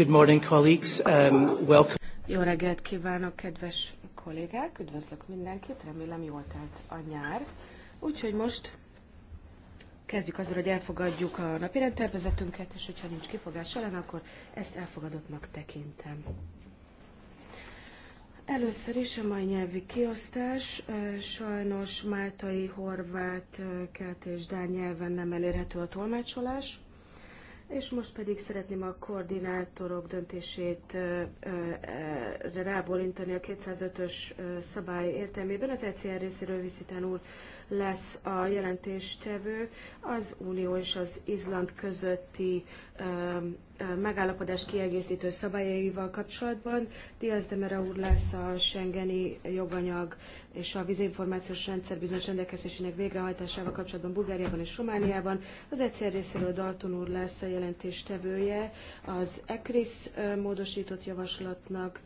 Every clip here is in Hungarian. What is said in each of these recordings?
Good morning, colleagues. Um, welcome. Jó reggelt kívánok, kedves kollégák! Üdvözlök mindenkit, remélem jól telt a nyár. Úgyhogy most kezdjük azzal, hogy elfogadjuk a napi rendtervezetünket, és hogyha nincs kifogás ellen, akkor ezt elfogadottnak tekintem. Először is a mai nyelvi kiosztás. Sajnos máltai, horvát, kelt és dán nyelven nem elérhető a tolmácsolás. És most pedig szeretném a koordinátorok döntését rábólintani a 205-ös szabály értelmében. Az ECR részéről Viszitán úr lesz a jelentéstevő az Unió és az Izland közötti megállapodás kiegészítő szabályaival kapcsolatban. Diaz de Mera úr lesz a Schengeni joganyag és a vízinformációs rendszer bizonyos rendelkezésének végrehajtásával kapcsolatban Bulgáriában és Romániában. Az egyszer részéről Dalton úr lesz a jelentéstevője az ECRIS módosított javaslatnak,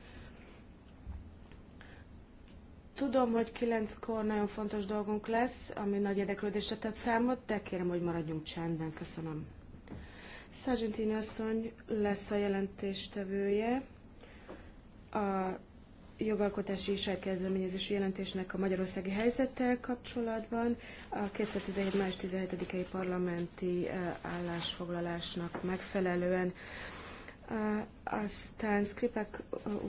Tudom, hogy kilenckor nagyon fontos dolgunk lesz, ami nagy érdeklődésre tett számot, de kérem, hogy maradjunk csendben. Köszönöm. Sargentini asszony lesz a jelentéstevője a jogalkotási és elkezdeményezési jelentésnek a magyarországi helyzettel kapcsolatban a 2017. május 17-i parlamenti eh, állásfoglalásnak megfelelően. Aztán Skripek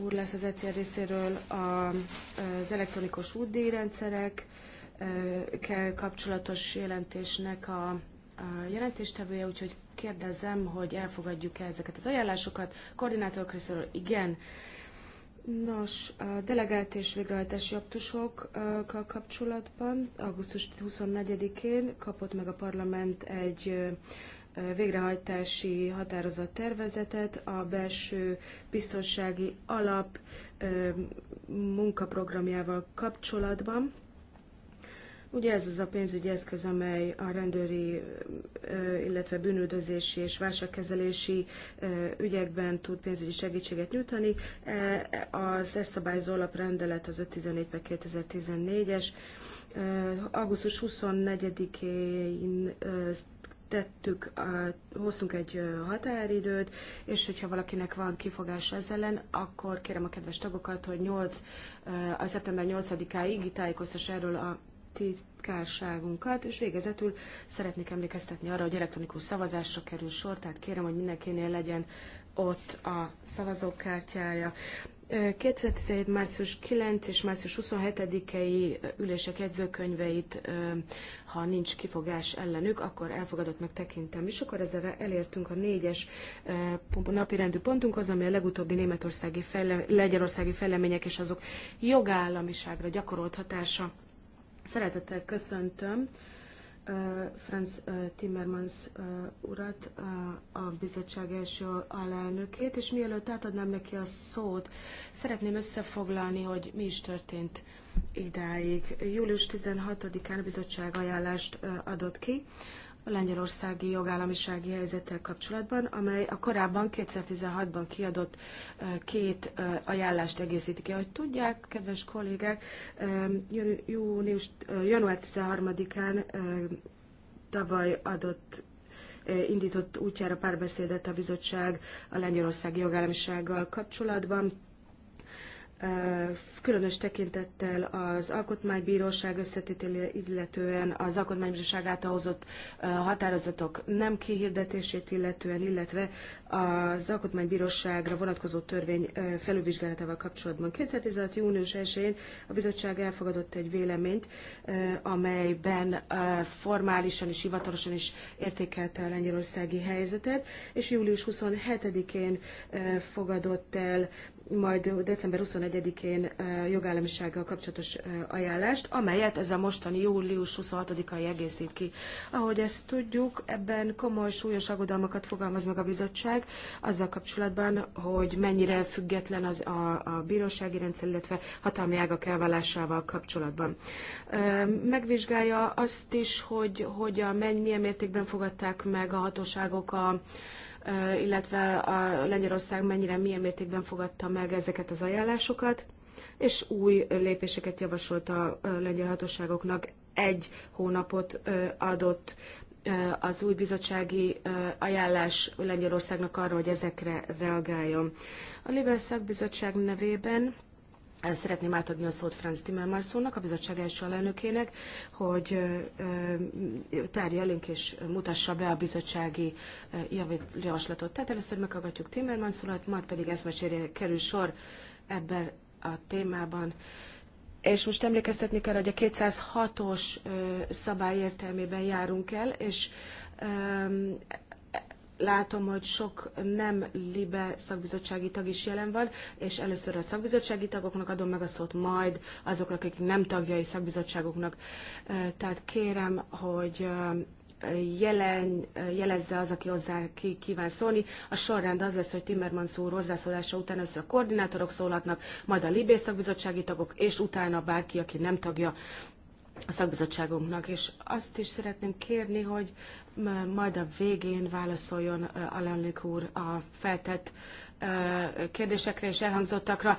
úr lesz az ECR részéről az elektronikus útdíjrendszerekkel kapcsolatos jelentésnek a, a jelentéstevője, úgyhogy kérdezem, hogy elfogadjuk-e ezeket az ajánlásokat. Koordinátorok részéről igen. Nos, a delegált és végrehajtási aktusokkal kapcsolatban augusztus 24-én kapott meg a parlament egy végrehajtási határozat tervezetet, a belső biztonsági alap munkaprogramjával kapcsolatban. Ugye ez az a pénzügyi eszköz, amely a rendőri, illetve bűnüldözési és válságkezelési ügyekben tud pénzügyi segítséget nyújtani. E, az ezt szabályozó alaprendelet az 514-2014-es, augusztus 24-én tettük, hoztunk egy határidőt, és hogyha valakinek van kifogás ezzel ellen, akkor kérem a kedves tagokat, hogy 8, a szeptember 8-áig tájékoztas erről a titkárságunkat, és végezetül szeretnék emlékeztetni arra, hogy elektronikus szavazásra kerül sor, tehát kérem, hogy mindenkinél legyen ott a szavazókártyája. 2017. március 9 és március 27-i ülések jegyzőkönyveit, ha nincs kifogás ellenük, akkor elfogadottnak tekintem. is. akkor ezzel elértünk a négyes napirendű pontunkhoz, ami a legutóbbi németországi fejle, legyarországi fejlemények és azok jogállamiságra gyakorolt hatása. Szeretettel köszöntöm Franz Timmermans urat, a bizottság első alelnökét, és mielőtt átadnám neki a szót, szeretném összefoglalni, hogy mi is történt idáig. Július 16-án a bizottság ajánlást adott ki a lengyelországi jogállamisági helyzettel kapcsolatban, amely a korábban 2016-ban kiadott két ajánlást egészíti ki. Ahogy tudják, kedves kollégák, június, január 13-án tavaly adott indított útjára párbeszédet a bizottság a lengyelországi jogállamisággal kapcsolatban különös tekintettel az alkotmánybíróság összetételére, illetően az alkotmánybíróság által hozott határozatok nem kihirdetését illetően, illetve az Alkotmánybíróságra vonatkozó törvény felülvizsgálatával kapcsolatban. 2016. június 1-én a bizottság elfogadott egy véleményt, amelyben formálisan és hivatalosan is értékelte a lengyelországi helyzetet, és július 27-én fogadott el majd december 21-én jogállamisággal kapcsolatos ajánlást, amelyet ez a mostani július 26-ai egészít ki. Ahogy ezt tudjuk, ebben komoly súlyos aggodalmakat fogalmaz meg a bizottság, meg azzal kapcsolatban, hogy mennyire független az a, a bírósági rendszer, illetve hatalmi ágak elvállásával kapcsolatban. Megvizsgálja azt is, hogy, hogy a menny milyen mértékben fogadták meg a hatóságok a, illetve a Lengyelország mennyire, milyen mértékben fogadta meg ezeket az ajánlásokat, és új lépéseket javasolt a lengyel hatóságoknak. Egy hónapot adott az új bizottsági ajánlás Lengyelországnak arra, hogy ezekre reagáljon. A Libel Szakbizottság nevében Szeretném átadni a szót Franz Timmermanszónak, a bizottság első alelnökének, hogy tárja elünk és mutassa be a bizottsági javaslatot. Tehát először meghallgatjuk Timmermansolat, majd pedig eszmecsére kerül sor ebben a témában. És most emlékeztetni kell, hogy a 206-os szabály értelmében járunk el, és látom, hogy sok nem libe szakbizottsági tag is jelen van, és először a szakbizottsági tagoknak adom meg a szót, majd azoknak, akik nem tagjai szakbizottságoknak. Tehát kérem, hogy jelen, jelezze az, aki hozzá ki, kíván szólni. A sorrend az lesz, hogy Timmermans úr hozzászólása után össze a koordinátorok szólhatnak, majd a Libé szakbizottsági tagok, és utána bárki, aki nem tagja a szakbizottságunknak. És azt is szeretném kérni, hogy majd a végén válaszoljon Alenlik úr a feltett kérdésekre és elhangzottakra.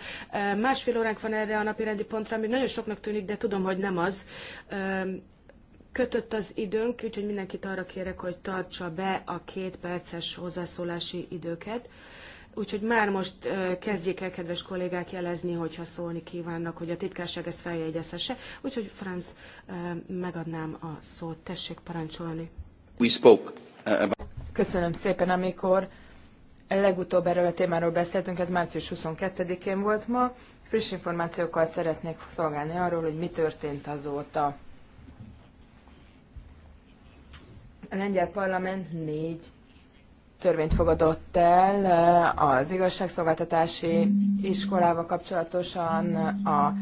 Másfél óránk van erre a napi rendi pontra, ami nagyon soknak tűnik, de tudom, hogy nem az kötött az időnk, úgyhogy mindenkit arra kérek, hogy tartsa be a két perces hozzászólási időket. Úgyhogy már most kezdjék el, kedves kollégák, jelezni, hogyha szólni kívánnak, hogy a titkárság ezt feljegyezhesse. Úgyhogy, Franz, megadnám a szót. Tessék parancsolni. We spoke uh, about... Köszönöm szépen, amikor legutóbb erről a témáról beszéltünk, ez március 22-én volt ma. Friss információkkal szeretnék szolgálni arról, hogy mi történt azóta. a lengyel parlament négy törvényt fogadott el az igazságszolgáltatási iskolával kapcsolatosan, a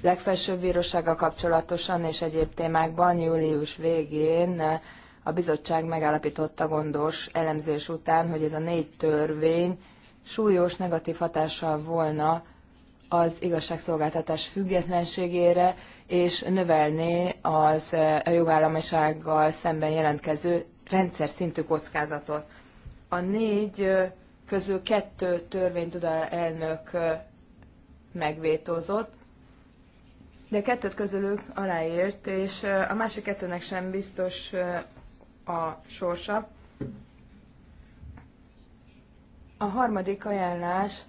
legfelsőbb bírósággal kapcsolatosan és egyéb témákban július végén a bizottság megállapította gondos elemzés után, hogy ez a négy törvény súlyos negatív hatással volna az igazságszolgáltatás függetlenségére, és növelné az eh, a jogállamisággal szemben jelentkező rendszer szintű kockázatot. A négy eh, közül kettő törvényt Duda elnök eh, megvétózott, de kettőt közülük aláírt, és a másik kettőnek sem biztos a sorsa. A harmadik ajánlás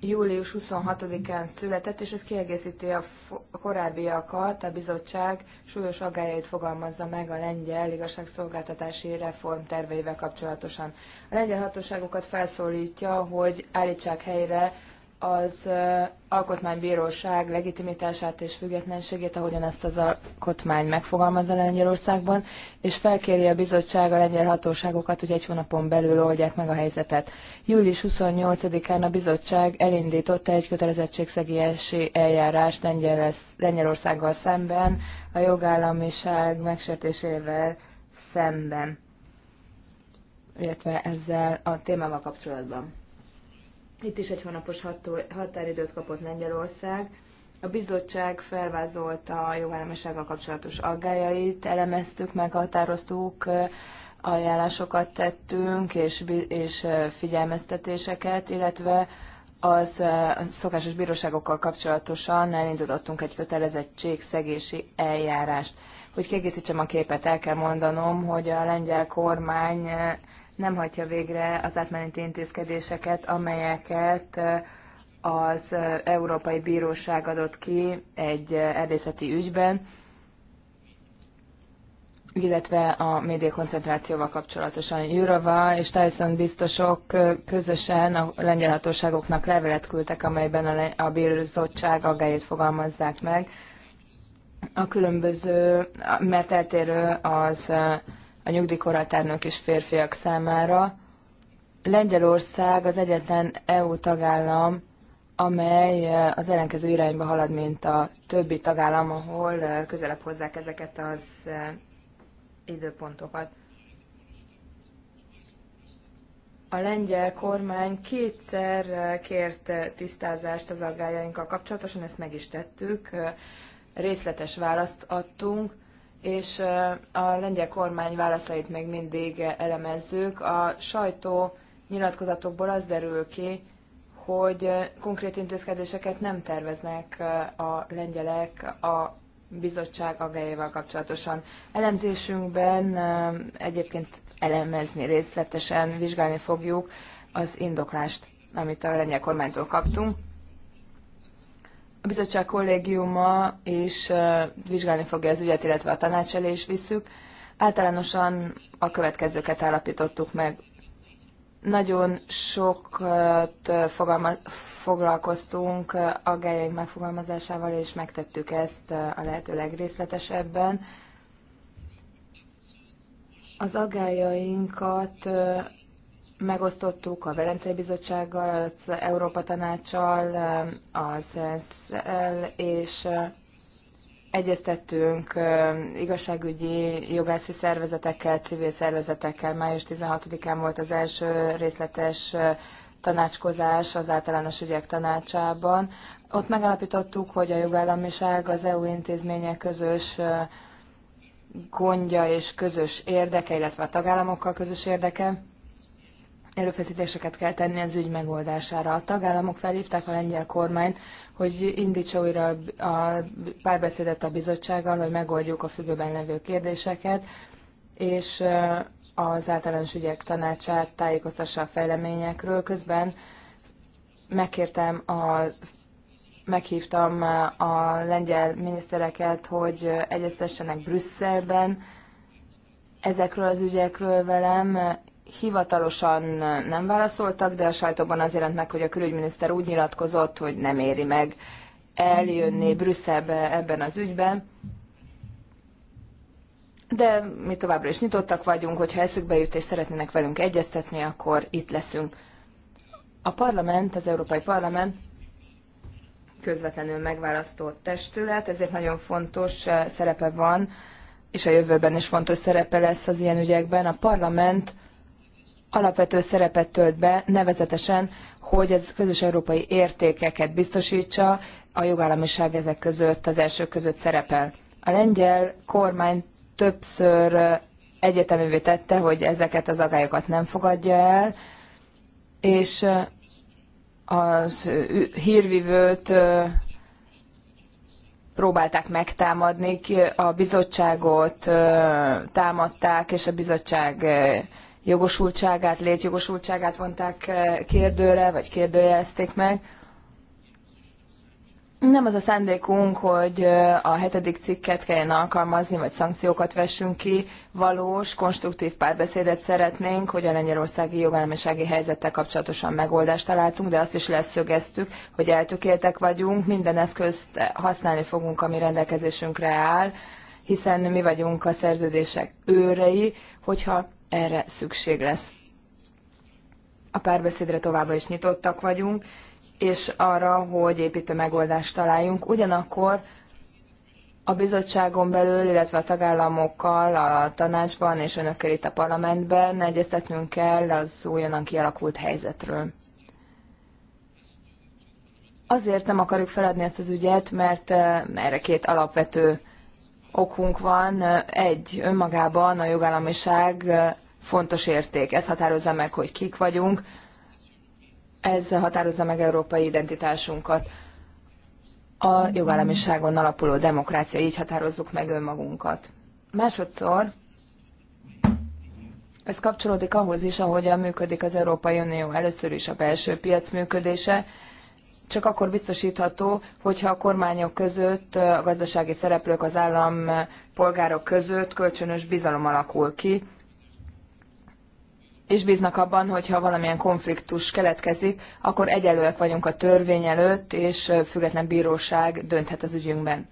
július 26-án született, és ez kiegészíti a, a korábbiakat, a bizottság súlyos aggájait fogalmazza meg a lengyel igazságszolgáltatási reform terveivel kapcsolatosan. A lengyel hatóságokat felszólítja, hogy állítsák helyre az alkotmánybíróság legitimitását és függetlenségét, ahogyan ezt az alkotmány megfogalmazza Lengyelországban, és felkéri a bizottság a lengyel hatóságokat, hogy egy hónapon belül oldják meg a helyzetet. Július 28-án a bizottság elindította egy kötelezettségszegélyesi e eljárást Lengyel Lengyelországgal szemben, a jogállamiság megsértésével szemben, illetve ezzel a témával kapcsolatban. Itt is egy hónapos határidőt kapott Lengyelország. A bizottság felvázolta a jogállamisággal kapcsolatos aggájait, elemeztük, meghatároztuk, ajánlásokat tettünk, és, és figyelmeztetéseket, illetve az szokásos bíróságokkal kapcsolatosan elindítottunk egy kötelezettségszegési eljárást. Hogy kiegészítsem a képet, el kell mondanom, hogy a lengyel kormány nem hagyja végre az átmeneti intézkedéseket, amelyeket az Európai Bíróság adott ki egy erdészeti ügyben, illetve a médiakoncentrációval kapcsolatosan. Jurova és Tyson biztosok közösen a lengyel hatóságoknak levelet küldtek, amelyben a bírózottság aggályait fogalmazzák meg. A különböző, mert eltérő az a nyugdíjkorhatárnok és férfiak számára. Lengyelország az egyetlen EU tagállam, amely e, az ellenkező irányba halad, mint a többi tagállam, ahol e, közelebb hozzák ezeket az e, időpontokat. A lengyel kormány kétszer kért tisztázást az aggájainkkal kapcsolatosan, ezt meg is tettük, részletes választ adtunk és a lengyel kormány válaszait még mindig elemezzük. A sajtó nyilatkozatokból az derül ki, hogy konkrét intézkedéseket nem terveznek a lengyelek a bizottság agájával kapcsolatosan. Elemzésünkben egyébként elemezni részletesen, vizsgálni fogjuk az indoklást, amit a lengyel kormánytól kaptunk. A bizottság kollégiuma is vizsgálni fogja az ügyet, illetve a tanács elé is visszük. Általánosan a következőket állapítottuk meg. Nagyon sokat fogalma- foglalkoztunk aggájaink megfogalmazásával, és megtettük ezt a lehető legrészletesebben. Az aggájainkat megosztottuk a Velencei Bizottsággal, az Európa Tanácssal, az ENSZ-el, és egyeztettünk igazságügyi jogászi szervezetekkel, civil szervezetekkel. Május 16-án volt az első részletes tanácskozás az általános ügyek tanácsában. Ott megalapítottuk, hogy a jogállamiság az EU intézmények közös gondja és közös érdeke, illetve a tagállamokkal közös érdeke erőfeszítéseket kell tenni az ügy megoldására. A tagállamok felhívták a lengyel kormányt, hogy indítsa újra a párbeszédet a bizottsággal, hogy megoldjuk a függőben levő kérdéseket, és az általános ügyek tanácsát tájékoztassa a fejleményekről. Közben megkértem a meghívtam a lengyel minisztereket, hogy egyeztessenek Brüsszelben ezekről az ügyekről velem, hivatalosan nem válaszoltak, de a sajtóban az jelent meg, hogy a külügyminiszter úgy nyilatkozott, hogy nem éri meg eljönni Brüsszelbe ebben az ügyben. De mi továbbra is nyitottak vagyunk, hogyha eszükbe jut és szeretnének velünk egyeztetni, akkor itt leszünk. A parlament, az Európai Parlament közvetlenül megválasztott testület, ezért nagyon fontos eh, szerepe van, és a jövőben is fontos szerepe lesz az ilyen ügyekben. A parlament alapvető szerepet tölt be, nevezetesen, hogy ez közös európai értékeket biztosítsa, a jogállamiság ezek között, az első között szerepel. A lengyel kormány többször egyeteművé tette, hogy ezeket az agályokat nem fogadja el, és az hírvivőt próbálták megtámadni, a bizottságot támadták, és a bizottság jogosultságát, létjogosultságát vonták eh, kérdőre, vagy kérdőjelezték meg. Nem az a szándékunk, hogy eh, a hetedik cikket kelljen alkalmazni, vagy szankciókat vessünk ki. Valós, konstruktív párbeszédet szeretnénk, hogy a lengyelországi jogállamisági helyzettel kapcsolatosan megoldást találtunk, de azt is leszögeztük, hogy eltökéltek vagyunk, minden eszközt használni fogunk, ami rendelkezésünkre áll, hiszen mi vagyunk a szerződések őrei, hogyha erre szükség lesz. A párbeszédre továbbá is nyitottak vagyunk, és arra, hogy építő megoldást találjunk. Ugyanakkor a bizottságon belül, illetve a tagállamokkal, a tanácsban és önökkel itt a parlamentben egyeztetnünk kell az újonnan kialakult helyzetről. Azért nem akarjuk feladni ezt az ügyet, mert eh, erre két alapvető okunk van. Egy, önmagában a jogállamiság eh, fontos érték. Ez határozza meg, hogy kik vagyunk, ez határozza meg európai identitásunkat. A jogállamiságon alapuló demokrácia, így határozzuk meg önmagunkat. Másodszor, ez kapcsolódik ahhoz is, ahogyan működik az Európai Unió. Először is a belső piac működése, csak akkor biztosítható, hogyha a kormányok között, a gazdasági szereplők, az állam polgárok között kölcsönös bizalom alakul ki, és bíznak abban, hogy ha valamilyen konfliktus keletkezik, akkor egyelőek vagyunk a törvény előtt, és független bíróság dönthet az ügyünkben.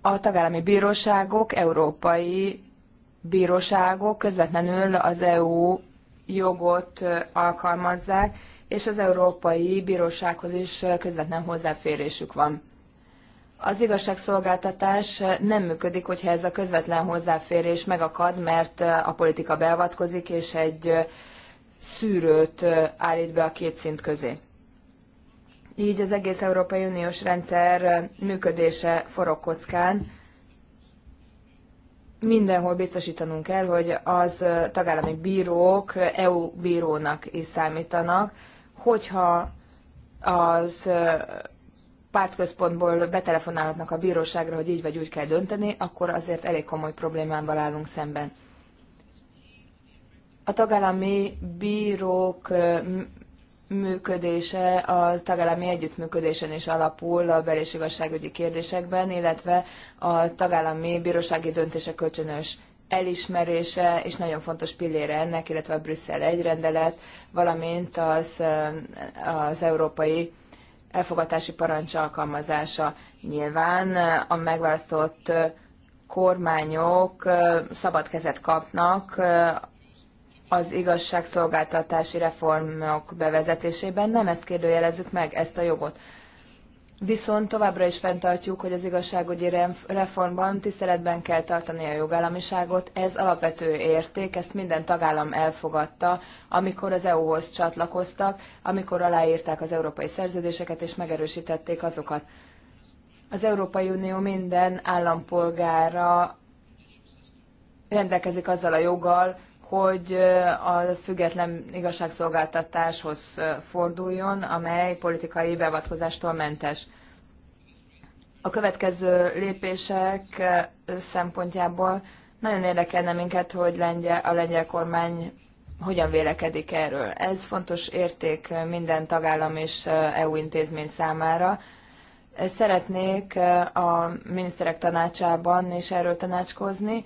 A tagállami bíróságok, európai bíróságok közvetlenül az EU jogot alkalmazzák, és az Európai Bírósághoz is közvetlen hozzáférésük van az igazságszolgáltatás eh, nem működik, hogyha ez a közvetlen hozzáférés megakad, mert eh, a politika beavatkozik, és egy eh, szűrőt állít be a két szint közé. Így az egész Európai Uniós rendszer működése forog kockán. Mindenhol biztosítanunk kell, hogy az tagállami bírók EU bírónak is számítanak, hogyha az pártközpontból betelefonálhatnak a bíróságra, hogy így vagy úgy kell dönteni, akkor azért elég komoly problémával állunk szemben. A tagállami bírók működése a tagállami együttműködésen is alapul a belésigazságügyi kérdésekben, illetve a tagállami bírósági döntése kölcsönös elismerése, és nagyon fontos pillére ennek, illetve a Brüsszel egy rendelet, valamint az, az európai elfogadási parancs alkalmazása. Nyilván a megválasztott kormányok szabad kezet kapnak az igazságszolgáltatási reformok bevezetésében. Nem ezt kérdőjelezzük meg, ezt a jogot. Viszont továbbra is fenntartjuk, hogy az igazságügyi reformban tiszteletben kell tartani a jogállamiságot. Ez alapvető érték, ezt minden tagállam elfogadta, amikor az EU-hoz csatlakoztak, amikor aláírták az európai szerződéseket és megerősítették azokat. Az Európai Unió minden állampolgára rendelkezik azzal a joggal, hogy a független igazságszolgáltatáshoz forduljon, amely politikai beavatkozástól mentes. A következő lépések szempontjából nagyon érdekelne minket, hogy a lengyel kormány hogyan vélekedik erről. Ez fontos érték minden tagállam és EU intézmény számára. Szeretnék a miniszterek tanácsában is erről tanácskozni,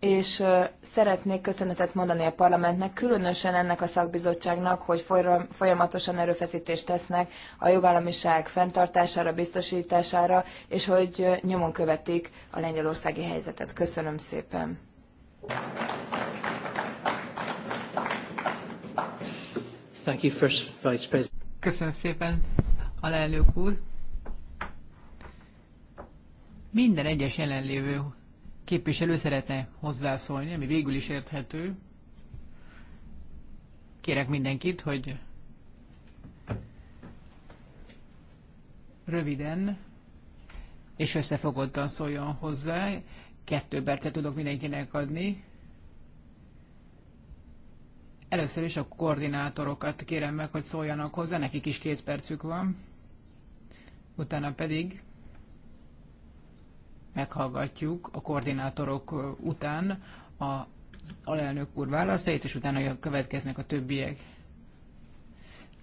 és szeretnék köszönetet mondani a parlamentnek, különösen ennek a szakbizottságnak, hogy folyamatosan erőfeszítést tesznek a jogállamiság fenntartására, biztosítására, és hogy nyomon követik a lengyelországi helyzetet. Köszönöm szépen! Thank you, First Vice President. Köszönöm szépen, alelnök úr! Minden egyes jelenlévő képviselő szeretne hozzászólni, ami végül is érthető. Kérek mindenkit, hogy röviden és összefogottan szóljon hozzá. Kettő percet tudok mindenkinek adni. Először is a koordinátorokat kérem meg, hogy szóljanak hozzá, nekik is két percük van. Utána pedig meghallgatjuk a koordinátorok után a alelnök úr válaszait, és utána következnek a többiek.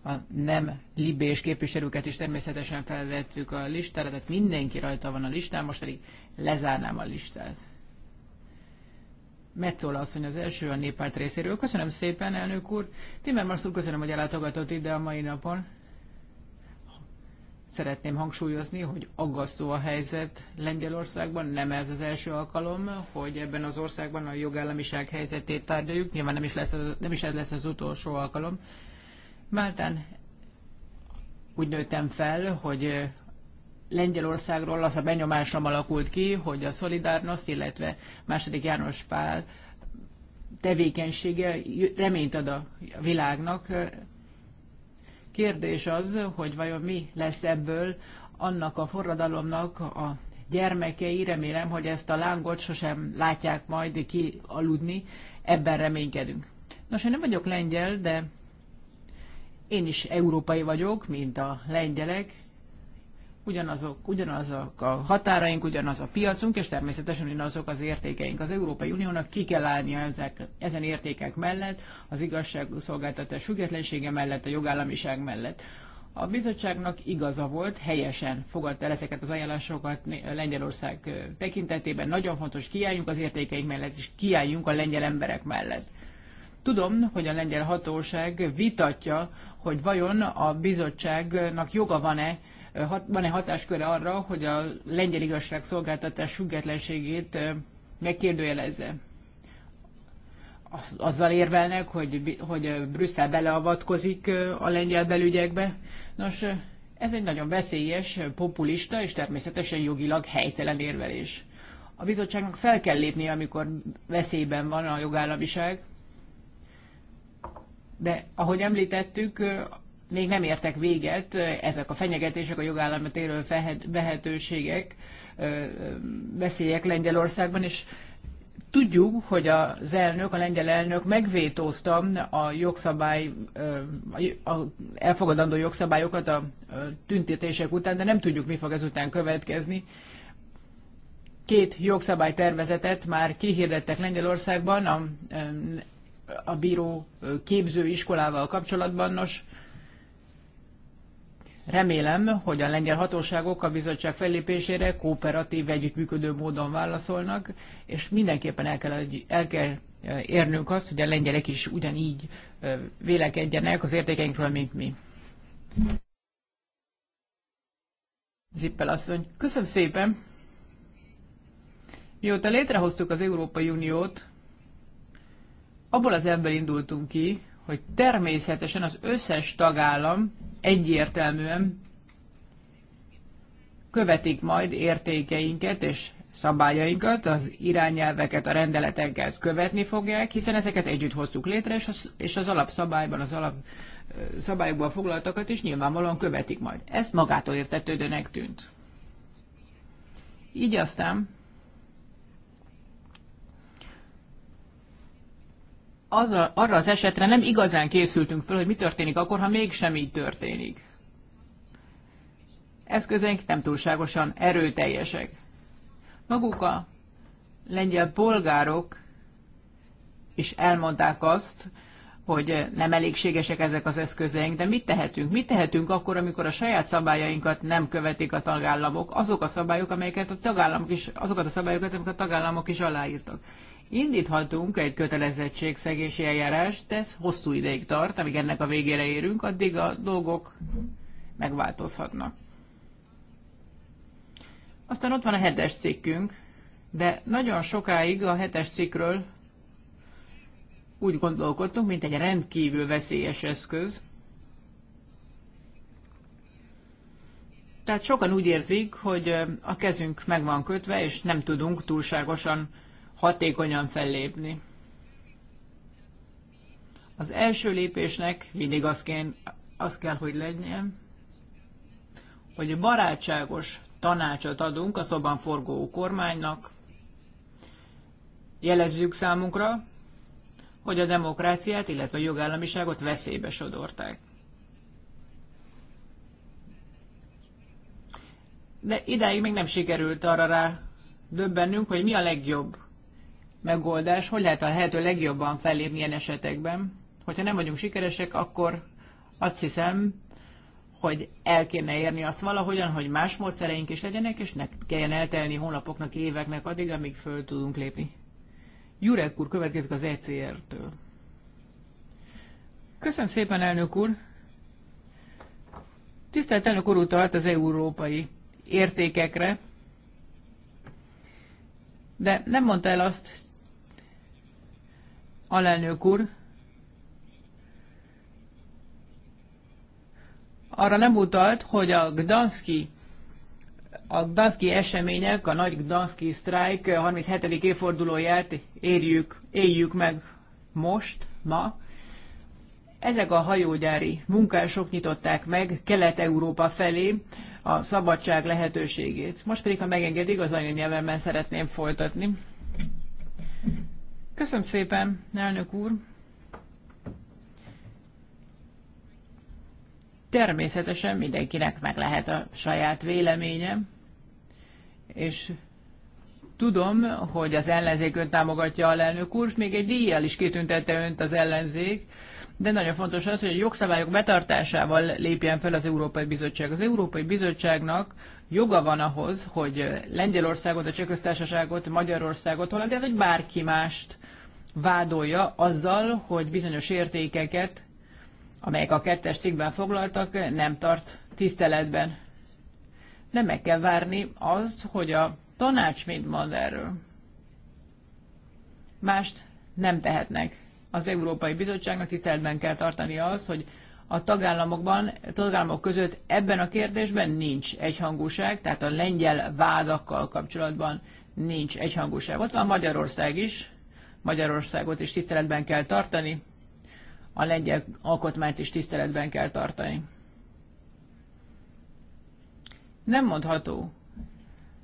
A nem libés képviselőket is természetesen felvettük a listára, tehát mindenki rajta van a listán, most pedig lezárnám a listát. Metzola asszony az első a néppárt részéről. Köszönöm szépen, elnök úr. Timmermans úr, köszönöm, hogy ellátogatott ide a mai napon. Szeretném hangsúlyozni, hogy aggasztó a helyzet Lengyelországban, nem ez az első alkalom, hogy ebben az országban a jogállamiság helyzetét tárgyaljuk, nyilván nem is, lesz, nem is ez lesz az utolsó alkalom. Máltán úgy nőttem fel, hogy Lengyelországról az a benyomásom alakult ki, hogy a Solidarnost, illetve második János Pál tevékenysége reményt ad a világnak, Kérdés az, hogy vajon mi lesz ebből annak a forradalomnak a gyermekei, remélem, hogy ezt a lángot sosem látják majd ki aludni, ebben reménykedünk. Nos, én nem vagyok lengyel, de én is európai vagyok, mint a lengyelek, ugyanazok, ugyanazok a határaink, ugyanaz a piacunk, és természetesen ugyanazok az értékeink. Az Európai Uniónak ki kell állnia ezek, ezen értékek mellett, az igazságszolgáltatás függetlensége mellett, a jogállamiság mellett. A bizottságnak igaza volt, helyesen fogadta el ezeket az ajánlásokat Lengyelország tekintetében. Nagyon fontos, kiálljunk az értékeink mellett, és kiálljunk a lengyel emberek mellett. Tudom, hogy a lengyel hatóság vitatja, hogy vajon a bizottságnak joga van-e van-e hatásköre arra, hogy a lengyel igazságszolgáltatás függetlenségét megkérdőjelezze. Azzal érvelnek, hogy, hogy Brüsszel beleavatkozik a lengyel belügyekbe. Nos, ez egy nagyon veszélyes, populista és természetesen jogilag helytelen érvelés. A bizottságnak fel kell lépnie, amikor veszélyben van a jogállamiság, de ahogy említettük, még nem értek véget ezek a fenyegetések, a jogállamot élő vehetőségek, veszélyek Lengyelországban, és tudjuk, hogy az elnök, a lengyel elnök megvétózta a jogszabály, a elfogadandó jogszabályokat a tüntetések után, de nem tudjuk, mi fog ezután következni. Két jogszabálytervezetet már kihirdettek Lengyelországban a, a bíró képző iskolával kapcsolatban. Nos, Remélem, hogy a lengyel hatóságok a bizottság fellépésére kooperatív, együttműködő módon válaszolnak, és mindenképpen el kell, el kell eh, érnünk azt, hogy a lengyelek is ugyanígy eh, vélekedjenek az értékeinkről, mint mi. Zippel asszony, köszönöm szépen! Mióta létrehoztuk az Európai Uniót, abból az ebből indultunk ki, hogy természetesen az összes tagállam egyértelműen követik majd értékeinket és szabályainkat, az irányelveket, a rendeleteket követni fogják, hiszen ezeket együtt hoztuk létre, és az, és az alapszabályban, az alap szabályokban foglaltakat is nyilvánvalóan követik majd. Ez magától értetődőnek tűnt. Így aztán a, arra az esetre nem igazán készültünk föl, hogy mi történik akkor, ha mégsem így történik. Eszközeink nem túlságosan erőteljesek. Maguk a lengyel polgárok is elmondták azt, hogy nem elégségesek ezek az eszközeink, de mit tehetünk? Mit tehetünk akkor, amikor a saját szabályainkat nem követik a tagállamok, azok a szabályok, amelyeket a tagállamok is, azokat a szabályokat, amiket a tagállamok is aláírtak? Indíthatunk egy kötelezettségszegési eljárást, de ez hosszú ideig tart, amíg ennek a végére érünk, addig a dolgok megváltozhatnak. Aztán ott van a hetes cikkünk, de nagyon sokáig a hetes cikkről úgy gondolkodtunk, mint egy rendkívül veszélyes eszköz. Tehát sokan úgy érzik, hogy a kezünk meg van kötve, és nem tudunk túlságosan hatékonyan fellépni. Az első lépésnek mindig az kell, az kell hogy legyen, hogy barátságos tanácsot adunk a szoban forgó kormánynak, jelezzük számunkra, hogy a demokráciát, illetve a jogállamiságot veszélybe sodorták. De idáig még nem sikerült arra rá döbbennünk, hogy mi a legjobb megoldás, hogy lehet a lehető legjobban felép ilyen esetekben. Hogyha nem vagyunk sikeresek, akkor azt hiszem, hogy el kéne érni azt valahogyan, hogy más módszereink is legyenek, és ne kelljen eltelni hónapoknak, éveknek addig, amíg föl tudunk lépni. Jurek úr következik az ECR-től. Köszönöm szépen, elnök úr! Tisztelt elnök úr utalt az európai értékekre, de nem mondta el azt alelnök úr, arra nem utalt, hogy a Gdanszki a Gdanszki események, a nagy Gdanszki sztrájk 37. évfordulóját érjük, éljük meg most, ma. Ezek a hajógyári munkások nyitották meg Kelet-Európa felé a szabadság lehetőségét. Most pedig, ha megengedik, az anyanyelvemben szeretném folytatni. Köszönöm szépen, elnök úr. Természetesen mindenkinek meg lehet a saját véleménye, és tudom, hogy az ellenzék ön támogatja a elnök úr, még egy díjjal is kitüntette önt az ellenzék, de nagyon fontos az, hogy a jogszabályok betartásával lépjen fel az Európai Bizottság. Az Európai Bizottságnak joga van ahhoz, hogy Lengyelországot, a Csehköztársaságot, Magyarországot, Hollandiát vagy bárki mást vádolja azzal, hogy bizonyos értékeket, amelyek a kettes cikkben foglaltak, nem tart tiszteletben. Nem meg kell várni azt, hogy a tanács mit mond erről. Mást nem tehetnek. Az Európai Bizottságnak tiszteletben kell tartani az, hogy a tagállamokban, a tagállamok között ebben a kérdésben nincs egyhangúság, tehát a lengyel vádakkal kapcsolatban nincs egyhangúság. Ott van Magyarország is, Magyarországot is tiszteletben kell tartani, a lengyel alkotmányt is tiszteletben kell tartani. Nem mondható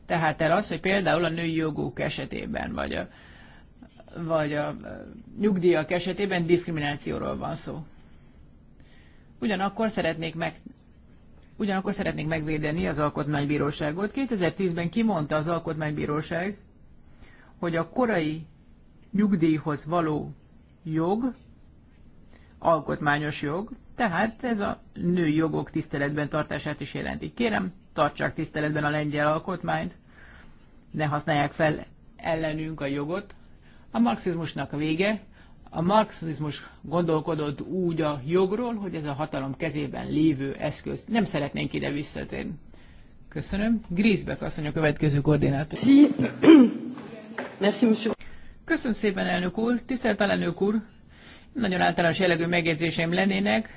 tehát el az, hogy például a női jogok esetében, vagy a, vagy a nyugdíjak esetében diszkriminációról van szó. Ugyanakkor szeretnék meg, ugyanakkor szeretnék megvédeni az Alkotmánybíróságot. 2010-ben kimondta az Alkotmánybíróság, hogy a korai nyugdíjhoz való jog, alkotmányos jog, tehát ez a női jogok tiszteletben tartását is jelenti. Kérem, tartsák tiszteletben a lengyel alkotmányt, ne használják fel ellenünk a jogot. A marxizmusnak a vége. A marxizmus gondolkodott úgy a jogról, hogy ez a hatalom kezében lévő eszköz. Nem szeretnénk ide visszatérni. Köszönöm. Grisbeck mondja a következő koordinátor. Si, Merci, monsieur. Köszönöm szépen, elnök úr. Tisztelt elnök úr, nagyon általános jellegű megjegyzéseim lennének,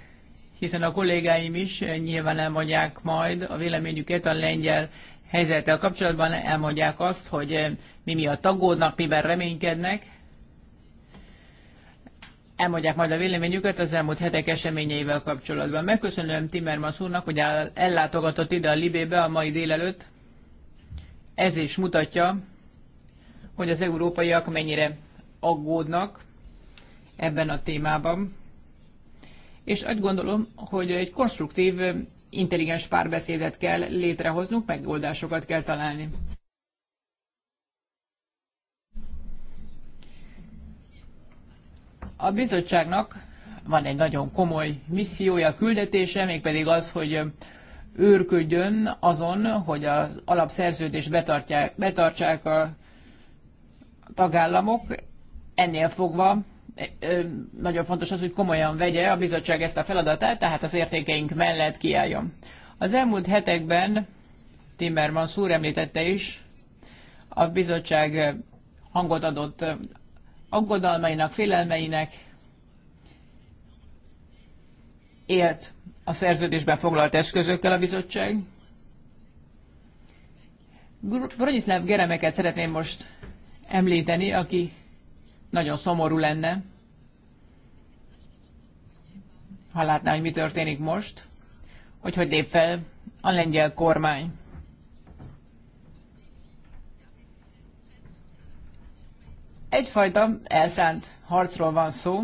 hiszen a kollégáim is nyilván elmondják majd a véleményüket a lengyel helyzettel kapcsolatban, elmondják azt, hogy mi miatt aggódnak, miben reménykednek. Elmondják majd a véleményüket az elmúlt hetek eseményeivel kapcsolatban. Megköszönöm Timmermans úrnak, hogy ellátogatott ide a Libébe a mai délelőtt. Ez is mutatja, hogy az európaiak mennyire aggódnak ebben a témában. És azt gondolom, hogy egy konstruktív, intelligens párbeszédet kell létrehoznunk, megoldásokat kell találni. A bizottságnak van egy nagyon komoly missziója, küldetése, mégpedig az, hogy őrködjön azon, hogy az alapszerződés betartják, betartsák a tagállamok, ennél fogva nagyon fontos az, hogy komolyan vegye a bizottság ezt a feladatát, tehát az értékeink mellett kiálljon. Az elmúlt hetekben Timmermans úr említette is, a bizottság hangot adott aggodalmainak, félelmeinek, élt a szerződésben foglalt eszközökkel a bizottság. Bronislav Geremeket szeretném most említeni, aki nagyon szomorú lenne, ha látná, hogy mi történik most, hogy hogy lép fel a lengyel kormány. Egyfajta elszánt harcról van szó,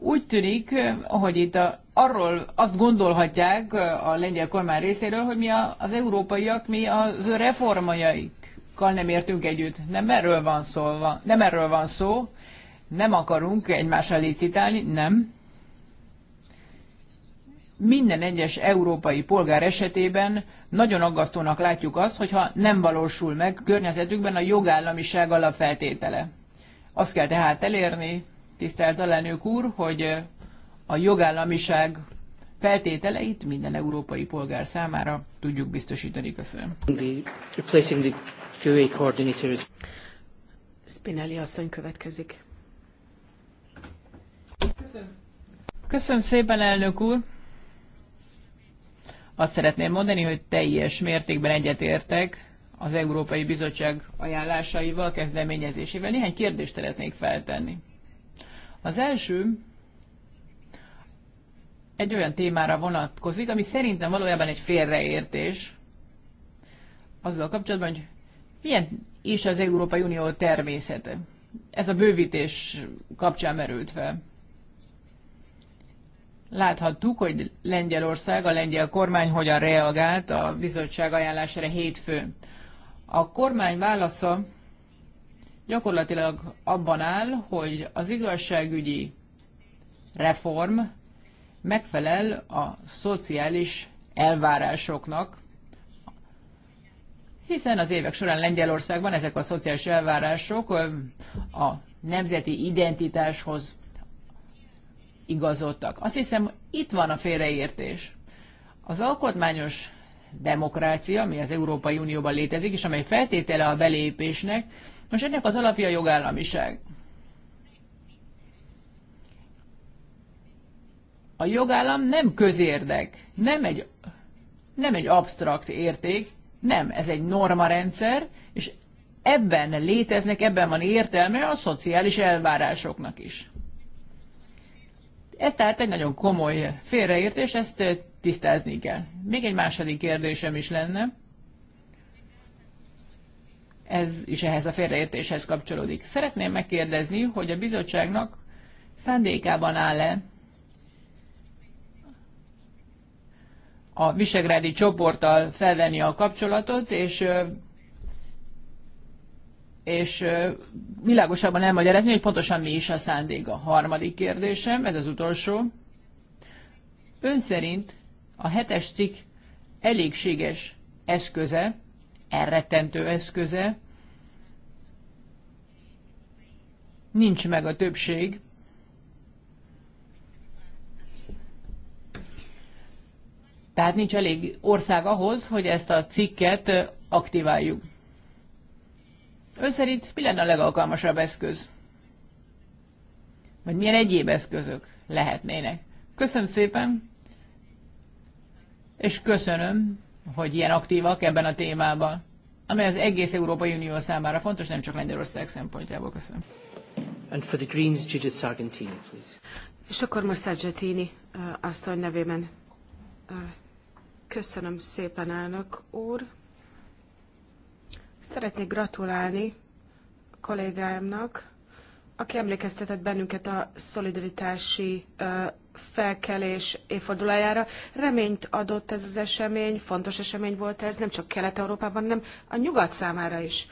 Úgy tűnik, hogy itt a, arról azt gondolhatják a lengyel kormány részéről, hogy mi a, az európaiak, mi az ő reformjaikkal nem értünk együtt. Nem erről van szó, van, nem erről van szó, nem akarunk egymással licitálni, nem. Minden egyes európai polgár esetében nagyon aggasztónak látjuk azt, hogyha nem valósul meg környezetükben a jogállamiság alapfeltétele. Azt kell tehát elérni, tisztelt alelnök úr, hogy a jogállamiság feltételeit minden európai polgár számára tudjuk biztosítani. Köszönöm. Spinelli asszony következik. Köszönöm. Köszönöm szépen, elnök úr. Azt szeretném mondani, hogy teljes mértékben egyetértek az Európai Bizottság ajánlásaival, kezdeményezésével. Néhány kérdést szeretnék feltenni. Az első egy olyan témára vonatkozik, ami szerintem valójában egy félreértés azzal kapcsolatban, hogy milyen is az Európai Unió természete. Ez a bővítés kapcsán merült fel. Láthattuk, hogy Lengyelország, a lengyel kormány hogyan reagált a bizottság ajánlására hétfőn. A kormány válasza gyakorlatilag abban áll, hogy az igazságügyi reform megfelel a szociális elvárásoknak, hiszen az évek során Lengyelországban ezek a szociális elvárások a nemzeti identitáshoz igazodtak. Azt hiszem, itt van a félreértés. Az alkotmányos demokrácia, ami az Európai Unióban létezik, és amely feltétele a belépésnek, most ennek az alapja a jogállamiság. A jogállam nem közérdek, nem egy, nem egy absztrakt érték, nem, ez egy normarendszer, és ebben léteznek, ebben van értelme a szociális elvárásoknak is. Ez tehát egy nagyon komoly félreértés, ezt tisztázni kell. Még egy második kérdésem is lenne ez is ehhez a félreértéshez kapcsolódik. Szeretném megkérdezni, hogy a bizottságnak szándékában áll-e a visegrádi csoporttal felvenni a kapcsolatot, és és világosabban elmagyarázni, hogy pontosan mi is a szándék. A harmadik kérdésem, ez az utolsó. Ön szerint a hetes cikk elégséges eszköze, elrettentő eszköze nincs meg a többség. Tehát nincs elég ország ahhoz, hogy ezt a cikket aktiváljuk. Ön szerint mi lenne a legalkalmasabb eszköz? Vagy milyen egyéb eszközök lehetnének? Köszönöm szépen, és köszönöm, hogy ilyen aktívak ebben a témában, amely az egész Európai Unió számára fontos, nem csak Lengyelország szempontjából. Köszönöm. And for the Greens, Judith Sargentini, please. És akkor most Sargentini uh, asszony nevében. Uh, köszönöm szépen, elnök úr. Szeretnék gratulálni a kollégáimnak, aki emlékeztetett bennünket a szolidaritási uh, felkelés évfordulójára. Reményt adott ez az esemény, fontos esemény volt ez, nem csak Kelet-Európában, nem a nyugat számára is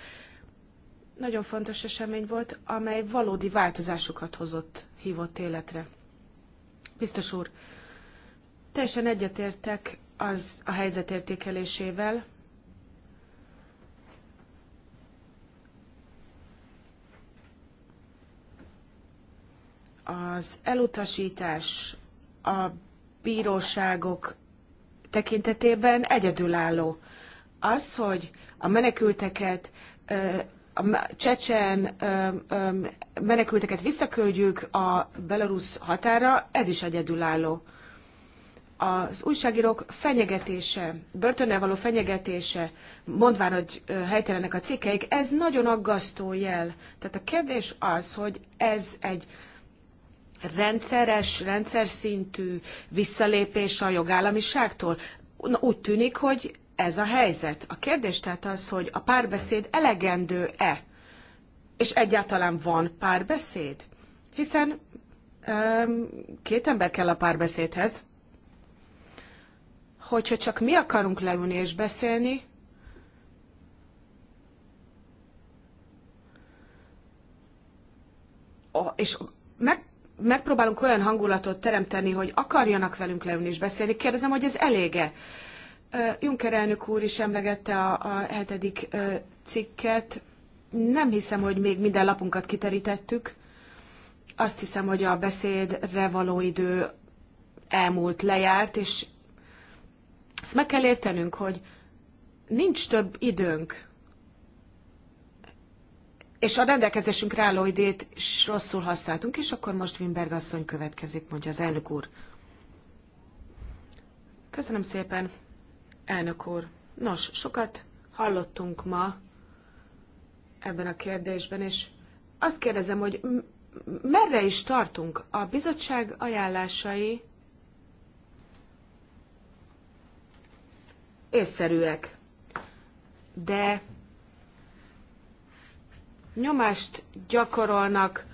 nagyon fontos esemény volt, amely valódi változásokat hozott, hívott életre. Biztos úr, teljesen egyetértek az a helyzet értékelésével, az elutasítás a bíróságok tekintetében egyedülálló. Az, hogy a menekülteket a csecsen menekülteket visszaküldjük a belarusz határa, ez is egyedülálló. Az újságírók fenyegetése, börtönnel való fenyegetése, mondván, hogy helytelenek a cikkeik, ez nagyon aggasztó jel. Tehát a kérdés az, hogy ez egy rendszeres, rendszer szintű visszalépés a jogállamiságtól. Na, úgy tűnik, hogy ez a helyzet. A kérdés tehát az, hogy a párbeszéd elegendő-e, és egyáltalán van párbeszéd, hiszen um, két ember kell a párbeszédhez. Hogyha csak mi akarunk leülni és beszélni, és meg, megpróbálunk olyan hangulatot teremteni, hogy akarjanak velünk leülni és beszélni, kérdezem, hogy ez elége. Juncker elnök úr is emlegette a, a hetedik cikket. Nem hiszem, hogy még minden lapunkat kiterítettük. Azt hiszem, hogy a beszédre való idő elmúlt, lejárt, és ezt meg kell értenünk, hogy nincs több időnk, és a rendelkezésünkre álló időt is rosszul használtunk, és akkor most Wimberg asszony következik, mondja az elnök úr. Köszönöm szépen. Elnök úr, nos, sokat hallottunk ma ebben a kérdésben, és azt kérdezem, hogy merre is tartunk? A bizottság ajánlásai észszerűek, de nyomást gyakorolnak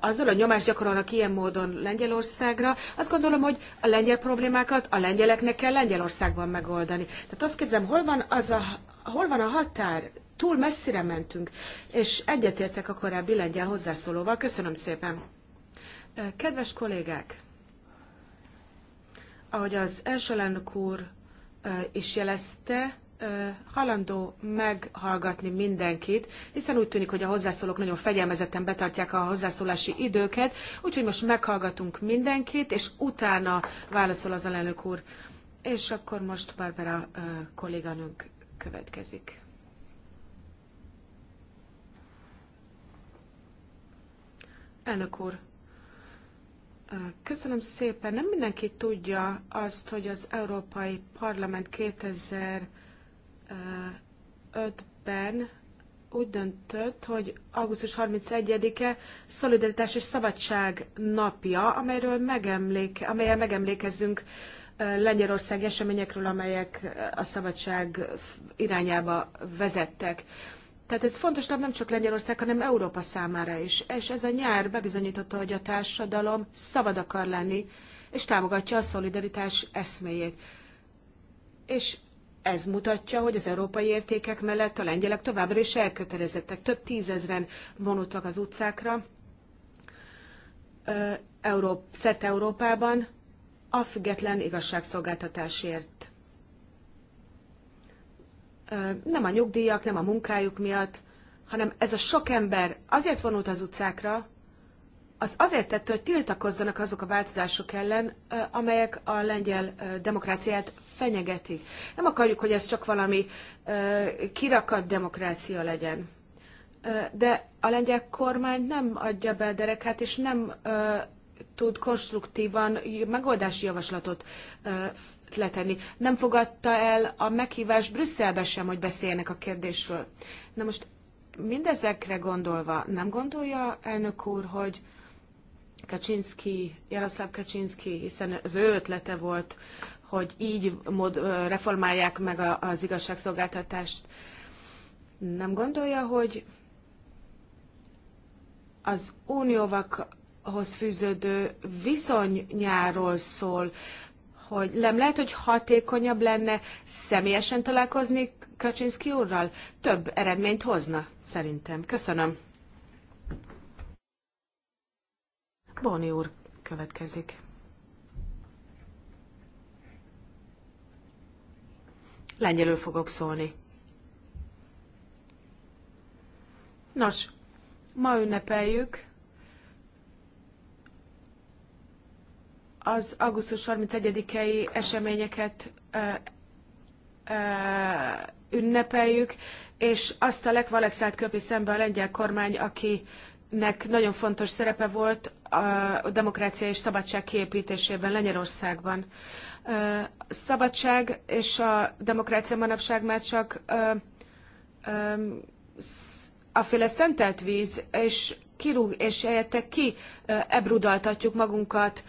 azzal, a nyomást gyakorolnak ilyen módon Lengyelországra, azt gondolom, hogy a lengyel problémákat a lengyeleknek kell Lengyelországban megoldani. Tehát azt kérdezem, hol van, az a, hol van a határ? Túl messzire mentünk, és egyetértek a korábbi lengyel hozzászólóval. Köszönöm szépen. Kedves kollégák! Ahogy az első úr is jelezte, halandó meghallgatni mindenkit, hiszen úgy tűnik, hogy a hozzászólók nagyon fegyelmezetten betartják a hozzászólási időket, úgyhogy most meghallgatunk mindenkit, és utána válaszol az elnök úr. És akkor most Barbara kolléganőnk következik. Elnök úr, köszönöm szépen. Nem mindenki tudja azt, hogy az Európai Parlament 2000 5-ben úgy döntött, hogy augusztus 31-e Szolidaritás és Szabadság napja, amelyről megemléke, amelyel megemlékezzünk Lengyelország eseményekről, amelyek a szabadság irányába vezettek. Tehát ez fontos nap nem csak Lengyelország, hanem Európa számára is. És ez a nyár bebizonyította, hogy a társadalom szabad akar lenni, és támogatja a szolidaritás eszméjét. És ez mutatja, hogy az európai értékek mellett a lengyelek továbbra is elkötelezettek. Több tízezren vonultak az utcákra Európ, szerte Európában a független igazságszolgáltatásért. Nem a nyugdíjak, nem a munkájuk miatt, hanem ez a sok ember azért vonult az utcákra, az azért tette, hogy tiltakozzanak azok a változások ellen, amelyek a lengyel demokráciát fenyegetik. Nem akarjuk, hogy ez csak valami kirakat demokrácia legyen. De a lengyel kormány nem adja be derekát, és nem tud konstruktívan megoldási javaslatot letenni. Nem fogadta el a meghívást Brüsszelbe sem, hogy beszéljenek a kérdésről. Na most mindezekre gondolva, nem gondolja elnök úr, hogy Kaczynski, Jaroszláv Kaczynski, hiszen az ő ötlete volt, hogy így mod, reformálják meg az igazságszolgáltatást. Nem gondolja, hogy az unióvakhoz fűződő viszonyáról szól, hogy nem lehet, hogy hatékonyabb lenne személyesen találkozni Kaczynski úrral? Több eredményt hozna, szerintem. Köszönöm. Bóni úr következik. Lengyelül fogok szólni. Nos, ma ünnepeljük az augusztus 31-i eseményeket ö, ö, ünnepeljük, és azt a Lech köpi szembe a lengyel kormány, aki nek nagyon fontos szerepe volt a demokrácia és szabadság kiépítésében Lengyelországban. Szabadság és a demokrácia manapság már csak aféle szentelt víz, és kirúg, és helyette ki ebrudaltatjuk magunkat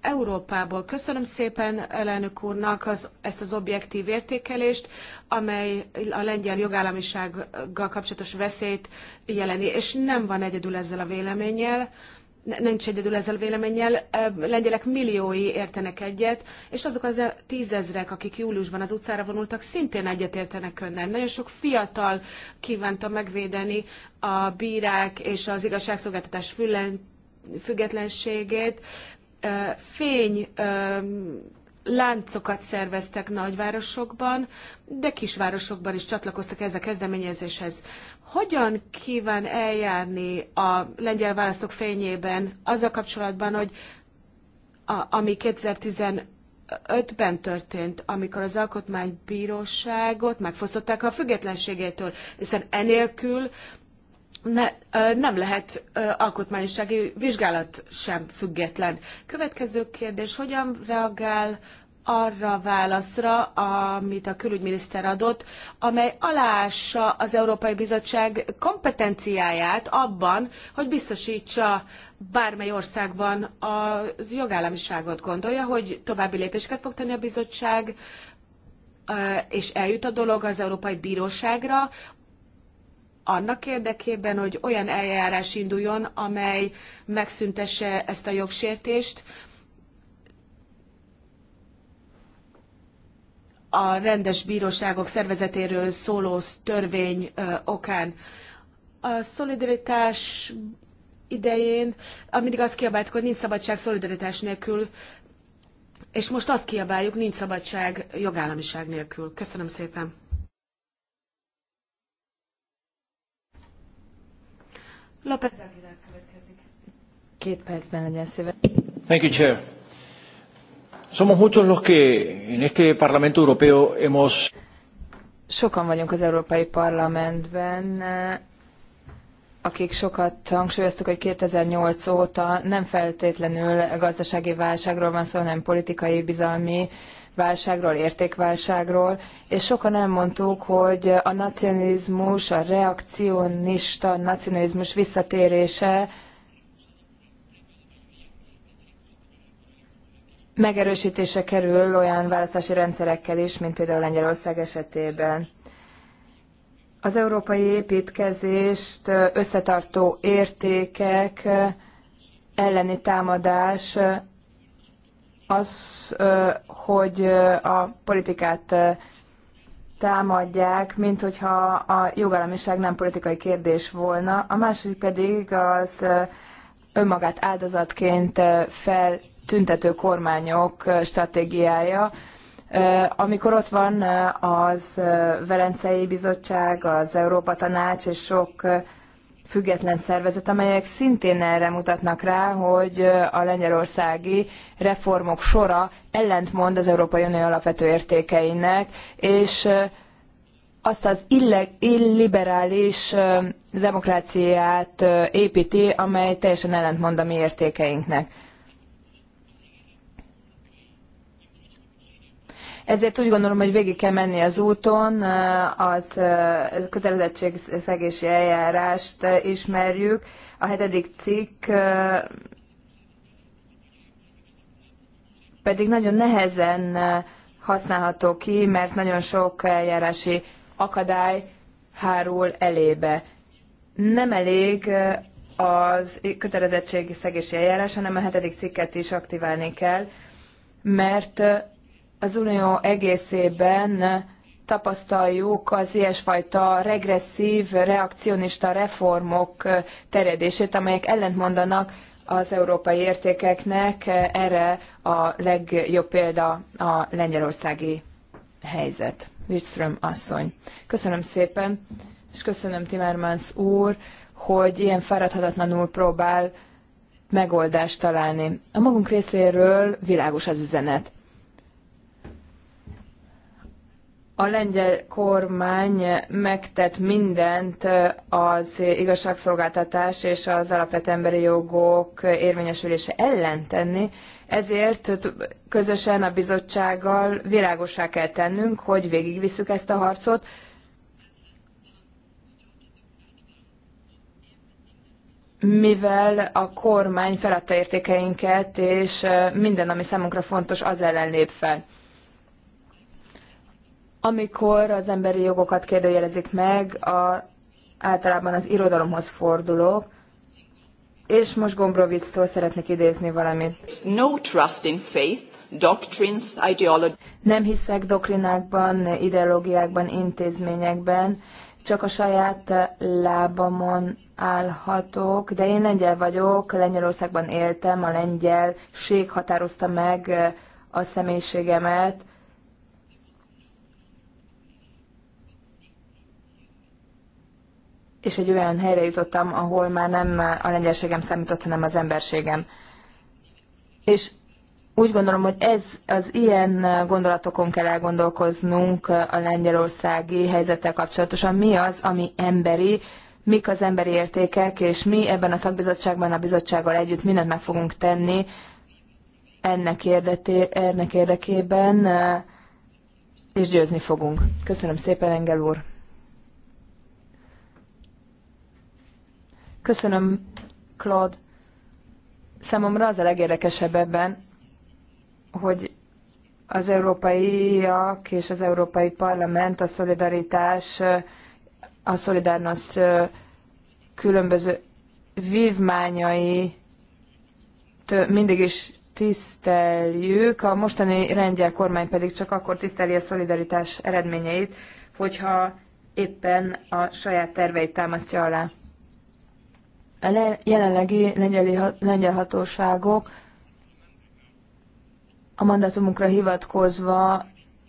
Európából. Köszönöm szépen elnök úrnak az, ezt az objektív értékelést, amely a lengyel jogállamisággal kapcsolatos veszélyt jeleni, és nem van egyedül ezzel a véleménnyel nincs egyedül ezzel a véleménnyel, lengyelek milliói értenek egyet, és azok az a tízezrek, akik júliusban az utcára vonultak, szintén egyet értenek önnel. Nagyon sok fiatal kívánta megvédeni a bírák és az igazságszolgáltatás füllen, függetlenségét, fény láncokat szerveztek nagyvárosokban, de kisvárosokban is csatlakoztak ez a kezdeményezéshez. Hogyan kíván eljárni a lengyel válaszok fényében azzal kapcsolatban, hogy a, ami 2015-ben történt, amikor az alkotmánybíróságot megfosztották a függetlenségétől, hiszen enélkül ne, nem lehet alkotmányossági vizsgálat sem független. Következő kérdés, hogyan reagál arra a válaszra, amit a külügyminiszter adott, amely alássa az Európai Bizottság kompetenciáját abban, hogy biztosítsa bármely országban az jogállamiságot. Gondolja, hogy további lépéseket fog tenni a bizottság, és eljut a dolog az Európai Bíróságra, annak érdekében, hogy olyan eljárás induljon, amely megszüntesse ezt a jogsértést, a rendes bíróságok szervezetéről szóló törvény okán. A szolidaritás idején mindig azt kiabáltuk, hogy nincs szabadság szolidaritás nélkül, és most azt kiabáljuk, nincs szabadság jogállamiság nélkül. Köszönöm szépen! López Thank you, Chair. Somos muchos los que en este Parlamento Europeo hemos... Sokan vagyunk az Európai Parlamentben, akik sokat hangsúlyoztuk, hogy 2008 óta nem feltétlenül gazdasági válságról van szó, hanem politikai bizalmi válságról, értékválságról, és sokan elmondtuk, hogy a nacionalizmus, a reakcionista nacionalizmus visszatérése megerősítése kerül olyan választási rendszerekkel is, mint például Lengyelország esetében. Az európai építkezést összetartó értékek elleni támadás az, hogy a politikát támadják, mint hogyha a jogállamiság nem politikai kérdés volna. A másik pedig az önmagát áldozatként feltüntető kormányok stratégiája, amikor ott van az Velencei Bizottság, az Európa Tanács és sok független szervezet, amelyek szintén erre mutatnak rá, hogy a lengyelországi reformok sora ellentmond az Európai Unió alapvető értékeinek, és azt az illiberális demokráciát építi, amely teljesen ellentmond a mi értékeinknek. Ezért úgy gondolom, hogy végig kell menni az úton, eh, az eh, kötelezettségszegési eljárást eh, ismerjük. A hetedik cikk pedig nagyon nehezen használható ki, mert nagyon sok eljárási akadály hárul elébe. Nem elég az kötelezettségi szegési eljárás, hanem a hetedik cikket is aktiválni kell, mert az Unió egészében tapasztaljuk az ilyesfajta regresszív, reakcionista reformok terjedését, amelyek ellentmondanak az európai értékeknek. Erre a legjobb példa a lengyelországi helyzet. Wikström asszony. Köszönöm szépen, és köszönöm Timmermans úr, hogy ilyen fáradhatatlanul próbál megoldást találni. A magunk részéről világos az üzenet. a lengyel kormány megtett mindent az igazságszolgáltatás és az alapvető emberi jogok érvényesülése ellen tenni, ezért közösen a bizottsággal világosá kell tennünk, hogy végigvisszük ezt a harcot. mivel a kormány feladta értékeinket, és minden, ami számunkra fontos, az ellen lép fel amikor az emberi jogokat kérdőjelezik meg, a, általában az irodalomhoz fordulok. és most Gombrovictól szeretnék idézni valamit. No trust in faith, doctrines, ideology. Nem hiszek doktrinákban, ideológiákban, intézményekben, csak a saját lábamon állhatok, de én lengyel vagyok, Lengyelországban éltem, a lengyelség határozta meg a személyiségemet, és egy olyan helyre jutottam, ahol már nem a lengyelségem számított, hanem az emberségem. És úgy gondolom, hogy ez az ilyen gondolatokon kell elgondolkoznunk a lengyelországi helyzettel kapcsolatosan. Mi az, ami emberi, mik az emberi értékek, és mi ebben a szakbizottságban, a bizottsággal együtt mindent meg fogunk tenni ennek, érdeté, ennek érdekében, és győzni fogunk. Köszönöm szépen, Engel úr! Köszönöm, Claude. Számomra az a legérdekesebb ebben, hogy az európaiak és az Európai Parlament a szolidaritás, a szolidárnost különböző vívmányai mindig is tiszteljük, a mostani lengyel kormány pedig csak akkor tiszteli a szolidaritás eredményeit, hogyha éppen a saját terveit támasztja alá. A jelenlegi lengyel, lengyel hatóságok a mandátumukra hivatkozva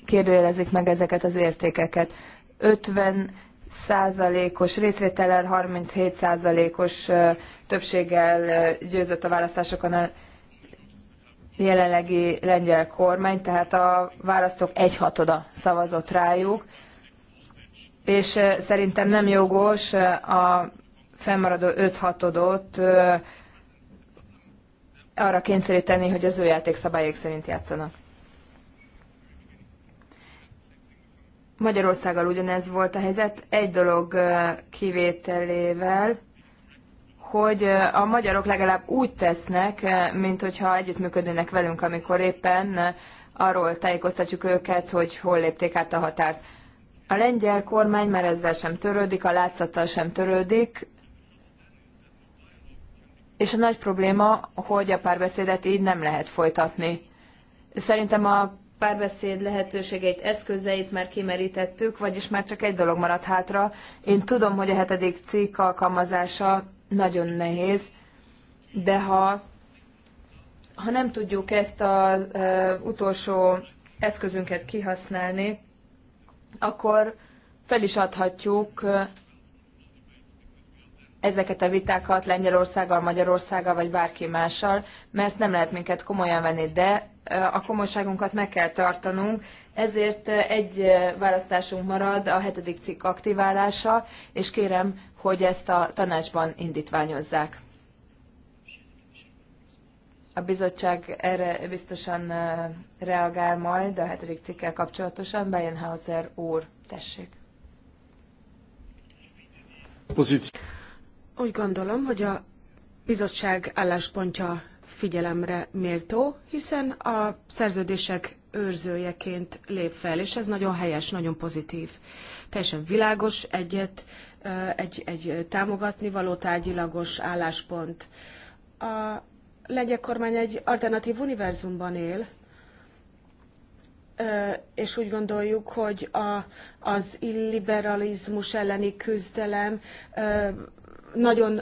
kérdőjelezik meg ezeket az értékeket. 50 százalékos részvételer, 37 százalékos többséggel győzött a választásokon a jelenlegi lengyel kormány, tehát a választók egyhatoda szavazott rájuk, és szerintem nem jogos a fennmaradó 5 hatodot arra kényszeríteni, hogy az ő játékszabályok szerint játszanak. Magyarországgal ugyanez volt a helyzet, egy dolog kivételével, hogy a magyarok legalább úgy tesznek, mint hogyha együttműködnének velünk, amikor éppen arról tájékoztatjuk őket, hogy hol lépték át a határt. A lengyel kormány már ezzel sem törődik, a látszattal sem törődik, és a nagy probléma, hogy a párbeszédet így nem lehet folytatni. Szerintem a párbeszéd lehetőségeit, eszközeit már kimerítettük, vagyis már csak egy dolog maradt hátra. Én tudom, hogy a hetedik cikk alkalmazása nagyon nehéz, de ha, ha nem tudjuk ezt az utolsó eszközünket kihasználni, akkor fel is adhatjuk ezeket a vitákat Lengyelországgal, Magyarországgal vagy bárki mással, mert nem lehet minket komolyan venni, de a komolyságunkat meg kell tartanunk, ezért egy választásunk marad, a hetedik cikk aktiválása, és kérem, hogy ezt a tanácsban indítványozzák. A bizottság erre biztosan reagál majd a hetedik cikkel kapcsolatosan. Bejenhauser úr, tessék. Pozíció. Úgy gondolom, hogy a bizottság álláspontja figyelemre méltó, hiszen a szerződések őrzőjeként lép fel, és ez nagyon helyes, nagyon pozitív. Teljesen világos, egyet, egy, egy támogatni való tárgyilagos álláspont. A lengyel kormány egy alternatív univerzumban él, és úgy gondoljuk, hogy a, az illiberalizmus elleni küzdelem nagyon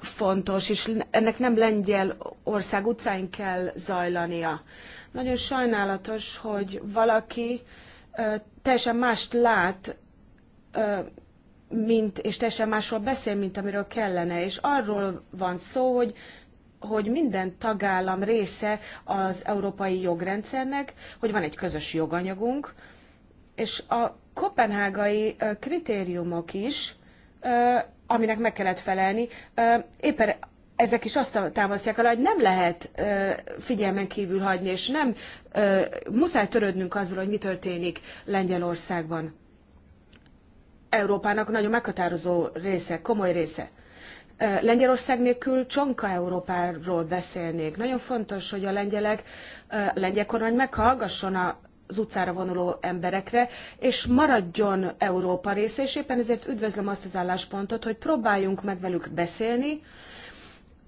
fontos, és ennek nem Lengyel ország utcáin kell zajlania. Nagyon sajnálatos, hogy valaki teljesen mást lát, mint, és teljesen másról beszél, mint amiről kellene. És arról van szó, hogy hogy minden tagállam része az európai jogrendszernek, hogy van egy közös joganyagunk, és a kopenhágai kritériumok is aminek meg kellett felelni. Éppen ezek is azt támasztják alá, hogy nem lehet figyelmen kívül hagyni, és nem muszáj törődnünk azzal, hogy mi történik Lengyelországban. Európának nagyon meghatározó része, komoly része. Lengyelország nélkül csonka Európáról beszélnék. Nagyon fontos, hogy a lengyelek, a lengyel kormány meghallgasson a az utcára vonuló emberekre, és maradjon Európa része, és éppen ezért üdvözlöm azt az álláspontot, hogy próbáljunk meg velük beszélni,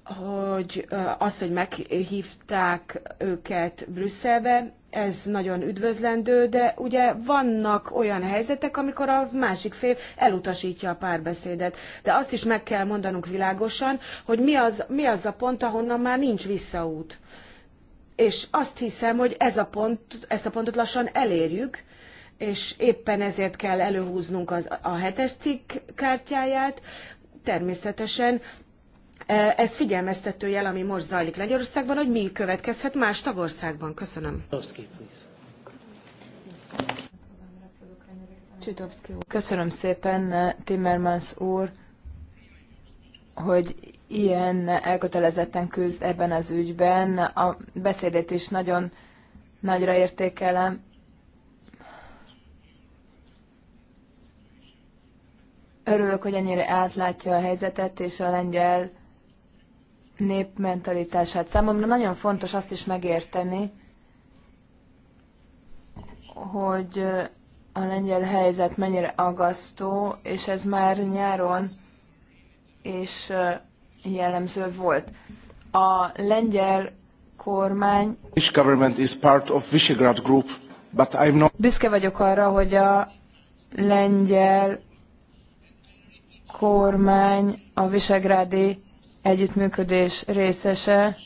hogy az, hogy meghívták őket Brüsszelbe, ez nagyon üdvözlendő, de ugye vannak olyan helyzetek, amikor a másik fél elutasítja a párbeszédet. De azt is meg kell mondanunk világosan, hogy mi az, mi az a pont, ahonnan már nincs visszaút. És azt hiszem, hogy ez a pont, ezt a pontot lassan elérjük, és éppen ezért kell előhúznunk az, a hetes cikk kártyáját. Természetesen e, ez figyelmeztető jel, ami most zajlik Lengyelországban, hogy mi következhet más tagországban. Köszönöm. Köszönöm szépen, Timmermans úr, hogy ilyen elkötelezetten küzd ebben az ügyben. A beszédét is nagyon nagyra értékelem. Örülök, hogy ennyire átlátja a helyzetet és a lengyel nép mentalitását. Számomra nagyon fontos azt is megérteni, hogy a lengyel helyzet mennyire agasztó, és ez már nyáron és jellemző volt. A lengyel kormány büszke vagyok arra, hogy a lengyel kormány a visegrádi együttműködés részese.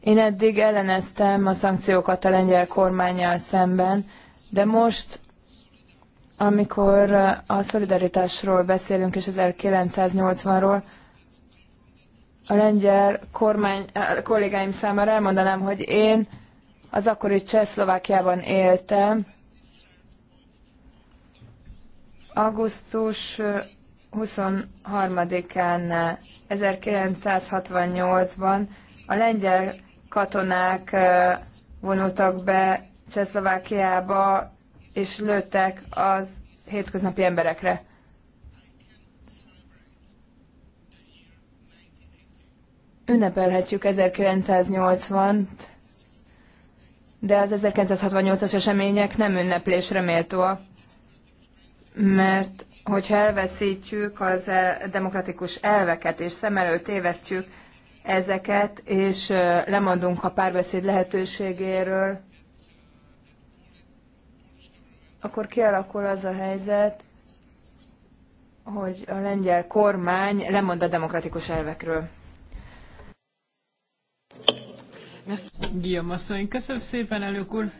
Én eddig elleneztem a szankciókat a lengyel kormányjal szemben, de most, amikor a szolidaritásról beszélünk és 1980-ról, a lengyel kormány kollégáim számára elmondanám, hogy én az akkori Csehszlovákiában éltem. Augusztus 23-án 1968-ban a lengyel katonák vonultak be Csehszlovákiába, és lőttek az hétköznapi emberekre. ünnepelhetjük 1980-t, de az 1968-as események nem ünneplésre méltóak, mert hogyha elveszítjük az e- demokratikus elveket, és szem előtt évesztjük ezeket, és lemondunk a párbeszéd lehetőségéről, akkor kialakul az a helyzet, hogy a lengyel kormány lemond a demokratikus elvekről. Guillaume asszony, köszönöm szépen, elnök úr.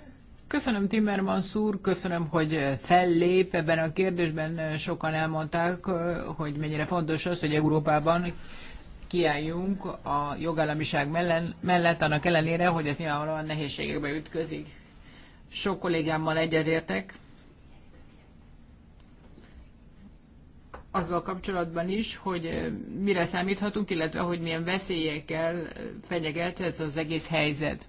Köszönöm Timmermans úr, köszönöm, hogy fellép ebben a kérdésben. Sokan elmondták, hogy mennyire fontos az, hogy Európában kiálljunk a jogállamiság mellett, annak ellenére, hogy ez nyilvánvalóan nehézségekbe ütközik. Sok kollégámmal egyetértek, azzal kapcsolatban is, hogy mire számíthatunk, illetve hogy milyen veszélyekkel fenyeget ez az egész helyzet.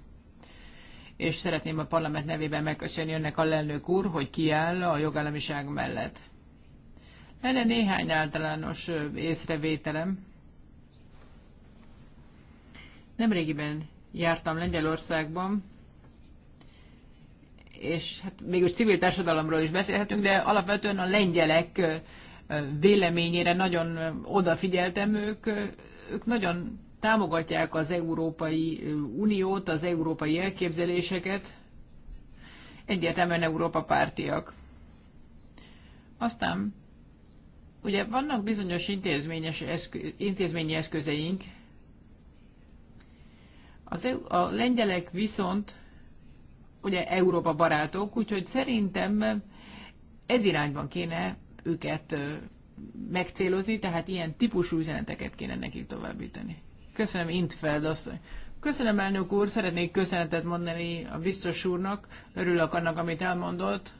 És szeretném a parlament nevében megköszönni önnek a lelnök úr, hogy kiáll a jogállamiság mellett. Lenne néhány általános észrevételem. Nemrégiben jártam Lengyelországban, és hát mégis civil társadalomról is beszélhetünk, de alapvetően a lengyelek véleményére nagyon odafigyeltem, ők, ők nagyon támogatják az Európai Uniót, az európai elképzeléseket, egyértelműen Európa pártiak. Aztán ugye vannak bizonyos intézményes eszkö, intézményi eszközeink, az, a lengyelek viszont ugye Európa barátok, úgyhogy szerintem ez irányban kéne őket megcélozni, tehát ilyen típusú üzeneteket kéne nekik továbbítani. Köszönöm, Intfeld asszony. Köszönöm, elnök úr, szeretnék köszönetet mondani a biztos úrnak, örülök annak, amit elmondott,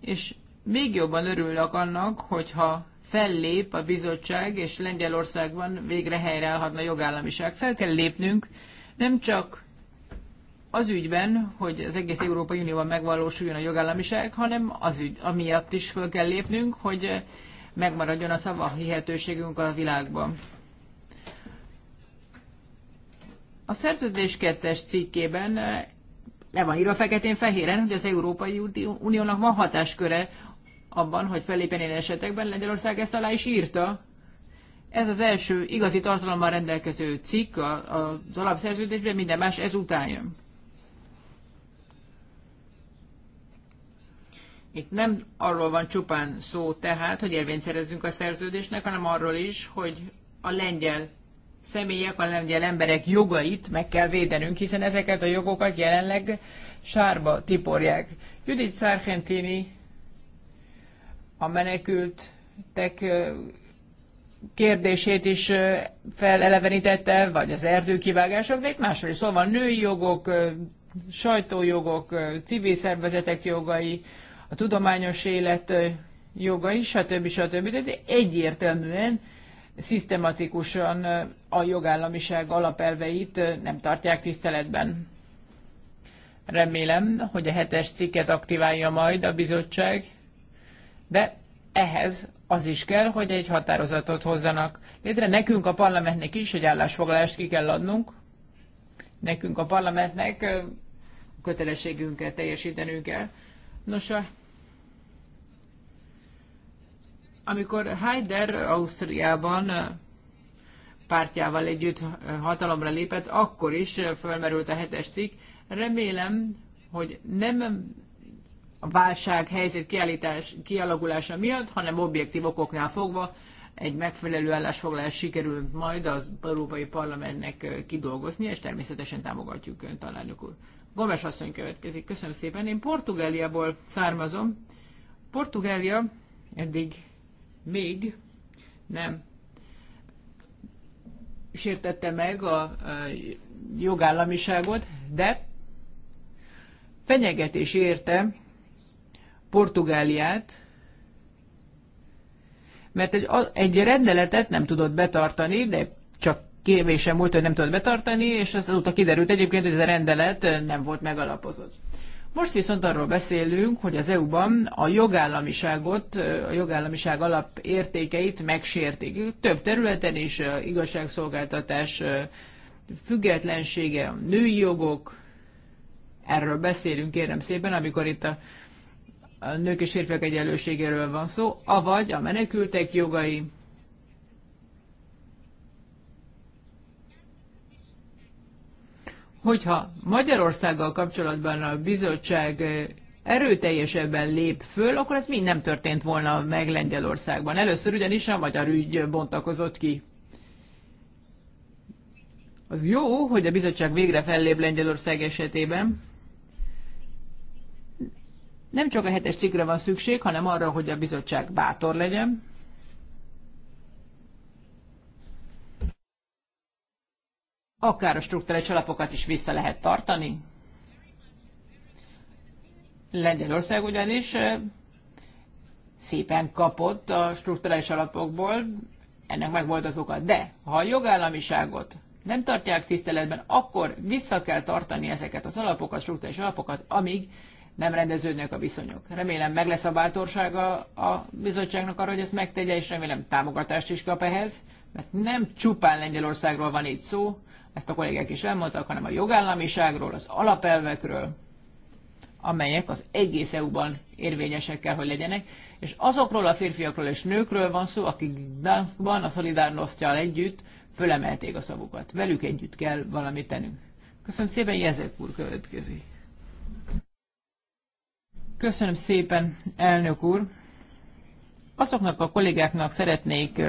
és még jobban örülök annak, hogyha fellép a bizottság, és Lengyelországban végre helyreállhatna jogállamiság. Fel kell lépnünk, nem csak az ügyben, hogy az egész Európai Unióban megvalósuljon a jogállamiság, hanem az ügy, amiatt is föl kell lépnünk, hogy megmaradjon a szava hihetőségünk a világban. A szerződés kettes cikkében eh, le van írva feketén-fehéren, hogy az Európai Uniónak van hatásköre abban, hogy fellépjen én esetekben. Lengyelország ezt alá is írta. Ez az első igazi tartalommal rendelkező cikk az alapszerződésben, minden más ezután jön. Itt nem arról van csupán szó tehát, hogy érvényt szerezzünk a szerződésnek, hanem arról is, hogy a lengyel személyek, a lengyel emberek jogait meg kell védenünk, hiszen ezeket a jogokat jelenleg sárba tiporják. Judith Sargentini a menekültek kérdését is felelevenítette, vagy az erdőkivágások, de itt másról is szóval női jogok, sajtójogok, civil szervezetek jogai, a tudományos élet jogai, stb. stb. De egyértelműen szisztematikusan a jogállamiság alapelveit nem tartják tiszteletben. Remélem, hogy a hetes cikket aktiválja majd a bizottság, de ehhez az is kell, hogy egy határozatot hozzanak létre. Nekünk a parlamentnek is egy állásfoglalást ki kell adnunk, nekünk a parlamentnek kötelességünket teljesítenünk kell. Nos, a amikor Haider Ausztriában pártjával együtt hatalomra lépett, akkor is felmerült a hetes cikk. Remélem, hogy nem a válság helyzet kiállítás, kialakulása miatt, hanem objektív okoknál fogva egy megfelelő állásfoglalás sikerül majd az Európai Parlamentnek kidolgozni, és természetesen támogatjuk ön, alelnök úr. Gomes asszony következik. Köszönöm szépen. Én Portugáliából származom. Portugália eddig még nem sértette meg a jogállamiságot, de fenyegetés érte Portugáliát, mert egy, egy rendeletet nem tudott betartani, de csak kérvésem volt, hogy nem tudott betartani, és azóta kiderült egyébként, hogy ez a rendelet nem volt megalapozott. Most viszont arról beszélünk, hogy az EU-ban a jogállamiságot, a jogállamiság alapértékeit megsértik. Több területen is igazságszolgáltatás függetlensége, a női jogok, erről beszélünk, kérem szépen, amikor itt a, a nők és férfiak egyenlőségéről van szó, avagy a menekültek jogai, Hogyha Magyarországgal kapcsolatban a bizottság erőteljesebben lép föl, akkor ez mind nem történt volna meg Lengyelországban. Először ugyanis a magyar ügy bontakozott ki. Az jó, hogy a bizottság végre fellép Lengyelország esetében. Nem csak a hetes cikkre van szükség, hanem arra, hogy a bizottság bátor legyen, akár a struktúrális alapokat is vissza lehet tartani. Lengyelország ugyanis szépen kapott a struktúrális alapokból, ennek meg volt az oka. De ha a jogállamiságot nem tartják tiszteletben, akkor vissza kell tartani ezeket az alapokat, struktúrális alapokat, amíg nem rendeződnek a viszonyok. Remélem meg lesz a bátorsága a bizottságnak arra, hogy ezt megtegye, és remélem támogatást is kap ehhez, mert nem csupán Lengyelországról van itt szó, ezt a kollégák is elmondtak, hanem a jogállamiságról, az alapelvekről, amelyek az egész EU-ban érvényesek kell, hogy legyenek, és azokról a férfiakról és nőkről van szó, akik Gdanskban a Szolidárnosztjal együtt fölemelték a szavukat. Velük együtt kell valamit tennünk. Köszönöm szépen, Jezek úr következik. Köszönöm szépen, elnök úr. Azoknak a kollégáknak szeretnék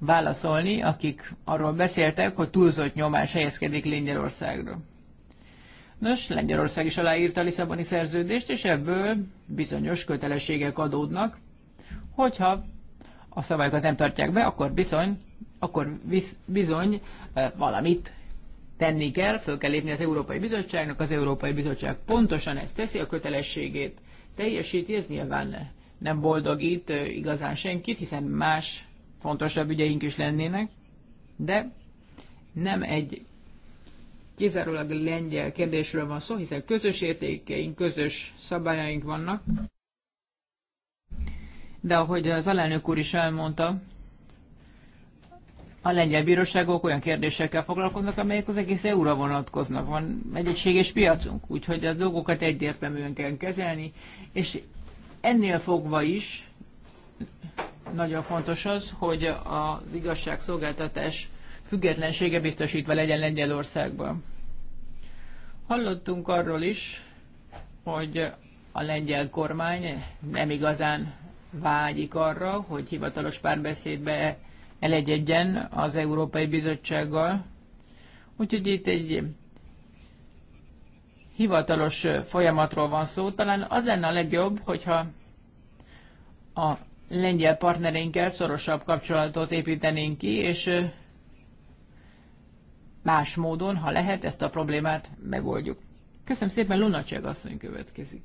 válaszolni, akik arról beszéltek, hogy túlzott nyomás helyezkedik Lengyelországra. Nos, Lengyelország is aláírta a Lisszaboni szerződést, és ebből bizonyos kötelességek adódnak, hogyha a szabályokat nem tartják be, akkor bizony, akkor visz, bizony eh, valamit tenni kell, föl kell lépni az Európai Bizottságnak, az Európai Bizottság pontosan ezt teszi, a kötelességét teljesíti, ez nyilván nem boldogít eh, igazán senkit, hiszen más fontosabb ügyeink is lennének, de nem egy kizárólag lengyel kérdésről van szó, hiszen közös értékeink, közös szabályaink vannak. De ahogy az alelnök úr is elmondta, a lengyel bíróságok olyan kérdésekkel foglalkoznak, amelyek az egész EU-ra vonatkoznak. Van egy egységes piacunk, úgyhogy a dolgokat egyértelműen kell kezelni, és ennél fogva is nagyon fontos az, hogy az igazságszolgáltatás függetlensége biztosítva legyen Lengyelországban. Hallottunk arról is, hogy a lengyel kormány nem igazán vágyik arra, hogy hivatalos párbeszédbe elegyedjen az Európai Bizottsággal. Úgyhogy itt egy hivatalos folyamatról van szó. Talán az lenne a legjobb, hogyha a lengyel partnereinkkel szorosabb kapcsolatot építenénk ki, és más módon, ha lehet, ezt a problémát megoldjuk. Köszönöm szépen, Lunacseg asszony következik.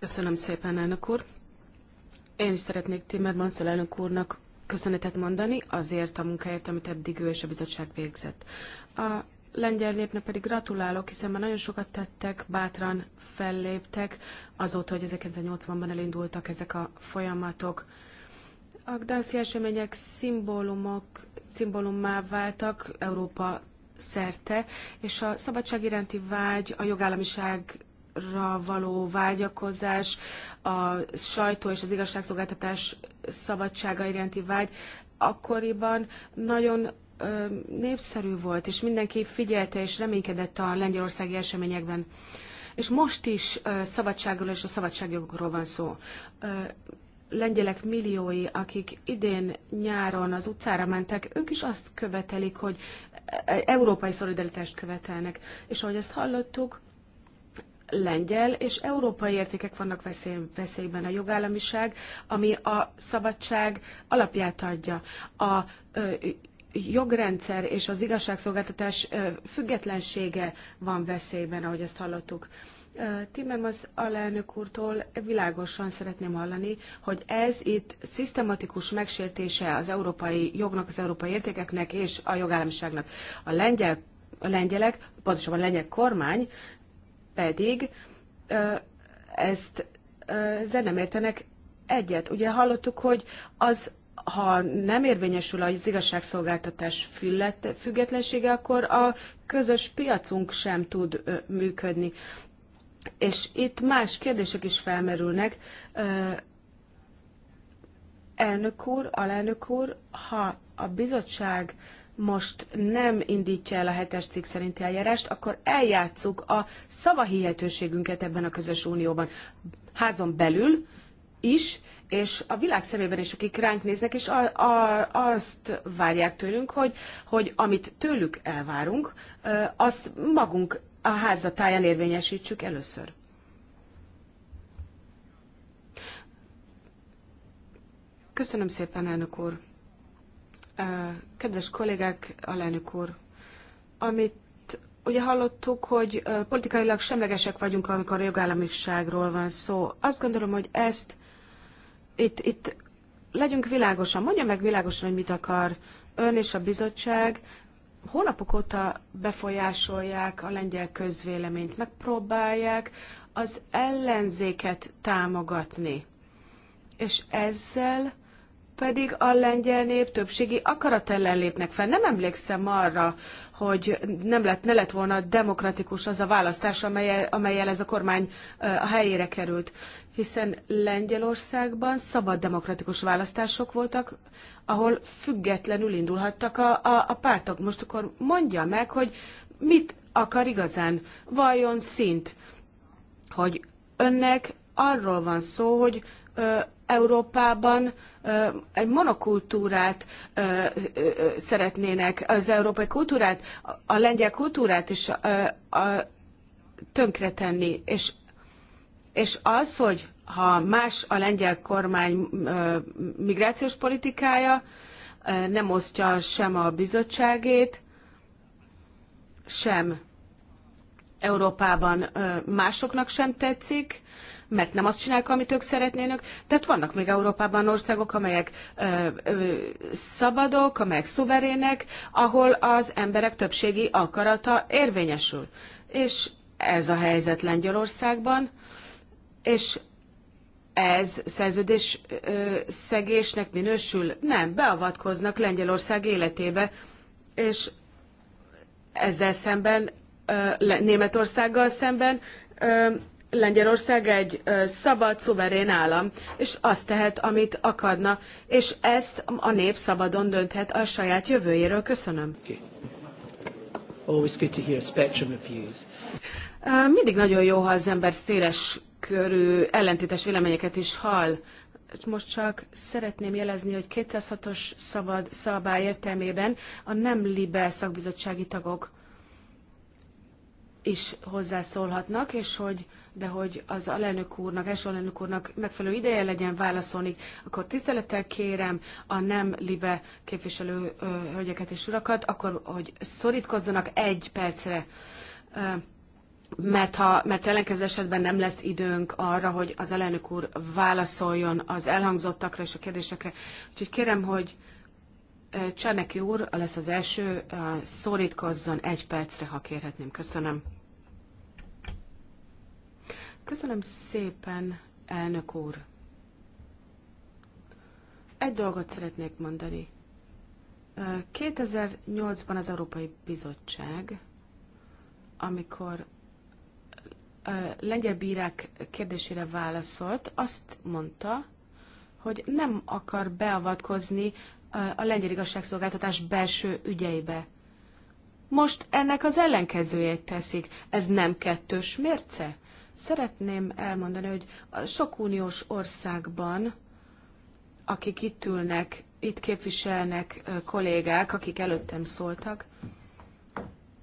Köszönöm szépen, elnök úr. Én is szeretnék Timmermans elnök úrnak köszönetet mondani azért a munkáját, amit eddig ő és a bizottság végzett. A lengyel népnek pedig gratulálok, hiszen már nagyon sokat tettek, bátran felléptek azóta, hogy 1980-ban elindultak ezek a folyamatok. A Gdanszi események szimbólumok, szimbólummá váltak Európa szerte, és a szabadság iránti vágy, a jogállamiságra való vágyakozás, a sajtó és az igazságszolgáltatás szabadsága iránti vágy akkoriban nagyon népszerű volt, és mindenki figyelte és reménykedett a lengyelországi eseményekben. És most is szabadságról és a szabadságjogokról van szó. Lengyelek milliói, akik idén nyáron az utcára mentek, ők is azt követelik, hogy e, európai szolidaritást követelnek. És ahogy ezt hallottuk, lengyel és európai értékek vannak veszély, veszélyben. A jogállamiság, ami a szabadság alapját adja. A ö, jogrendszer és az igazságszolgáltatás függetlensége van veszélyben, ahogy ezt hallottuk. Timmermans alelnök úrtól világosan szeretném hallani, hogy ez itt szisztematikus megsértése az európai jognak, az európai értékeknek és a jogállamiságnak. A, lengyel, a lengyelek, pontosabban a lengyel kormány pedig ezt ezzel nem értenek egyet. Ugye hallottuk, hogy az ha nem érvényesül az igazságszolgáltatás függetlensége, akkor a közös piacunk sem tud működni. És itt más kérdések is felmerülnek. Elnök úr, alelnök úr, ha a bizottság most nem indítja el a hetes cikk szerinti eljárást, akkor eljátszuk a szavahihetőségünket ebben a közös unióban. Házon belül is, és a világ szemében is, akik ránk néznek, és a, a, azt várják tőlünk, hogy, hogy amit tőlük elvárunk, azt magunk a házatáján érvényesítsük először. Köszönöm szépen, elnök úr. Kedves kollégák, alelnök úr, amit ugye hallottuk, hogy politikailag semlegesek vagyunk, amikor a jogállamiságról van szó. Azt gondolom, hogy ezt itt, itt legyünk világosan, mondja meg világosan, hogy mit akar ön és a bizottság. Hónapok óta befolyásolják a lengyel közvéleményt, megpróbálják az ellenzéket támogatni. És ezzel pedig a lengyel nép többségi akarat ellen lépnek fel. Nem emlékszem arra, hogy nem lett, ne lett volna demokratikus az a választás, amelyel, amelyel ez a kormány a helyére került. Hiszen Lengyelországban szabad demokratikus választások voltak, ahol függetlenül indulhattak a, a, a pártok. Most akkor mondja meg, hogy mit akar igazán, vajon szint, hogy önnek arról van szó, hogy ö, Európában egy monokultúrát szeretnének, az európai kultúrát, a lengyel kultúrát is tönkretenni, és, és az, hogy ha más a lengyel kormány migrációs politikája, nem osztja sem a bizottságét, sem Európában másoknak sem tetszik, mert nem azt csinálják, amit ők szeretnének. Tehát vannak még Európában országok, amelyek ö, ö, szabadok, amelyek szuverének, ahol az emberek többségi akarata érvényesül. És ez a helyzet Lengyelországban, és ez szerződés ö, szegésnek minősül? Nem, beavatkoznak Lengyelország életébe, és ezzel szemben, Németországgal szemben Lengyelország egy szabad, szuverén állam, és azt tehet, amit akarna, és ezt a nép szabadon dönthet a saját jövőjéről. Köszönöm. good to hear a spectrum of views. Mindig nagyon jó, ha az ember széles körű ellentétes véleményeket is hall. Most csak szeretném jelezni, hogy 206-os szabad szabály értelmében a nem libe szakbizottsági tagok is hozzászólhatnak, és hogy de hogy az alelnök úrnak, első alelnök úrnak megfelelő ideje legyen válaszolni, akkor tisztelettel kérem a nem libe képviselő ö, hölgyeket és urakat, akkor hogy szorítkozzanak egy percre. Ö, mert, ha, mert ellenkező esetben nem lesz időnk arra, hogy az elnök úr válaszoljon az elhangzottakra és a kérdésekre. Úgyhogy kérem, hogy Cseneki úr lesz az első, szorítkozzon egy percre, ha kérhetném. Köszönöm. Köszönöm szépen, elnök úr. Egy dolgot szeretnék mondani. 2008-ban az Európai Bizottság, amikor lengyel bírák kérdésére válaszolt, azt mondta, hogy nem akar beavatkozni a lengyel igazságszolgáltatás belső ügyeibe. Most ennek az ellenkezőjét teszik. Ez nem kettős mérce? Szeretném elmondani, hogy a sok uniós országban, akik itt ülnek, itt képviselnek kollégák, akik előttem szóltak,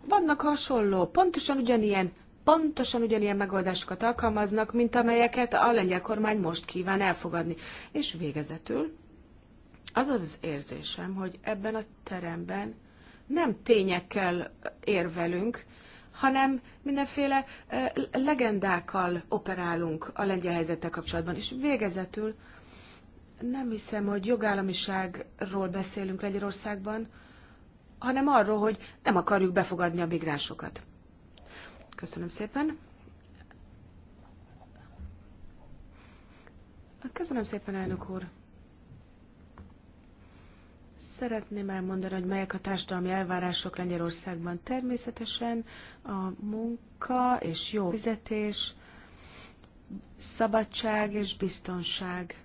vannak hasonló, pontosan ugyanilyen pontosan ugyanilyen megoldásokat alkalmaznak, mint amelyeket a lengyel kormány most kíván elfogadni. És végezetül az az érzésem, hogy ebben a teremben nem tényekkel érvelünk, hanem mindenféle legendákkal operálunk a lengyel helyzettel kapcsolatban. És végezetül nem hiszem, hogy jogállamiságról beszélünk Lengyelországban, hanem arról, hogy nem akarjuk befogadni a migránsokat. Köszönöm szépen. Köszönöm szépen, elnök úr. Szeretném elmondani, hogy melyek a társadalmi elvárások Lengyelországban. Természetesen a munka és jó fizetés, szabadság és biztonság.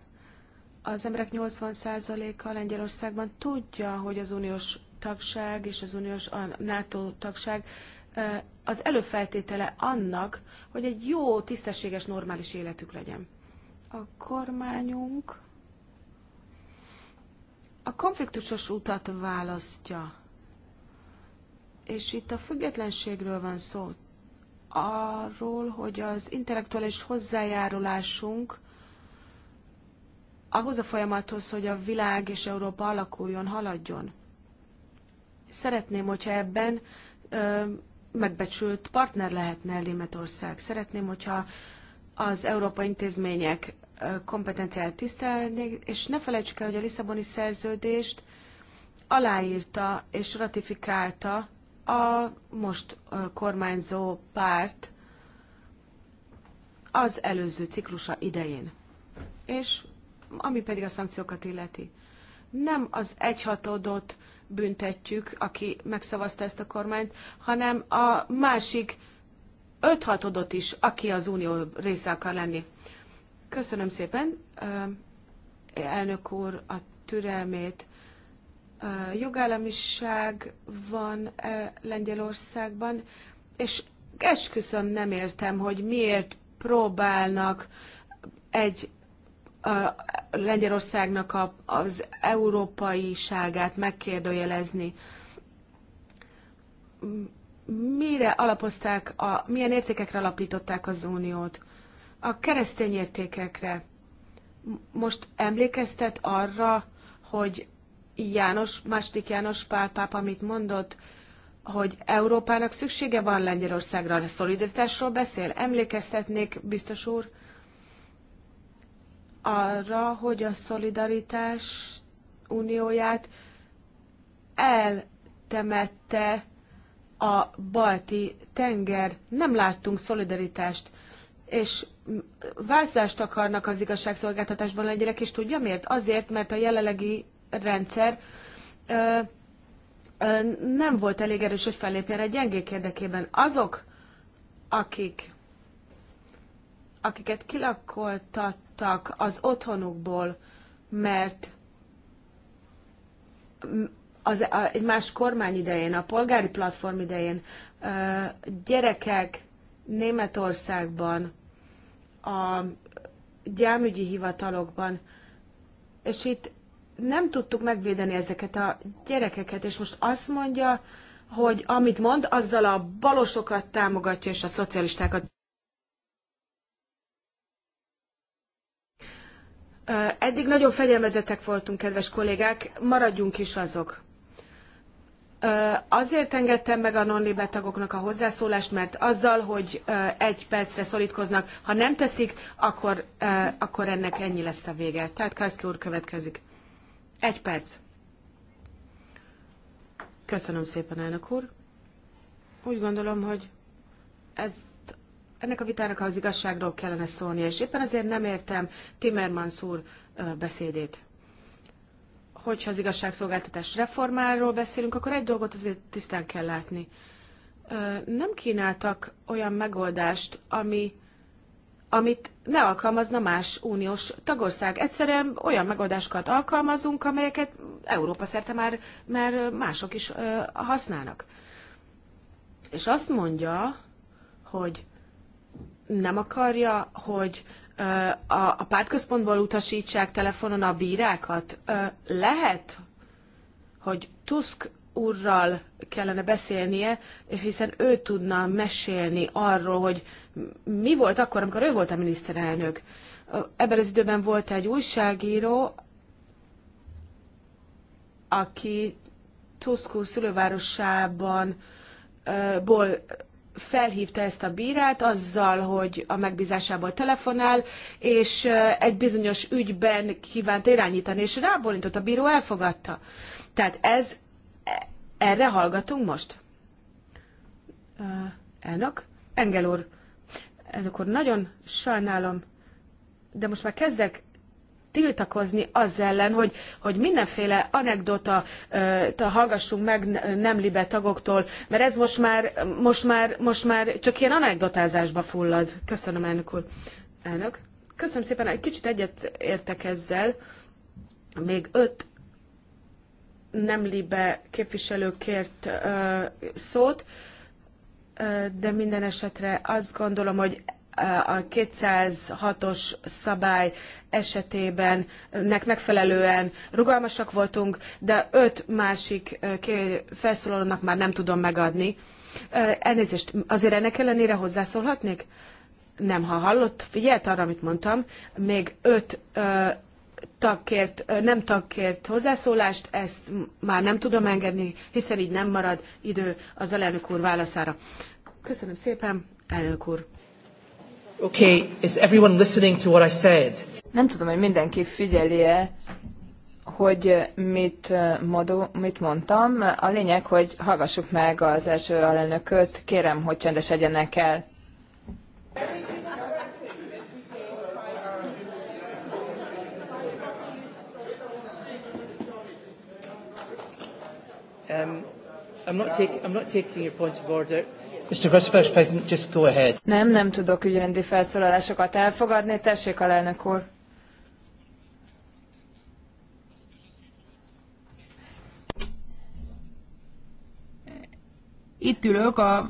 Az emberek 80%-a Lengyelországban tudja, hogy az uniós tagság és az uniós a NATO tagság az előfeltétele annak, hogy egy jó, tisztességes, normális életük legyen. A kormányunk konfliktusos utat választja. És itt a függetlenségről van szó. Arról, hogy az intellektuális hozzájárulásunk ahhoz a folyamathoz, hogy a világ és Európa alakuljon, haladjon. Szeretném, hogyha ebben ö, megbecsült partner lehetne Németország. Szeretném, hogyha az Európa intézmények kompetenciát tisztelni, és ne felejtsük el, hogy a Lisszaboni szerződést aláírta és ratifikálta a most kormányzó párt az előző ciklusa idején. És ami pedig a szankciókat illeti. Nem az egyhatodot büntetjük, aki megszavazta ezt a kormányt, hanem a másik öthatodot is, aki az unió része akar lenni. Köszönöm szépen, elnök úr, a türelmét. Jogállamiság van Lengyelországban, és esküszöm nem értem, hogy miért próbálnak egy a Lengyelországnak az európai ságát megkérdőjelezni. Mire alapozták, a, milyen értékekre alapították az uniót? a keresztény értékekre most emlékeztet arra, hogy János, második János Pál pápa mit mondott, hogy Európának szüksége van Lengyelországra, a szolidaritásról beszél. Emlékeztetnék, biztos úr, arra, hogy a szolidaritás unióját eltemette a balti tenger. Nem láttunk szolidaritást, és változást akarnak az igazságszolgáltatásban a gyerek, és tudja miért? Azért, mert a jelenlegi rendszer ö, ö, nem volt elég erős, hogy fellépjen egy gyengék érdekében. Azok, akik, akiket kilakoltattak az otthonukból, mert az, a, egy más kormány idején, a polgári platform idején ö, gyerekek Németországban a gyámügyi hivatalokban, és itt nem tudtuk megvédeni ezeket a gyerekeket, és most azt mondja, hogy amit mond, azzal a balosokat támogatja, és a szocialistákat. Eddig nagyon fegyelmezettek voltunk, kedves kollégák, maradjunk is azok. Azért engedtem meg a non tagoknak a hozzászólást, mert azzal, hogy egy percre szorítkoznak, ha nem teszik, akkor, akkor ennek ennyi lesz a vége. Tehát Karszki úr következik. Egy perc. Köszönöm szépen, elnök úr. Úgy gondolom, hogy ez ennek a vitának az igazságról kellene szólni, és éppen azért nem értem Timmermans úr beszédét hogyha az igazságszolgáltatás reformáról beszélünk, akkor egy dolgot azért tisztán kell látni. Nem kínáltak olyan megoldást, ami, amit ne alkalmazna más uniós tagország. Egyszerűen olyan megoldásokat alkalmazunk, amelyeket Európa szerte már, már mások is használnak. És azt mondja, hogy nem akarja, hogy a, a pártközpontból utasítsák telefonon a bírákat? Lehet, hogy Tusk úrral kellene beszélnie, hiszen ő tudna mesélni arról, hogy mi volt akkor, amikor ő volt a miniszterelnök. Ebben az időben volt egy újságíró, aki Tusk úr szülővárosában ból felhívta ezt a bírát azzal, hogy a megbízásából telefonál, és egy bizonyos ügyben kívánt irányítani, és rábólintott a bíró, elfogadta. Tehát ez, e, erre hallgatunk most? Elnök? Engel úr. Elnök úr, nagyon sajnálom, de most már kezdek tiltakozni az ellen, hogy, hogy mindenféle anekdota uh, hallgassunk meg nem libe tagoktól, mert ez most már, most már, most már csak ilyen anekdotázásba fullad. Köszönöm, elnök úr. Elnök. Köszönöm szépen, egy kicsit egyet értek ezzel. Még öt nem libe képviselő kért uh, szót, uh, de minden esetre azt gondolom, hogy a 206-os szabály esetében nek megfelelően rugalmasak voltunk, de öt másik felszólalónak már nem tudom megadni. Elnézést, azért ennek ellenére hozzászólhatnék? Nem, ha hallott, figyelt arra, amit mondtam, még öt ö, tagkért, nem tagkért hozzászólást, ezt már nem tudom engedni, hiszen így nem marad idő az elnök úr válaszára. Köszönöm szépen, elnök úr. Okay, is everyone listening to what I said? Nem tudom, hogy mindenki figyeli-e, hogy mit, eh, modu, mit mondtam. A lényeg, hogy hallgassuk meg az első alelnököt. Kérem, hogy csendesedjenek el. Um, I'm not, take, I'm not taking your point of order. Nem, nem tudok ügyrendi felszólalásokat elfogadni. Tessék, alelnök úr. Itt ülök a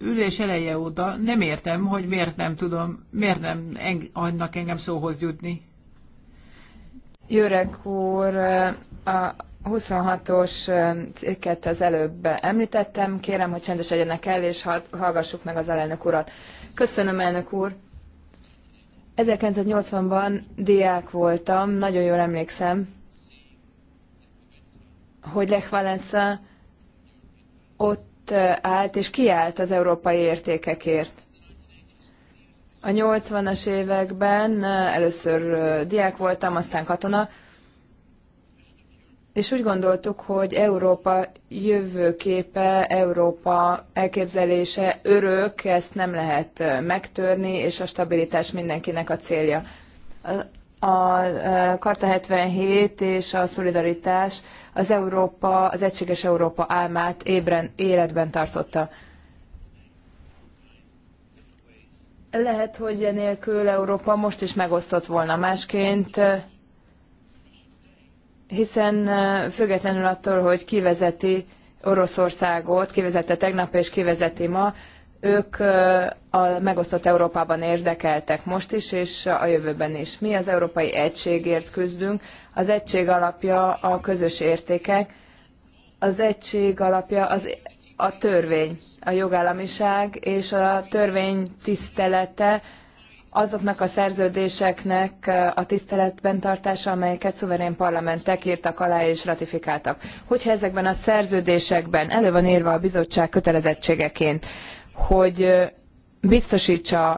ülés eleje óta. Nem értem, hogy miért nem tudom, miért nem eng- annak engem szóhoz jutni. Jöreg úr, a 26-os cikket az előbb említettem. Kérem, hogy csendes legyenek el, és hallgassuk meg az alelnök urat. Köszönöm, elnök úr! 1980-ban diák voltam, nagyon jól emlékszem, hogy Lech Valensa ott állt és kiállt az európai értékekért. A 80-as években először diák voltam, aztán katona, és úgy gondoltuk, hogy Európa jövőképe, Európa elképzelése örök, ezt nem lehet megtörni, és a stabilitás mindenkinek a célja. A Karta 77 és a szolidaritás az Európa, az egységes Európa álmát ébren, életben tartotta. Lehet, hogy nélkül Európa most is megosztott volna másként, hiszen függetlenül attól, hogy kivezeti Oroszországot, kivezette tegnap és kivezeti ma, ők a megosztott Európában érdekeltek most is, és a jövőben is. Mi az európai egységért küzdünk. Az egység alapja a közös értékek, az egység alapja az, a törvény, a jogállamiság és a törvény tisztelete, azoknak a szerződéseknek a tiszteletben tartása, amelyeket szuverén parlamentek írtak alá és ratifikáltak. Hogyha ezekben a szerződésekben elő van írva a bizottság kötelezettségeként, hogy biztosítsa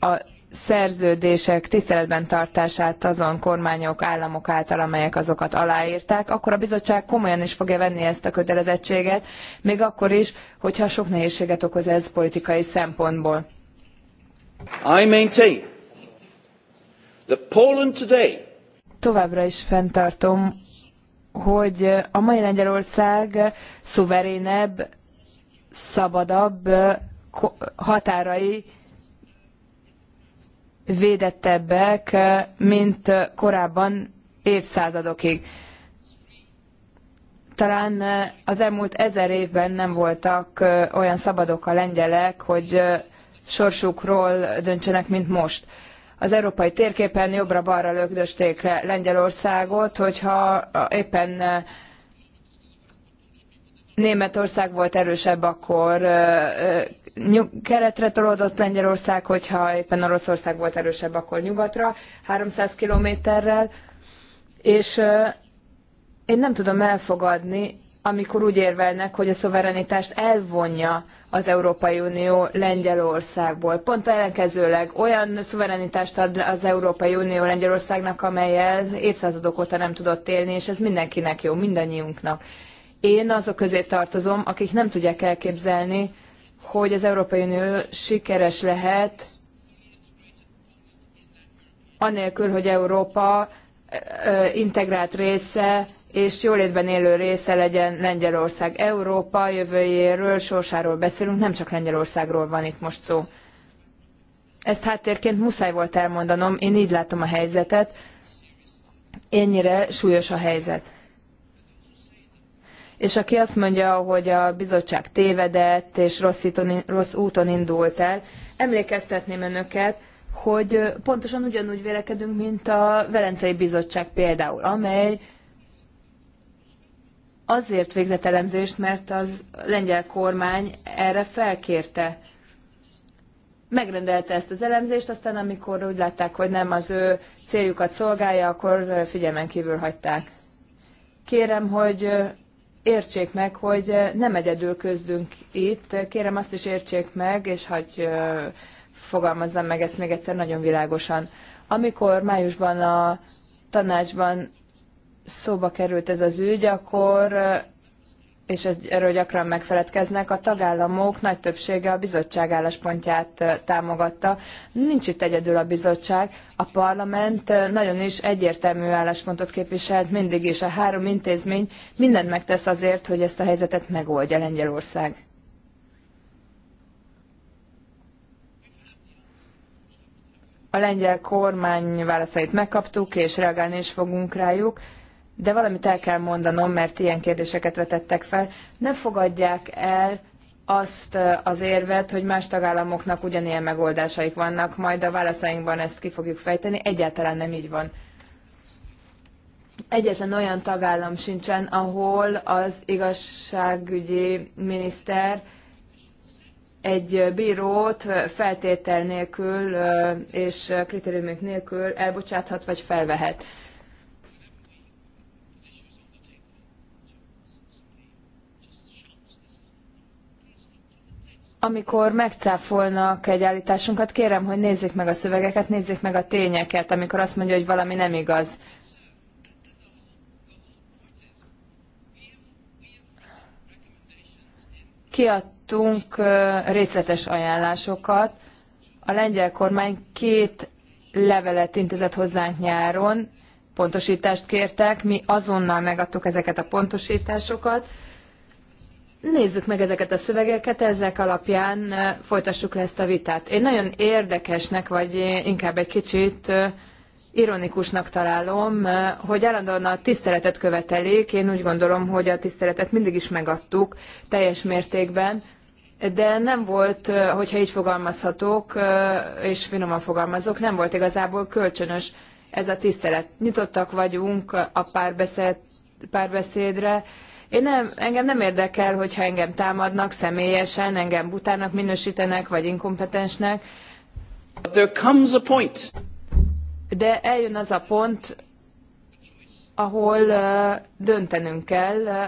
a szerződések tiszteletben tartását azon kormányok, államok által, amelyek azokat aláírták, akkor a bizottság komolyan is fogja venni ezt a kötelezettséget, még akkor is, hogyha sok nehézséget okoz ez politikai szempontból. I maintain that Poland today Továbbra is fenntartom, hogy a mai Lengyelország szuverénebb, szabadabb határai védettebbek, mint korábban évszázadokig. Talán az elmúlt ezer évben nem voltak olyan szabadok a lengyelek, hogy sorsukról döntsenek, mint most. Az európai térképen jobbra-balra lögdösték Lengyelországot, hogyha éppen eh, Németország volt erősebb, akkor eh, eh, keletre tolódott Lengyelország, hogyha éppen Oroszország volt erősebb, akkor nyugatra, 300 kilométerrel, és én nem tudom elfogadni, amikor úgy érvelnek, hogy a szuverenitást elvonja az Európai Unió Lengyelországból. Pont ellenkezőleg olyan szuverenitást ad az Európai Unió Lengyelországnak, amelyel évszázadok óta nem tudott élni, és ez mindenkinek jó, mindannyiunknak. Én azok közé tartozom, akik nem tudják elképzelni, hogy az Európai Unió sikeres lehet, anélkül, hogy Európa integrált része és jólétben élő része legyen Lengyelország. Európa jövőjéről, sorsáról beszélünk, nem csak Lengyelországról van itt most szó. Ezt háttérként muszáj volt elmondanom, én így látom a helyzetet, ennyire súlyos a helyzet. És aki azt mondja, hogy a bizottság tévedett és rossz, rossz úton indult el, emlékeztetném önöket, hogy pontosan ugyanúgy vélekedünk, mint a Velencei Bizottság például, amely azért végzett elemzést, mert az lengyel kormány erre felkérte. Megrendelte ezt az elemzést, aztán amikor úgy látták, hogy nem az ő céljukat szolgálja, akkor figyelmen kívül hagyták. Kérem, hogy értsék meg, hogy nem egyedül közdünk itt, kérem azt is értsék meg, és hagy fogalmazzam meg ezt még egyszer nagyon világosan. Amikor májusban a tanácsban szóba került ez az ügy, akkor eh, és ez, erről gyakran megfeledkeznek, a tagállamok nagy többsége a bizottság álláspontját eh, támogatta. Nincs itt egyedül a bizottság, a parlament eh, nagyon is egyértelmű álláspontot képviselt mindig is. A három intézmény mindent megtesz azért, hogy ezt a helyzetet megoldja Lengyelország. A lengyel kormány válaszait megkaptuk, és reagálni is fogunk rájuk de valamit el kell mondanom, mert ilyen kérdéseket vetettek fel. Ne fogadják el azt az érvet, hogy más tagállamoknak ugyanilyen megoldásaik vannak, majd a válaszainkban ezt ki fogjuk fejteni. Egyáltalán nem így van. Egyetlen olyan tagállam sincsen, ahol az igazságügyi miniszter egy bírót feltétel nélkül és kritériumok nélkül elbocsáthat vagy felvehet. amikor megcáfolnak egy állításunkat, kérem, hogy nézzék meg a szövegeket, nézzék meg a tényeket, amikor azt mondja, hogy valami nem igaz. Kiadtunk részletes ajánlásokat. A lengyel kormány két levelet intézett hozzánk nyáron, pontosítást kértek, mi azonnal megadtuk ezeket a pontosításokat Nézzük meg ezeket a szövegeket, ezek alapján folytassuk le ezt a vitát. Én nagyon érdekesnek, vagy inkább egy kicsit ironikusnak találom, hogy állandóan a tiszteletet követelik. Én úgy gondolom, hogy a tiszteletet mindig is megadtuk teljes mértékben, de nem volt, hogyha így fogalmazhatok, és finoman fogalmazok, nem volt igazából kölcsönös ez a tisztelet. Nyitottak vagyunk a párbeszéd, párbeszédre, én nem, engem nem érdekel, hogyha engem támadnak személyesen, engem butának minősítenek, vagy inkompetensnek. There comes a point. De eljön az a pont, ahol uh, döntenünk kell, uh,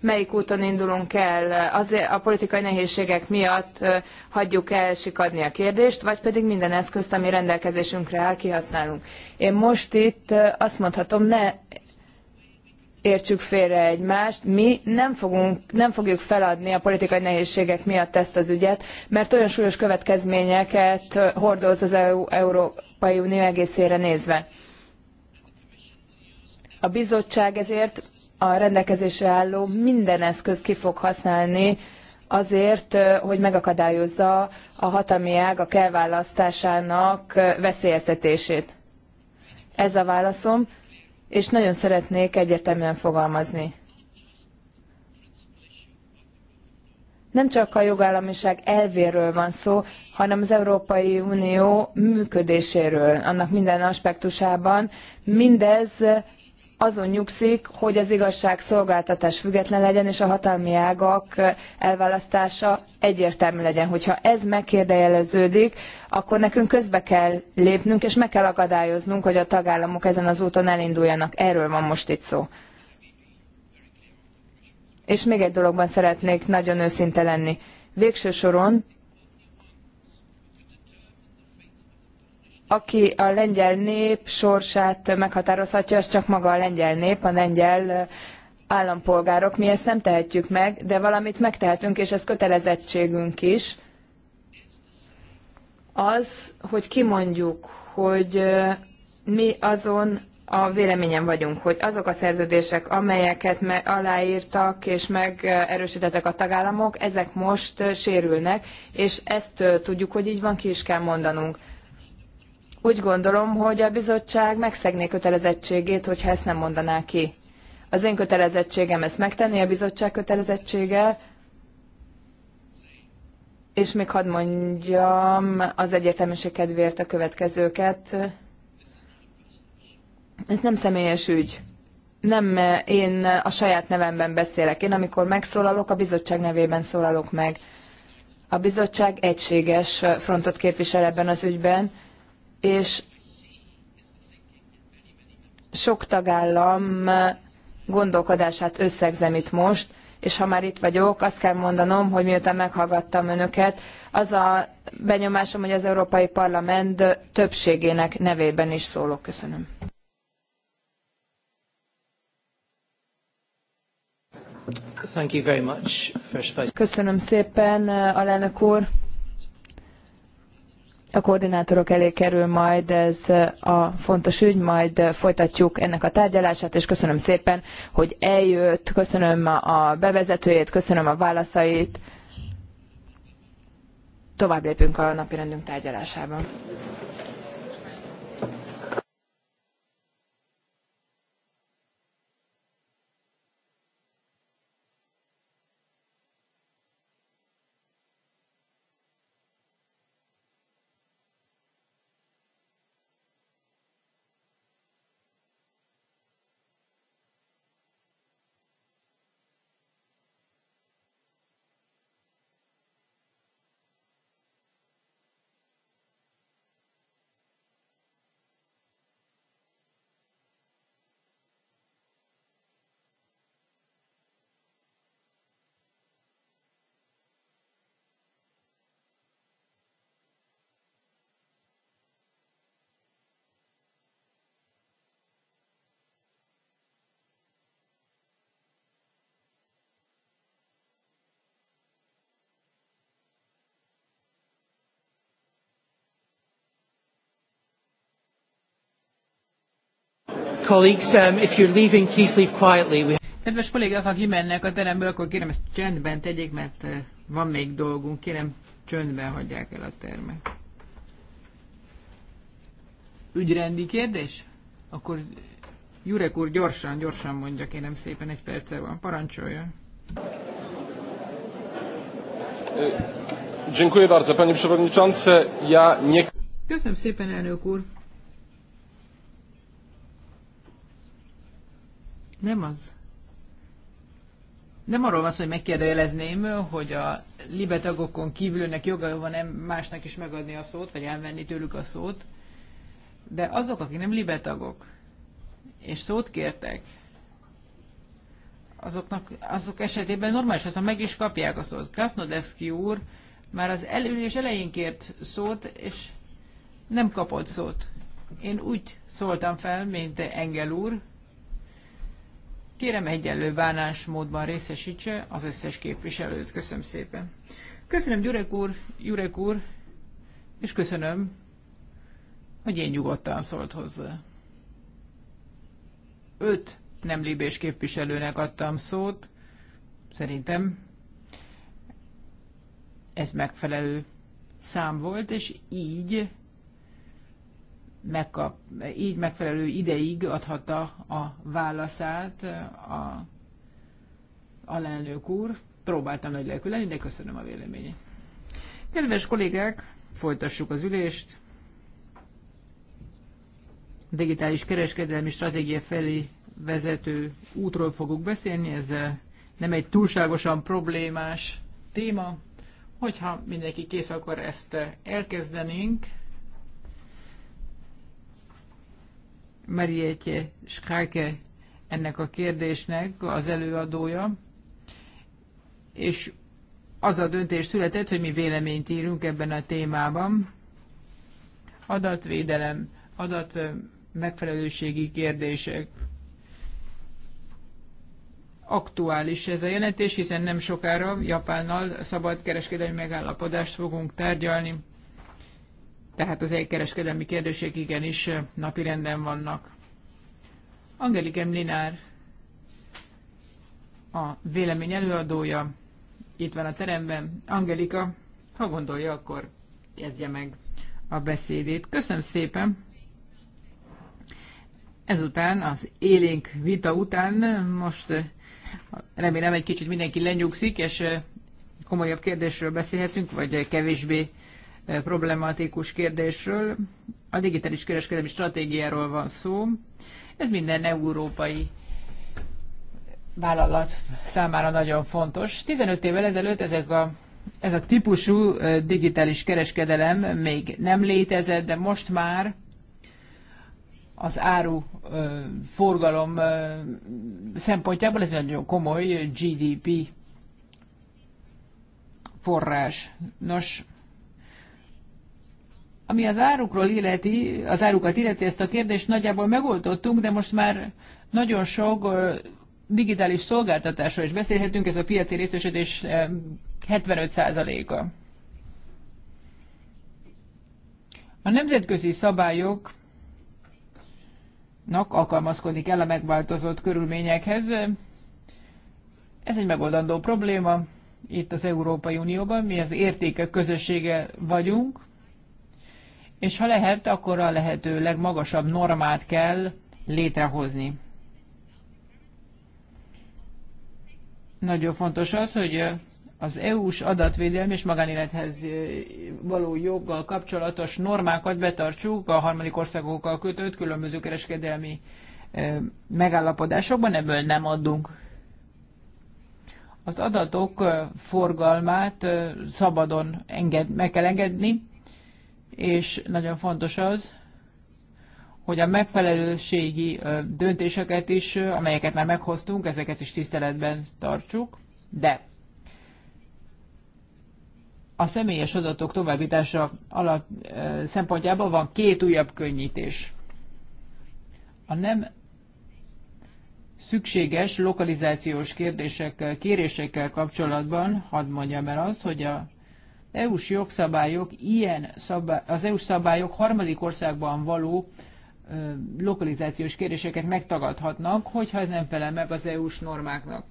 melyik úton indulunk el, azért a politikai nehézségek miatt hagyjuk el sikadni a kérdést, vagy pedig minden eszközt, ami rendelkezésünkre áll, kihasználunk. Én most itt azt mondhatom, ne értsük félre egymást, mi nem, fogunk, nem fogjuk feladni a politikai nehézségek miatt ezt az ügyet, mert olyan súlyos következményeket hordoz az EU, Európai Unió egészére nézve. A bizottság ezért a rendelkezésre álló minden eszköz ki fog használni azért, hogy megakadályozza a hatalmi ágak elválasztásának veszélyeztetését. Ez a válaszom és nagyon szeretnék egyértelműen fogalmazni. Nem csak a jogállamiság elvéről van szó, hanem az Európai Unió működéséről, annak minden aspektusában. Mindez azon nyugszik, hogy az igazságszolgáltatás független legyen, és a hatalmi ágak elválasztása egyértelmű legyen. Hogyha ez megkérdejeleződik, akkor nekünk közbe kell lépnünk, és meg kell akadályoznunk, hogy a tagállamok ezen az úton elinduljanak. Erről van most itt szó. És még egy dologban szeretnék nagyon őszinte lenni. Végső soron aki a lengyel nép sorsát meghatározhatja, az csak maga a lengyel nép, a lengyel állampolgárok. Mi ezt nem tehetjük meg, de valamit megtehetünk, és ez kötelezettségünk is. Az, hogy kimondjuk, hogy mi azon a véleményen vagyunk, hogy azok a szerződések, amelyeket me- aláírtak és megerősítettek a tagállamok, ezek most sérülnek, és ezt tudjuk, hogy így van, ki is kell mondanunk úgy gondolom, hogy a bizottság megszegné kötelezettségét, hogyha ezt nem mondaná ki. Az én kötelezettségem ezt megtenni, a bizottság kötelezettsége, és még hadd mondjam az egyetemesek kedvéért a következőket. Ez nem személyes ügy. Nem én a saját nevemben beszélek. Én amikor megszólalok, a bizottság nevében szólalok meg. A bizottság egységes frontot képvisel ebben az ügyben és sok tagállam gondolkodását összegzem itt most, és ha már itt vagyok, azt kell mondanom, hogy miután meghallgattam önöket, az a benyomásom, hogy az Európai Parlament többségének nevében is szólok. Köszönöm. Köszönöm szépen, alelnök úr a koordinátorok elé kerül majd ez a fontos ügy, majd folytatjuk ennek a tárgyalását, és köszönöm szépen, hogy eljött, köszönöm a bevezetőjét, köszönöm a válaszait. Tovább lépünk a napirendünk tárgyalásában. colleagues, um, if you're leaving, please leave quietly. We... Kedves kollégák, ha kimennek a teremből, akkor kérem ezt csendben tegyék, mert uh, van még dolgunk. Kérem, csöndben hagyják el a termet. Ügyrendi kérdés? Akkor Jurek úr gyorsan, gyorsan mondja, kérem szépen, egy perce van. Parancsolja. Dziękuję bardzo, panie przewodniczący. Ja nie... Köszönöm szépen, elnök úr. Nem az. Nem arról van szó, hogy megkérdelezném, hogy a libetagokon kívülnek joga van -e másnak is megadni a szót, vagy elvenni tőlük a szót, de azok, akik nem libetagok, és szót kértek, azoknak, azok esetében normális, azon meg is kapják a szót. Krasnodevski úr már az elülés elején kért szót, és nem kapott szót. Én úgy szóltam fel, mint Engel úr, Kérem egyenlő bánásmódban részesítse az összes képviselőt. Köszönöm szépen. Köszönöm Gyurek úr, Gyurek úr, és köszönöm, hogy én nyugodtan szólt hozzá. Öt nem libés képviselőnek adtam szót, szerintem ez megfelelő szám volt, és így megkap, így megfelelő ideig adhatta a válaszát a alelnök úr. Próbáltam nagy lelkül lenni, de köszönöm a véleményét. Kedves kollégák, folytassuk az ülést. Digitális kereskedelmi stratégia felé vezető útról fogok beszélni, ez nem egy túlságosan problémás téma. Hogyha mindenki kész, akkor ezt elkezdenénk. Marietje Schake ennek a kérdésnek az előadója, és az a döntés született, hogy mi véleményt írunk ebben a témában. Adatvédelem, adat megfelelőségi kérdések. Aktuális ez a jelentés, hiszen nem sokára Japánnal szabadkereskedelmi megállapodást fogunk tárgyalni tehát az elkereskedelmi kérdések igenis napirenden vannak. Angelike Mlinár a vélemény előadója, itt van a teremben. Angelika, ha gondolja, akkor kezdje meg a beszédét. Köszönöm szépen! Ezután, az élénk vita után most remélem egy kicsit mindenki lenyugszik, és komolyabb kérdésről beszélhetünk, vagy kevésbé problematikus kérdésről. A digitális kereskedelmi stratégiáról van szó. Ez minden európai vállalat számára nagyon fontos. 15 évvel ezelőtt ezek a, ez a típusú digitális kereskedelem még nem létezett, de most már az áru ö, forgalom ö, szempontjából ez egy nagyon komoly GDP forrás. Nos, ami az árukról illeti, az árukat illeti ezt a kérdést nagyjából megoldottunk, de most már nagyon sok digitális szolgáltatásról is beszélhetünk, ez a piaci részesedés 75%-a. A nemzetközi szabályoknak alkalmazkodni kell a megváltozott körülményekhez. Ez egy megoldandó probléma. Itt az Európai Unióban mi az értékek közössége vagyunk, és ha lehet, akkor a lehető legmagasabb normát kell létrehozni. Nagyon fontos az, hogy az EU-s adatvédelmi és magánélethez való joggal kapcsolatos normákat betartsuk a harmadik országokkal kötött különböző kereskedelmi megállapodásokban, ebből nem adunk. Az adatok forgalmát szabadon enged, meg kell engedni, és nagyon fontos az, hogy a megfelelőségi döntéseket is, amelyeket már meghoztunk, ezeket is tiszteletben tartsuk, de a személyes adatok továbbítása alap szempontjában van két újabb könnyítés. A nem szükséges lokalizációs kérdések, kérésekkel kapcsolatban hadd mondjam el azt, hogy a EU-s jogszabályok ilyen szabály, az EU-s szabályok harmadik országban való ö, lokalizációs kérdéseket megtagadhatnak, hogyha ez nem felel meg az EU-s normáknak.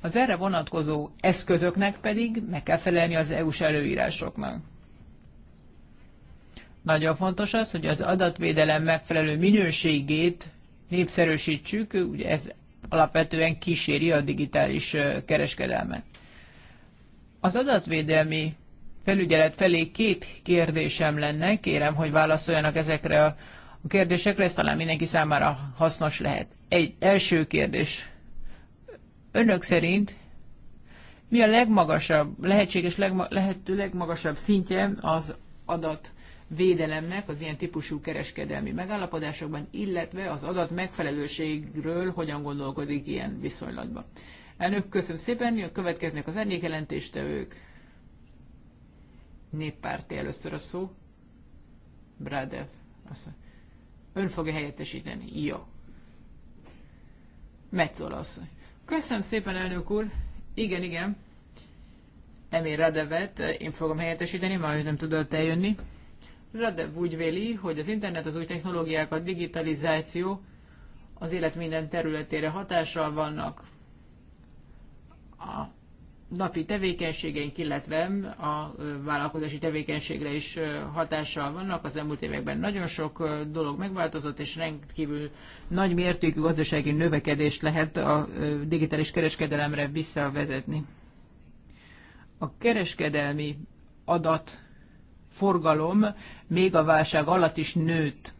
Az erre vonatkozó eszközöknek pedig meg kell felelni az EU-s előírásoknak. Nagyon fontos az, hogy az adatvédelem megfelelő minőségét népszerűsítsük, ugye ez alapvetően kíséri a digitális kereskedelmet. Az adatvédelmi felügyelet felé két kérdésem lenne, kérem, hogy válaszoljanak ezekre a kérdésekre, ez talán mindenki számára hasznos lehet. Egy első kérdés. Önök szerint mi a legmagasabb, lehetséges legma, lehető legmagasabb szintje az adat védelemnek az ilyen típusú kereskedelmi megállapodásokban, illetve az adat megfelelőségről hogyan gondolkodik ilyen viszonylatban. Elnök, köszönöm szépen. jön következnek az árnyékjelentéstevők. Néppárti először a szó. Bradev. Azt Ön fogja helyettesíteni. Jó. Metzola asszony. Köszönöm szépen, elnök úr. Igen, igen. Emil Radevet én fogom helyettesíteni, mert ő nem tudott eljönni. Radev úgy véli, hogy az internet, az új technológiák, a digitalizáció az élet minden területére hatással vannak a napi tevékenységeink, illetve a vállalkozási tevékenységre is hatással vannak. Az elmúlt években nagyon sok dolog megváltozott, és rendkívül nagy mértékű gazdasági növekedést lehet a digitális kereskedelemre visszavezetni. A kereskedelmi adat forgalom még a válság alatt is nőtt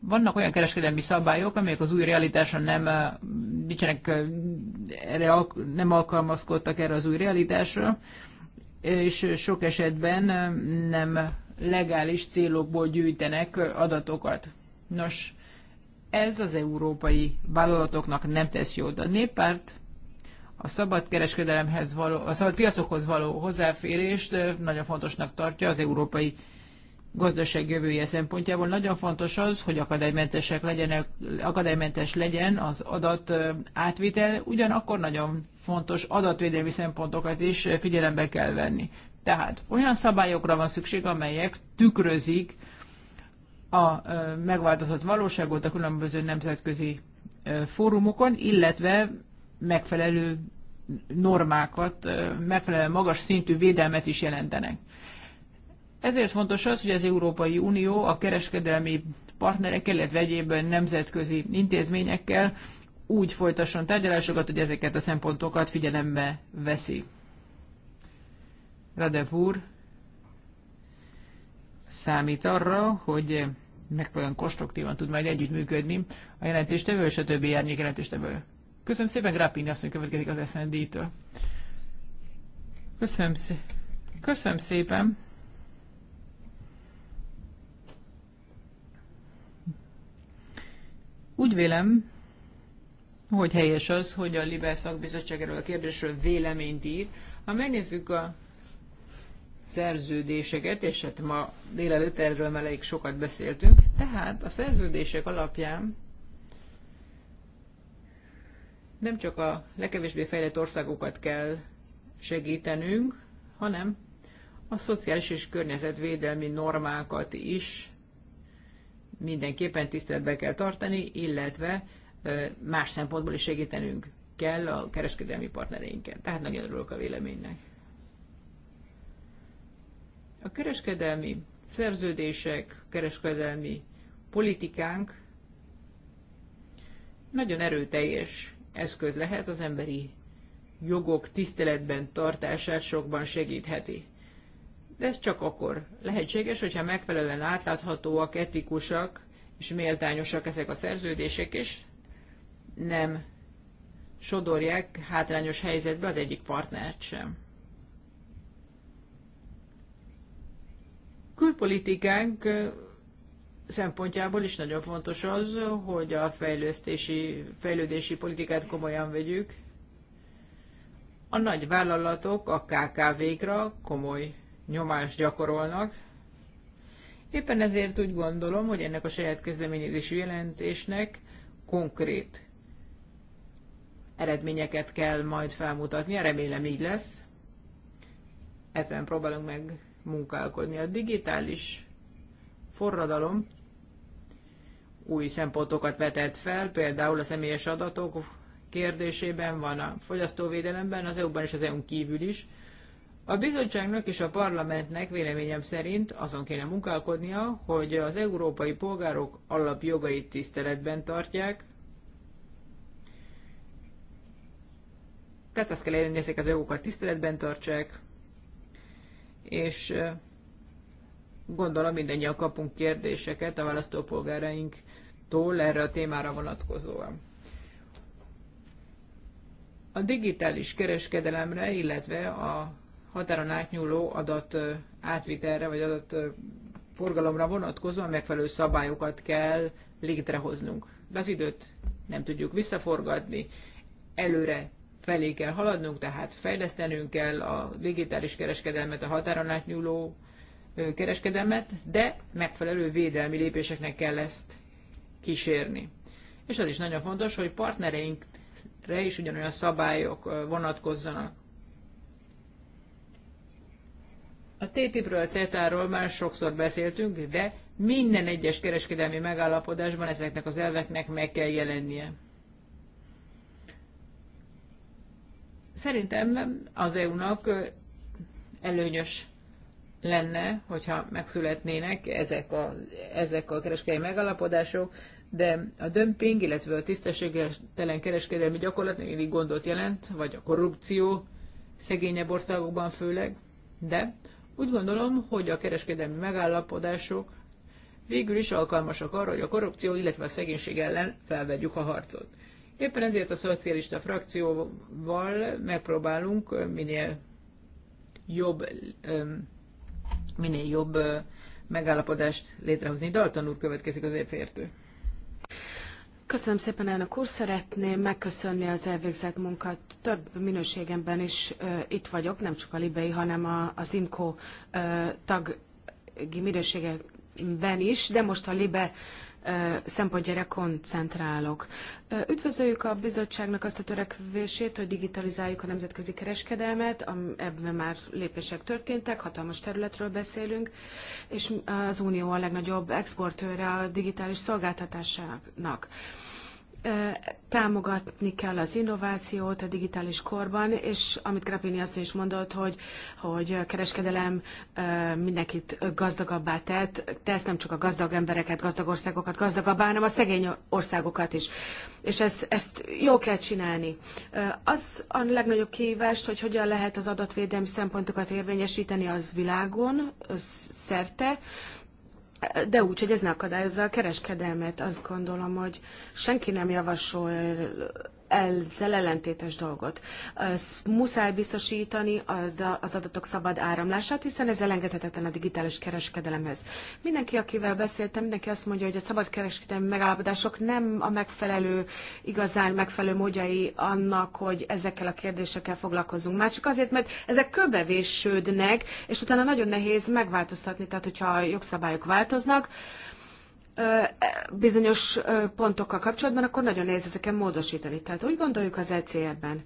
vannak olyan kereskedelmi szabályok, amelyek az új realitáson nem, nincsenek, nem alkalmazkodtak erre az új realitásra, és sok esetben nem legális célokból gyűjtenek adatokat. Nos, ez az európai vállalatoknak nem tesz jót. A néppárt a szabad kereskedelemhez való, a szabad piacokhoz való hozzáférést nagyon fontosnak tartja az európai gazdaság jövője szempontjából. Nagyon fontos az, hogy akadálymentesek legyenek, akadálymentes legyen az adat átvitel, ugyanakkor nagyon fontos adatvédelmi szempontokat is figyelembe kell venni. Tehát olyan szabályokra van szükség, amelyek tükrözik a megváltozott valóságot a különböző nemzetközi fórumokon, illetve megfelelő normákat, megfelelő magas szintű védelmet is jelentenek. Ezért fontos az, hogy az Európai Unió a kereskedelmi partnerekkel, illetve egyéb nemzetközi intézményekkel úgy folytasson tárgyalásokat, hogy ezeket a szempontokat figyelembe veszi. Radev úr számít arra, hogy megfelelően konstruktívan tud majd együttműködni a jelentéstevő és a többi árnyék jelentéstevő. Köszönöm szépen, Grappini asszony következik az SND-től. Köszönöm, szé- Köszönöm szépen. Úgy vélem, hogy helyes az, hogy a Liber szakbizottság erről a kérdésről véleményt ír. Ha megnézzük a szerződéseket, és hát ma délelőtt erről már elég sokat beszéltünk, tehát a szerződések alapján nem csak a legkevésbé fejlett országokat kell segítenünk, hanem a szociális és környezetvédelmi normákat is mindenképpen tiszteletbe kell tartani, illetve más szempontból is segítenünk kell a kereskedelmi partnereinket. Tehát nagyon örülök a véleménynek. A kereskedelmi szerződések, kereskedelmi politikánk nagyon erőteljes eszköz lehet az emberi jogok tiszteletben tartását sokban segítheti de ez csak akkor lehetséges, hogyha megfelelően átláthatóak, etikusak és méltányosak ezek a szerződések, és nem sodorják hátrányos helyzetbe az egyik partnert sem. Külpolitikánk szempontjából is nagyon fontos az, hogy a fejlesztési, fejlődési politikát komolyan vegyük. A nagy vállalatok a KKV-kra komoly nyomást gyakorolnak. Éppen ezért úgy gondolom, hogy ennek a saját kezdeményezési jelentésnek konkrét eredményeket kell majd felmutatni. remélem így lesz. Ezen próbálunk meg munkálkodni. A digitális forradalom új szempontokat vetett fel, például a személyes adatok kérdésében van a fogyasztóvédelemben, az EU-ban és az EU-n kívül is. A bizottságnak és a parlamentnek véleményem szerint azon kéne munkálkodnia, hogy az európai polgárok alapjogait tiszteletben tartják, tehát azt kell elérni, ezeket a jogokat tiszteletben tartsák, és gondolom mindennyian kapunk kérdéseket a választópolgárainktól erre a témára vonatkozóan. A digitális kereskedelemre, illetve a határon átnyúló adat átvitelre vagy adat forgalomra vonatkozóan megfelelő szabályokat kell létrehoznunk. De az időt nem tudjuk visszaforgatni, előre felé kell haladnunk, tehát fejlesztenünk kell a digitális kereskedelmet, a határon átnyúló kereskedelmet, de megfelelő védelmi lépéseknek kell ezt kísérni. És az is nagyon fontos, hogy partnereinkre is ugyanolyan szabályok vonatkozzanak. A TTIP-ről, a CETA-ról már sokszor beszéltünk, de minden egyes kereskedelmi megállapodásban ezeknek az elveknek meg kell jelennie. Szerintem az EU-nak előnyös lenne, hogyha megszületnének ezek a, ezek a kereskedelmi megállapodások, de a dömping, illetve a tisztességtelen kereskedelmi gyakorlat mindig gondot jelent, vagy a korrupció szegényebb országokban főleg, de úgy gondolom, hogy a kereskedelmi megállapodások végül is alkalmasak arra, hogy a korrupció, illetve a szegénység ellen felvegyük a harcot. Éppen ezért a szocialista frakcióval megpróbálunk minél jobb, minél jobb megállapodást létrehozni. Dalton úr következik az értő. Köszönöm szépen, elnök úr. Szeretném megköszönni az elvégzett munkát. Több minőségemben is ö, itt vagyok, nem csak a libei, hanem a, az IMCO ö, tag minőségemben is, de most a libe szempontjára koncentrálok. Üdvözöljük a bizottságnak azt a törekvését, hogy digitalizáljuk a nemzetközi kereskedelmet, ebben már lépések történtek, hatalmas területről beszélünk, és az Unió a legnagyobb exportőre a digitális szolgáltatásának támogatni kell az innovációt a digitális korban, és amit Grappini azt is mondott, hogy, hogy a kereskedelem mindenkit gazdagabbá tett, tesz nem csak a gazdag embereket, gazdag országokat gazdagabbá, hanem a szegény országokat is. És ezt, ezt jó kell csinálni. Az a legnagyobb kihívást, hogy hogyan lehet az adatvédelmi szempontokat érvényesíteni a világon szerte, de úgy, hogy ez ne akadályozza a kereskedelmet. Azt gondolom, hogy senki nem javasol ezzel ellentétes dolgot. Ezt muszáj biztosítani az, az adatok szabad áramlását, hiszen ez elengedhetetlen a digitális kereskedelemhez. Mindenki, akivel beszéltem, mindenki azt mondja, hogy a szabad kereskedelmi megállapodások nem a megfelelő, igazán megfelelő módjai annak, hogy ezekkel a kérdésekkel foglalkozunk. Már csak azért, mert ezek köbevésődnek, és utána nagyon nehéz megváltoztatni. Tehát, hogyha a jogszabályok változnak, E, bizonyos pontokkal kapcsolatban, akkor nagyon nehéz ezeken módosítani. Tehát úgy gondoljuk az ECR-ben,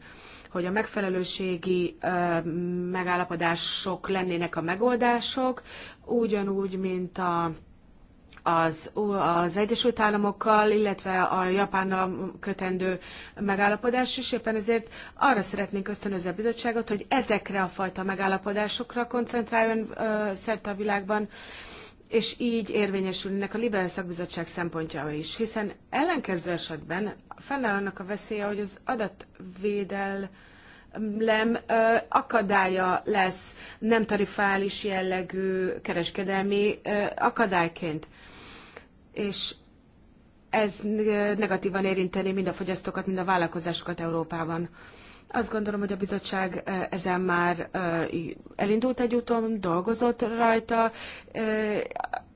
hogy a megfelelőségi megállapodások lennének a megoldások, ugyanúgy, mint a az, az Egyesült Államokkal, illetve a Japánnal kötendő megállapodás is. Éppen ezért arra szeretnénk ösztönözni a bizottságot, hogy ezekre a fajta megállapodásokra koncentráljon ö, szerte a világban, és így érvényesülnek a Libel Szakbizottság szempontjára is, hiszen ellenkező esetben fennáll annak a veszélye, hogy az adatvédelem akadálya lesz nem tarifális jellegű kereskedelmi akadályként. És ez negatívan érinteni mind a fogyasztókat, mind a vállalkozásokat Európában. Azt gondolom, hogy a bizottság ezen már elindult egy úton, dolgozott rajta,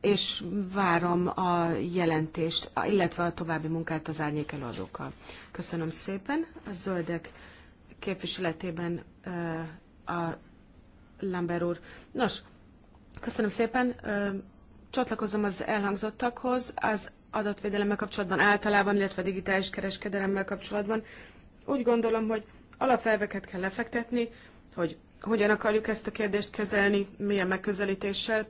és várom a jelentést, illetve a további munkát az árnyék előadókkal. Köszönöm szépen. A zöldek képviseletében a Lamber úr. Nos, köszönöm szépen. Csatlakozom az elhangzottakhoz, az adatvédelemmel kapcsolatban általában, illetve digitális kereskedelemmel kapcsolatban. Úgy gondolom, hogy alapelveket kell lefektetni, hogy hogyan akarjuk ezt a kérdést kezelni, milyen megközelítéssel,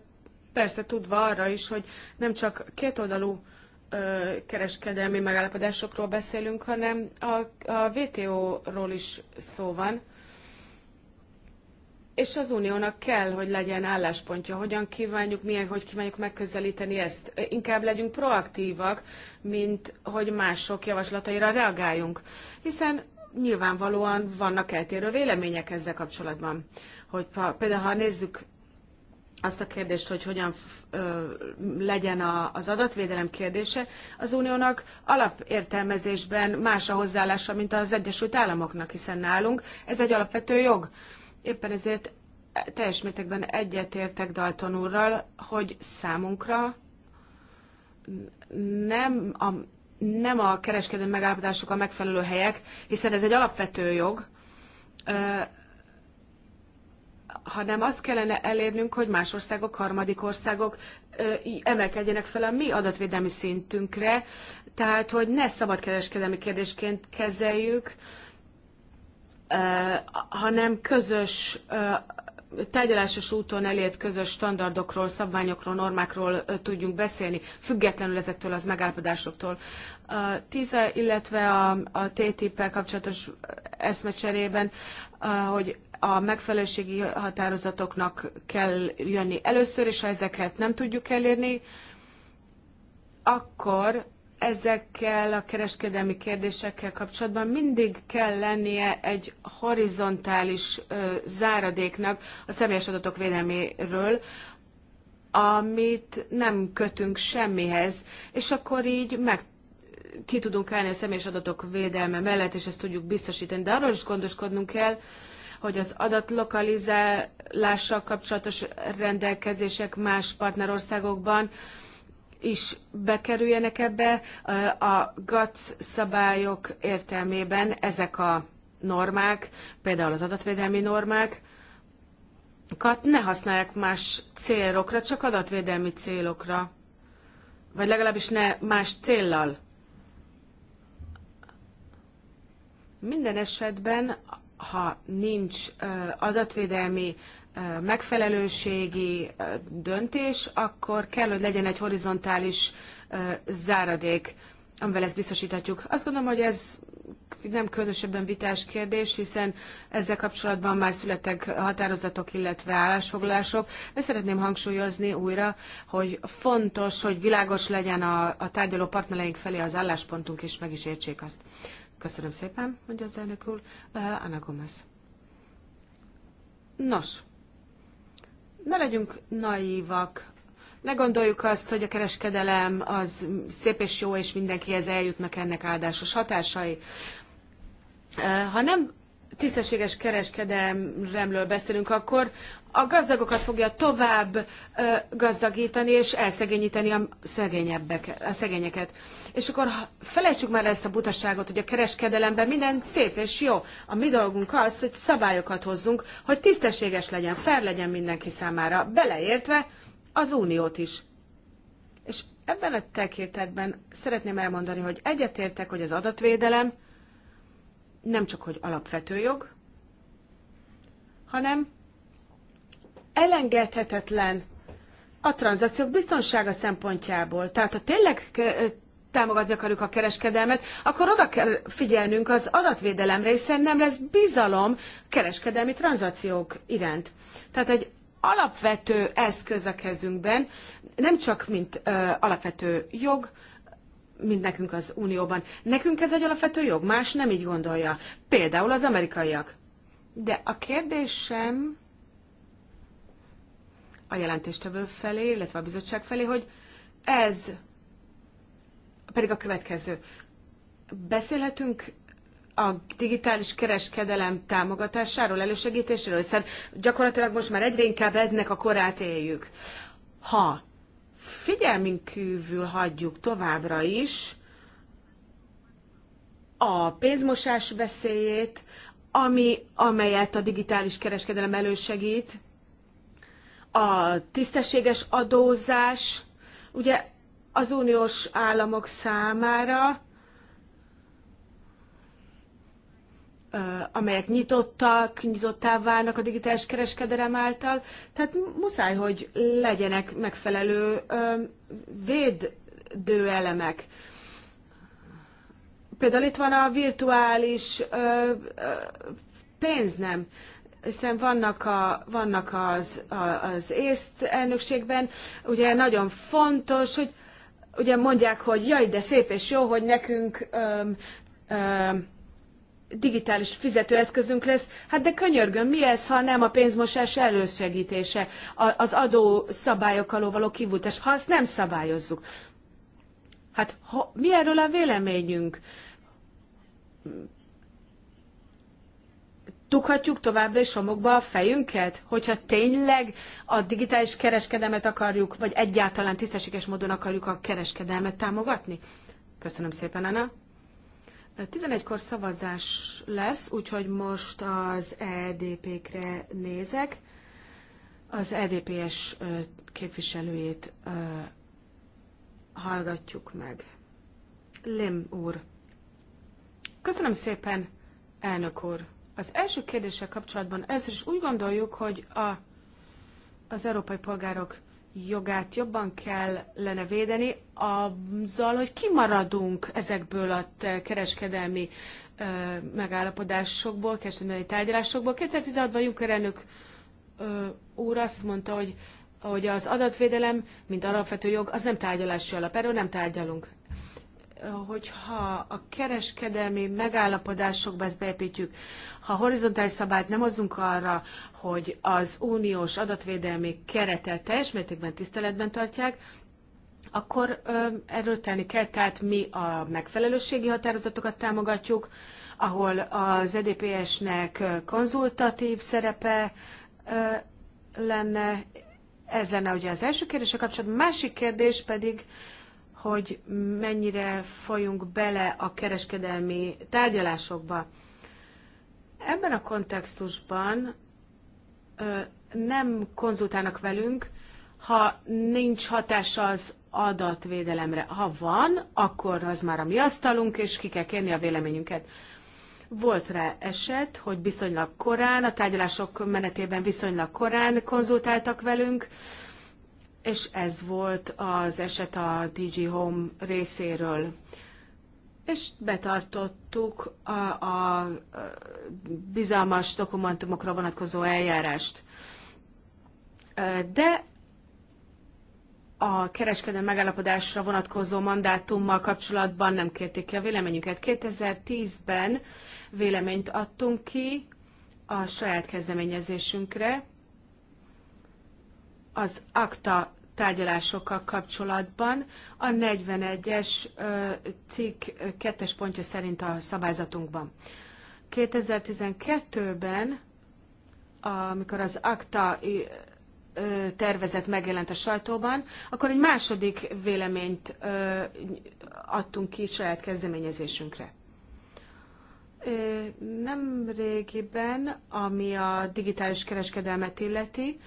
persze tudva arra is, hogy nem csak kétoldalú kereskedelmi megállapodásokról beszélünk, hanem a, a WTO-ról is szó van, és az uniónak kell, hogy legyen álláspontja, hogyan kívánjuk, milyen, hogy kívánjuk megközelíteni ezt. Inkább legyünk proaktívak, mint hogy mások javaslataira reagáljunk. Hiszen nyilvánvalóan vannak eltérő vélemények ezzel kapcsolatban. Hogy például ha nézzük azt a kérdést, hogy hogyan ö, legyen a, az adatvédelem kérdése, az uniónak alapértelmezésben más a hozzáállása, mint az Egyesült Államoknak, hiszen nálunk ez egy alapvető jog. Éppen ezért teljes mértékben egyetértek Dalton úrral, hogy számunkra nem a nem a kereskedő megállapodások a megfelelő helyek, hiszen ez egy alapvető jog, hanem azt kellene elérnünk, hogy más országok, harmadik országok emelkedjenek fel a mi adatvédelmi szintünkre, tehát hogy ne szabadkereskedelmi kérdésként kezeljük, hanem közös tárgyalásos úton elért közös standardokról, szabványokról, normákról tudjunk beszélni, függetlenül ezektől az megállapodásoktól. A TISA, illetve a, a TTIP-el kapcsolatos eszmecserében, hogy a megfelelőségi határozatoknak kell jönni először, és ha ezeket nem tudjuk elérni, akkor ezekkel a kereskedelmi kérdésekkel kapcsolatban mindig kell lennie egy horizontális záradéknak a személyes adatok védelméről, amit nem kötünk semmihez, és akkor így meg ki tudunk állni a személyes adatok védelme mellett, és ezt tudjuk biztosítani. De arról is gondoskodnunk kell, hogy az adatlokalizálással kapcsolatos rendelkezések más partnerországokban is bekerüljenek ebbe a GATS szabályok értelmében ezek a normák, például az adatvédelmi normák, ne használják más célokra, csak adatvédelmi célokra. Vagy legalábbis ne más céllal. Minden esetben, ha nincs adatvédelmi megfelelőségi döntés, akkor kell, hogy legyen egy horizontális záradék, amivel ezt biztosítatjuk. Azt gondolom, hogy ez nem különösebben vitás kérdés, hiszen ezzel kapcsolatban már születtek határozatok, illetve állásfoglalások, de szeretném hangsúlyozni újra, hogy fontos, hogy világos legyen a, a tárgyaló partnereink felé az álláspontunk, és meg is értsék azt. Köszönöm szépen, mondja az elnök úr. Anna Gomez. Nos, ne legyünk naívak. Ne gondoljuk azt, hogy a kereskedelem az szép és jó, és mindenkihez eljutnak ennek áldásos hatásai. Ha nem tisztességes kereskedelemről beszélünk, akkor a gazdagokat fogja tovább ö, gazdagítani és elszegényíteni a, szegényebbek, a szegényeket. És akkor felejtsük már ezt a butaságot, hogy a kereskedelemben minden szép és jó. A mi dolgunk az, hogy szabályokat hozzunk, hogy tisztességes legyen, fel legyen mindenki számára, beleértve az uniót is. És ebben a tekintetben szeretném elmondani, hogy egyetértek, hogy az adatvédelem nem csak hogy alapvető jog, hanem elengedhetetlen a tranzakciók biztonsága szempontjából. Tehát ha tényleg támogatni akarjuk a kereskedelmet, akkor oda kell figyelnünk az adatvédelemre, hiszen nem lesz bizalom kereskedelmi tranzakciók iránt. Tehát egy alapvető eszköz a kezünkben, nem csak mint ö, alapvető jog, mint nekünk az Unióban. Nekünk ez egy alapvető jog, más nem így gondolja. Például az amerikaiak. De a kérdésem a jelentéstevő felé, illetve a bizottság felé, hogy ez pedig a következő. Beszélhetünk a digitális kereskedelem támogatásáról, elősegítéséről, hiszen gyakorlatilag most már egyre inkább ennek a korát éljük. Ha figyelmünk kívül hagyjuk továbbra is a pénzmosás veszélyét, ami, amelyet a digitális kereskedelem elősegít, a tisztességes adózás, ugye az uniós államok számára amelyek nyitottak, nyitottá válnak a digitális kereskedelem által. Tehát muszáj, hogy legyenek megfelelő védő elemek. Például itt van a virtuális pénz nem, hiszen vannak, a, vannak az, a, az észt elnökségben, ugye nagyon fontos, hogy ugye mondják, hogy jaj, de szép és jó, hogy nekünk öm, öm, digitális fizetőeszközünk lesz. Hát de könyörgöm, mi ez, ha nem a pénzmosás elősegítése, az adó szabályok alól való kivutás, ha ezt nem szabályozzuk? Hát ha, mi erről a véleményünk? Dughatjuk továbbra is homokba a fejünket, hogyha tényleg a digitális kereskedelmet akarjuk, vagy egyáltalán tisztességes módon akarjuk a kereskedelmet támogatni? Köszönöm szépen, Anna. 11-kor szavazás lesz, úgyhogy most az EDP-kre nézek. Az EDP-es képviselőjét hallgatjuk meg. Lim úr. Köszönöm szépen, elnök úr. Az első kérdéssel kapcsolatban először is úgy gondoljuk, hogy a, az európai polgárok jogát jobban kellene védeni azzal, hogy kimaradunk ezekből a kereskedelmi megállapodásokból, kereskedelmi tárgyalásokból. 2016-ban Juncker elnök úr azt mondta, hogy, hogy az adatvédelem, mint alapvető jog, az nem tárgyalási alap, erről nem tárgyalunk hogyha a kereskedelmi megállapodásokba ezt beépítjük, ha horizontális szabályt nem hozunk arra, hogy az uniós adatvédelmi keretet teljes mértékben tiszteletben tartják, akkor ö, erről tenni kell, tehát mi a megfelelőségi határozatokat támogatjuk, ahol az EDPS-nek konzultatív szerepe ö, lenne, ez lenne ugye az első a kapcsolatban. Másik kérdés pedig, hogy mennyire folyunk bele a kereskedelmi tárgyalásokba. Ebben a kontextusban nem konzultálnak velünk, ha nincs hatás az adatvédelemre. Ha van, akkor az már a mi asztalunk, és ki kell kérni a véleményünket. Volt rá eset, hogy viszonylag korán, a tárgyalások menetében viszonylag korán konzultáltak velünk, és ez volt az eset a DG Home részéről. És betartottuk a, a bizalmas dokumentumokra vonatkozó eljárást. De a kereskedelmi megállapodásra vonatkozó mandátummal kapcsolatban nem kérték ki a véleményüket. 2010-ben véleményt adtunk ki a saját kezdeményezésünkre, az akta tárgyalásokkal kapcsolatban a 41-es cikk kettes pontja szerint a szabályzatunkban. 2012-ben, amikor az akta tervezet megjelent a sajtóban, akkor egy második véleményt adtunk ki saját kezdeményezésünkre. Nem régiben, ami a digitális kereskedelmet illeti,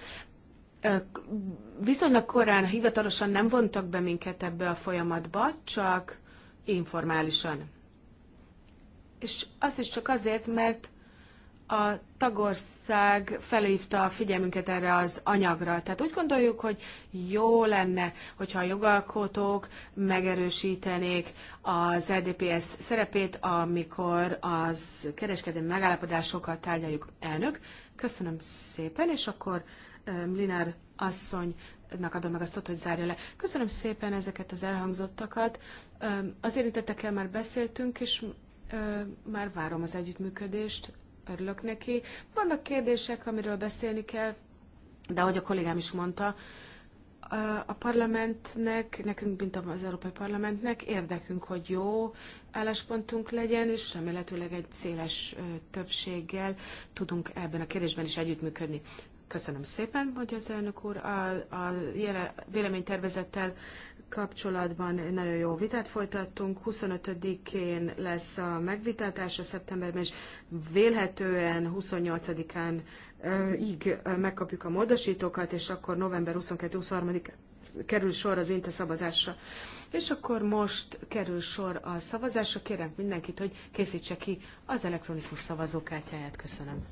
viszonylag korán hivatalosan nem vontak be minket ebbe a folyamatba, csak informálisan. És az is csak azért, mert a tagország felhívta a figyelmünket erre az anyagra. Tehát úgy gondoljuk, hogy jó lenne, hogyha a jogalkotók megerősítenék az LDPS szerepét, amikor az kereskedelmi megállapodásokat tárgyaljuk elnök. Köszönöm szépen, és akkor Ehm, Linár asszonynak adom meg a szót, hogy zárja le. Köszönöm szépen ezeket az elhangzottakat. Ehm, az érintettekkel már beszéltünk, és ehm, már várom az együttműködést, örülök neki. Vannak kérdések, amiről beszélni kell, de ahogy a kollégám is mondta, a parlamentnek, nekünk, mint az Európai Parlamentnek érdekünk, hogy jó álláspontunk legyen, és remélhetőleg egy széles többséggel tudunk ebben a kérdésben is együttműködni. Köszönöm szépen, hogy az elnök úr a, a jele, véleménytervezettel kapcsolatban nagyon jó vitát folytattunk. 25-én lesz a megvitatása szeptemberben, és vélhetően 28-án így megkapjuk a módosítókat, és akkor november 22-23-án kerül sor az inte szavazásra. És akkor most kerül sor a szavazásra. Kérem mindenkit, hogy készítse ki az elektronikus szavazókártyáját. Köszönöm.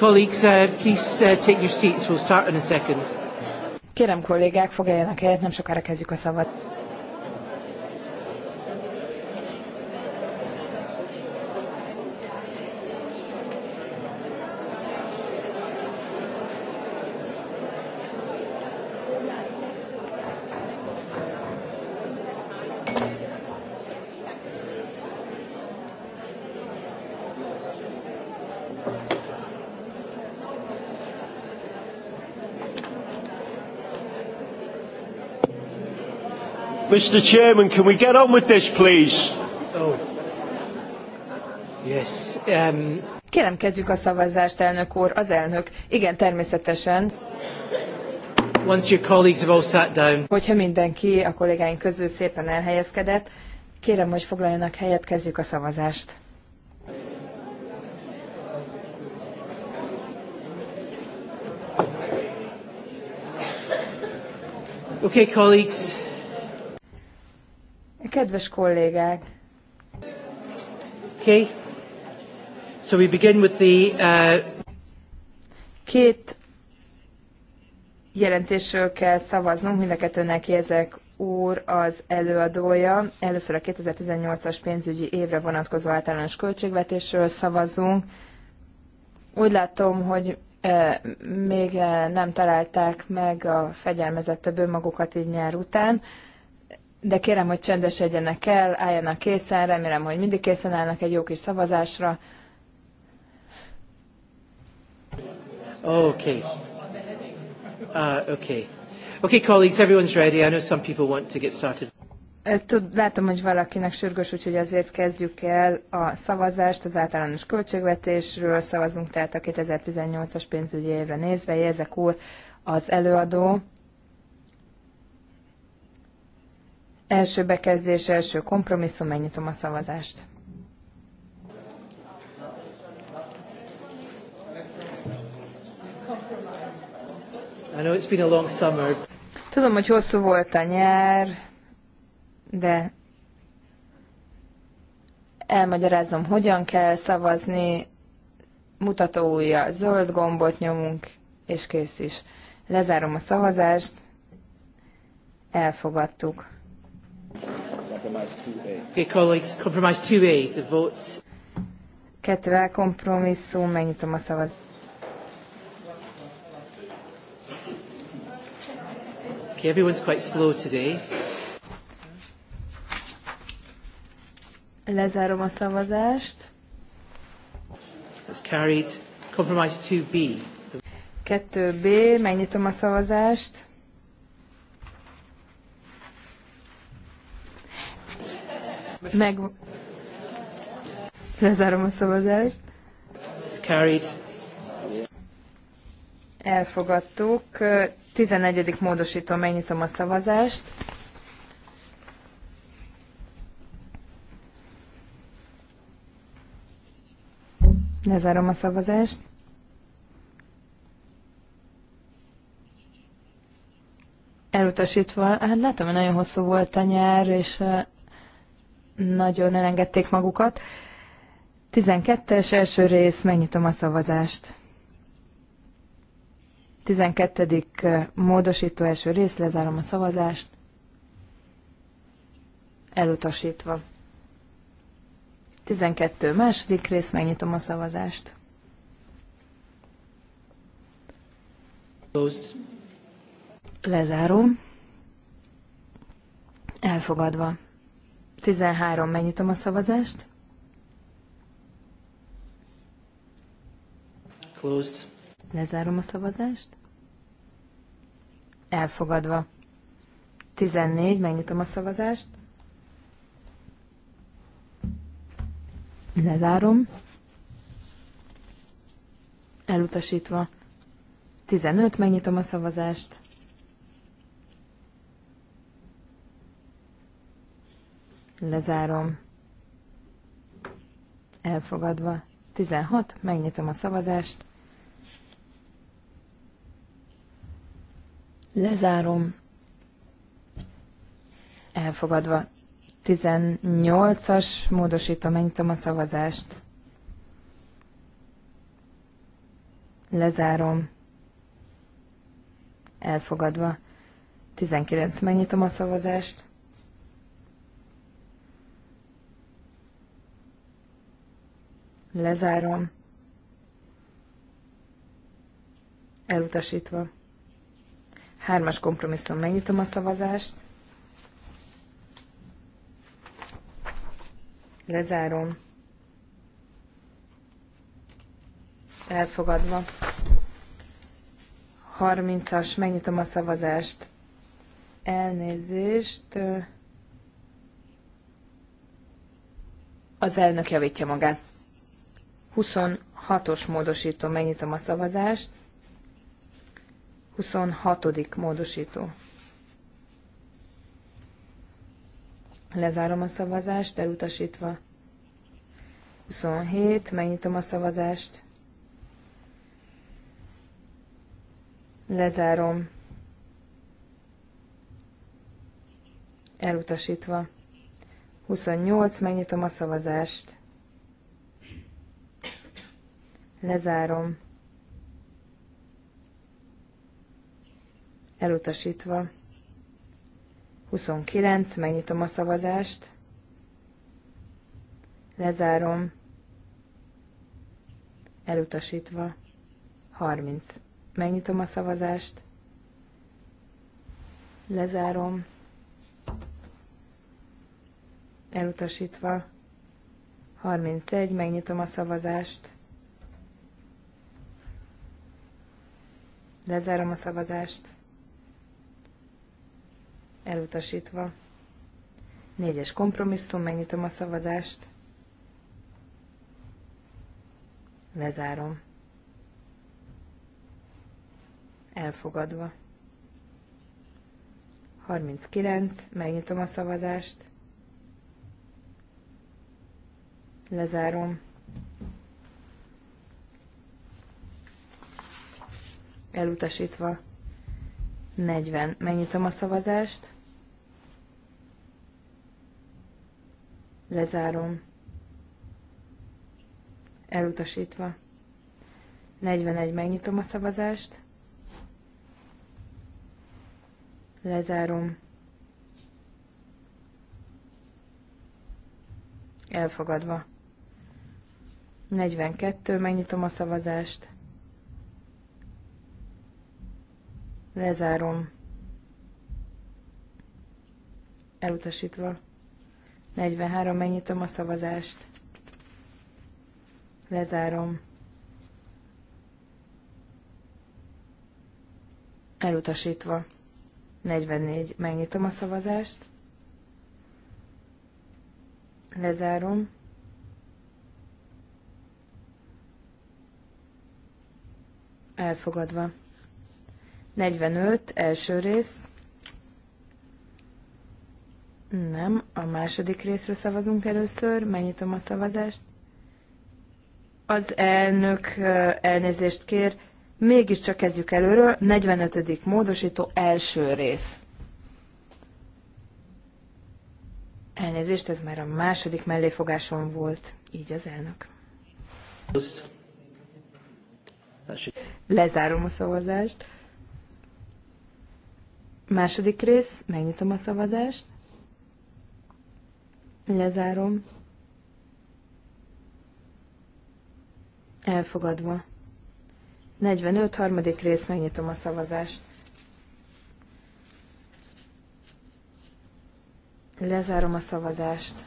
Colleagues, uh, please uh, take your seats. We'll start in a second. Kérem kollégák, foglaljanak helyet, nem sokára kezdjük a szavat. Mr. Chairman, can we get on with this, please? Oh. Yes. Um... Kérem, kezdjük a szavazást, elnök úr. Az elnök. Igen, természetesen. Once your colleagues have all sat down. Hogyha mindenki a kollégáink közül szépen elhelyezkedett, kérem, hogy foglaljanak helyet, kezdjük a szavazást. Okay, colleagues. Kedves kollégák! Okay. So we begin with the, uh... Két jelentésről kell szavaznunk, mind a kettőnek ezek úr az előadója. Először a 2018-as pénzügyi évre vonatkozó általános költségvetésről szavazunk. Úgy látom, hogy eh, még eh, nem találták meg a fegyelmezett több önmagukat így nyár után de kérem, hogy csendesedjenek el, álljanak készen, remélem, hogy mindig készen állnak egy jó kis szavazásra. Okay. Uh, okay. Okay, colleagues, everyone's ready. I know some people want to get started. Tud, látom, hogy valakinek sürgős, úgyhogy azért kezdjük el a szavazást az általános költségvetésről. Szavazunk tehát a 2018-as pénzügyi évre nézve. Jezek úr az előadó. Első bekezdés, első kompromisszum, megnyitom a szavazást. I know it's been a long summer. Tudom, hogy hosszú volt a nyár, de elmagyarázom, hogyan kell szavazni, mutató ujjal zöld gombot nyomunk, és kész is. Lezárom a szavazást, elfogadtuk. Compromise 2A. Okay, colleagues, compromise 2A, the vote. 2A kompromisszum, megnyitom a szavaz. Okay, everyone's quite slow today. Lezárom a szavazást. It's carried. Compromise 2B. 2B, megnyitom a szavazást. Meg... Lezárom a szavazást. Carried. Elfogadtuk. 11. módosító, megnyitom a szavazást. Lezárom a szavazást. Elutasítva, hát látom, hogy nagyon hosszú volt a nyár, és nagyon elengedték magukat. 12-es első rész, megnyitom a szavazást. 12. módosító első rész, lezárom a szavazást. Elutasítva. 12. második rész, megnyitom a szavazást. Lezárom. Elfogadva. 13. Megnyitom a szavazást. Closed. Lezárom a szavazást. Elfogadva. 14. Megnyitom a szavazást. Lezárom. Elutasítva. 15. Megnyitom a szavazást. Lezárom. Elfogadva. 16. Megnyitom a szavazást. Lezárom. Elfogadva. 18-as módosítom, megnyitom a szavazást. Lezárom. Elfogadva. 19. Megnyitom a szavazást. Lezárom. Elutasítva. Hármas kompromisszum. Megnyitom a szavazást. Lezárom. Elfogadva. 30-as, megnyitom a szavazást. Elnézést. Az elnök javítja magát. 26-os módosító, megnyitom a szavazást. 26. módosító. Lezárom a szavazást, elutasítva. 27, megnyitom a szavazást. Lezárom. Elutasítva. 28, megnyitom a szavazást. Lezárom. Elutasítva. 29, megnyitom a szavazást. Lezárom. Elutasítva. 30. Megnyitom a szavazást. Lezárom. Elutasítva. 31. Megnyitom a szavazást. Lezárom a szavazást. Elutasítva. Négyes kompromisszum, megnyitom a szavazást. Lezárom. Elfogadva. 39, megnyitom a szavazást. Lezárom. elutasítva. 40. Megnyitom a szavazást. Lezárom. Elutasítva. 41. Megnyitom a szavazást. Lezárom. Elfogadva. 42. Megnyitom a szavazást. Lezárom. Elutasítva. 43. Megnyitom a szavazást. Lezárom. Elutasítva. 44. Megnyitom a szavazást. Lezárom. Elfogadva. 45, első rész. Nem, a második részről szavazunk először. Megnyitom a szavazást. Az elnök elnézést kér. Mégiscsak kezdjük előről. 45. módosító első rész. Elnézést, ez már a második melléfogásom volt. Így az elnök. Lezárom a szavazást. Második rész, megnyitom a szavazást. Lezárom. Elfogadva. 45. harmadik rész, megnyitom a szavazást. Lezárom a szavazást.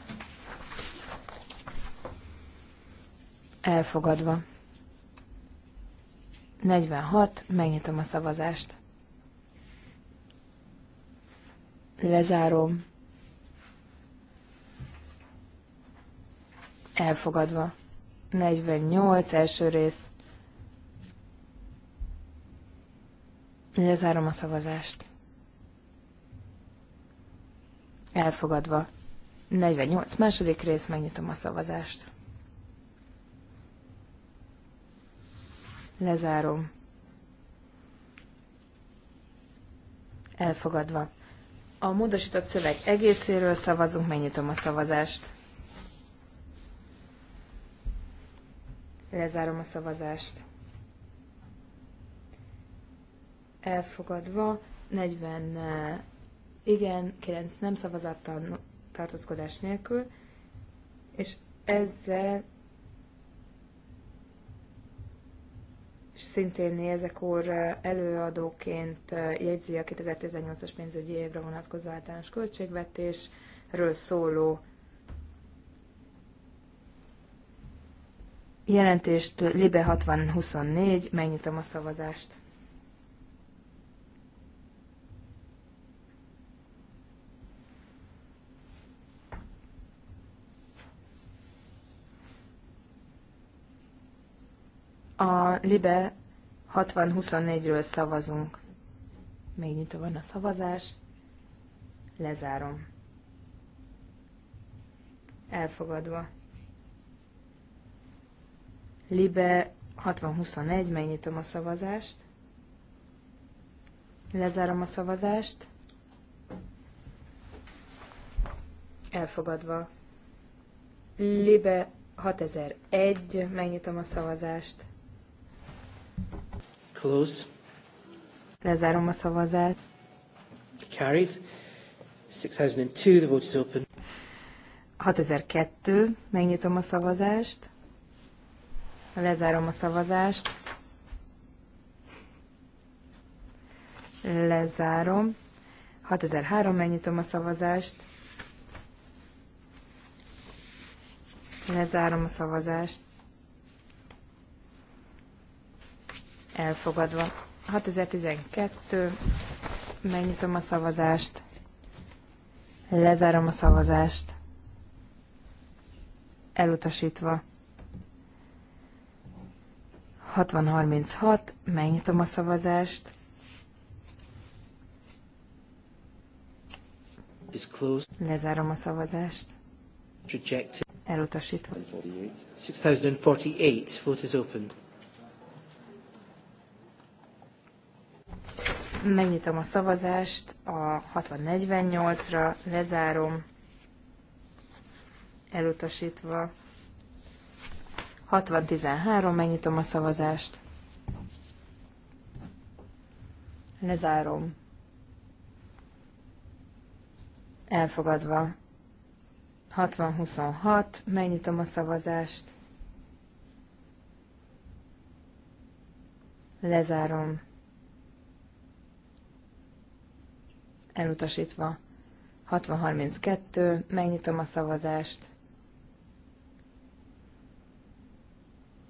Elfogadva. 46. Megnyitom a szavazást. Lezárom. Elfogadva. 48 első rész. Lezárom a szavazást. Elfogadva. 48 második rész, megnyitom a szavazást. Lezárom. Elfogadva. A módosított szöveg egészéről szavazunk, megnyitom a szavazást. Lezárom a szavazást. Elfogadva, 40 eh, igen, 9 nem szavazattal tartózkodás nélkül, és ezzel és szintén ezek úr előadóként jegyzi a 2018-as pénzügyi évre vonatkozó általános költségvetésről szóló jelentést Libe 6024, megnyitom a szavazást. A Libe 60-24-ről szavazunk. nyitva van a szavazás. Lezárom. Elfogadva. Libe 60 megnyitom a szavazást. Lezárom a szavazást. Elfogadva. Libe 6001, megnyitom a szavazást. Close. Lezárom a szavazást. Carried. 6002, the vote is open. 6002, megnyitom a szavazást. Lezárom a szavazást. Lezárom. 6003, megnyitom a szavazást. Lezárom a szavazást. elfogadva. 6012, megnyitom a szavazást, lezárom a szavazást, elutasítva. 6036, megnyitom a szavazást. Lezárom a szavazást. Elutasítva. 6048, vote is open. Megnyitom a szavazást a 6048-ra, lezárom, elutasítva. 6013, megnyitom a szavazást. Lezárom. Elfogadva. 6026, megnyitom a szavazást. Lezárom. elutasítva. 60-32, megnyitom a szavazást.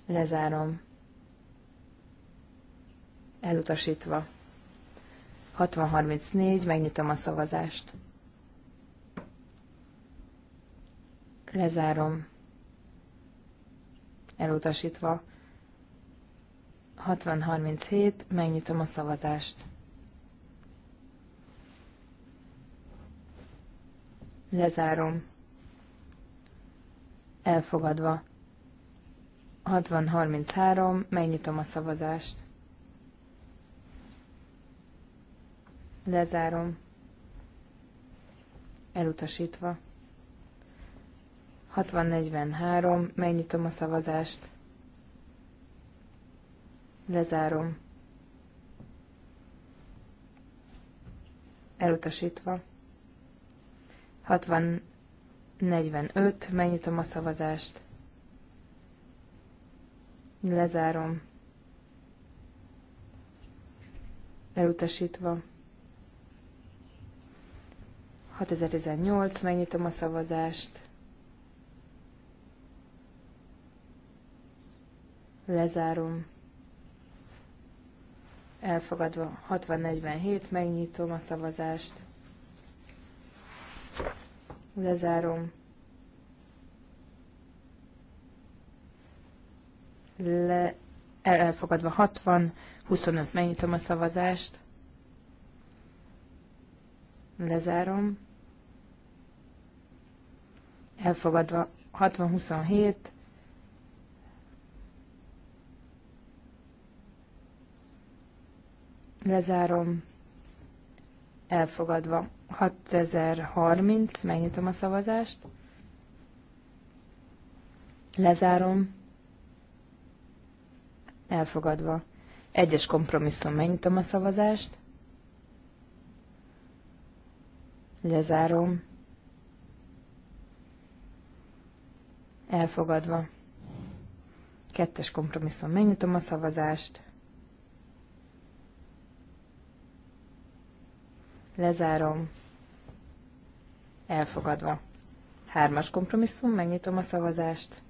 Lezárom. Elutasítva. 60-34, megnyitom a szavazást. Lezárom. Elutasítva. 60-37, megnyitom a szavazást. Lezárom. Elfogadva. 60-33, megnyitom a szavazást. Lezárom. Elutasítva. 60-43, megnyitom a szavazást. Lezárom. Elutasítva. 60-45, megnyitom a szavazást. Lezárom. Elutasítva. 6018, megnyitom a szavazást. Lezárom. Elfogadva 6047, megnyitom a szavazást. Lezárom. Le, el, elfogadva 60, 25 megnyitom a szavazást. Lezárom. Elfogadva 60, 27, lezárom, elfogadva. 6030, megnyitom a szavazást. Lezárom. Elfogadva. Egyes kompromisszum, megnyitom a szavazást. Lezárom. Elfogadva. Kettes kompromisszum, megnyitom a szavazást. Lezárom elfogadva. Hármas kompromisszum, megnyitom a szavazást.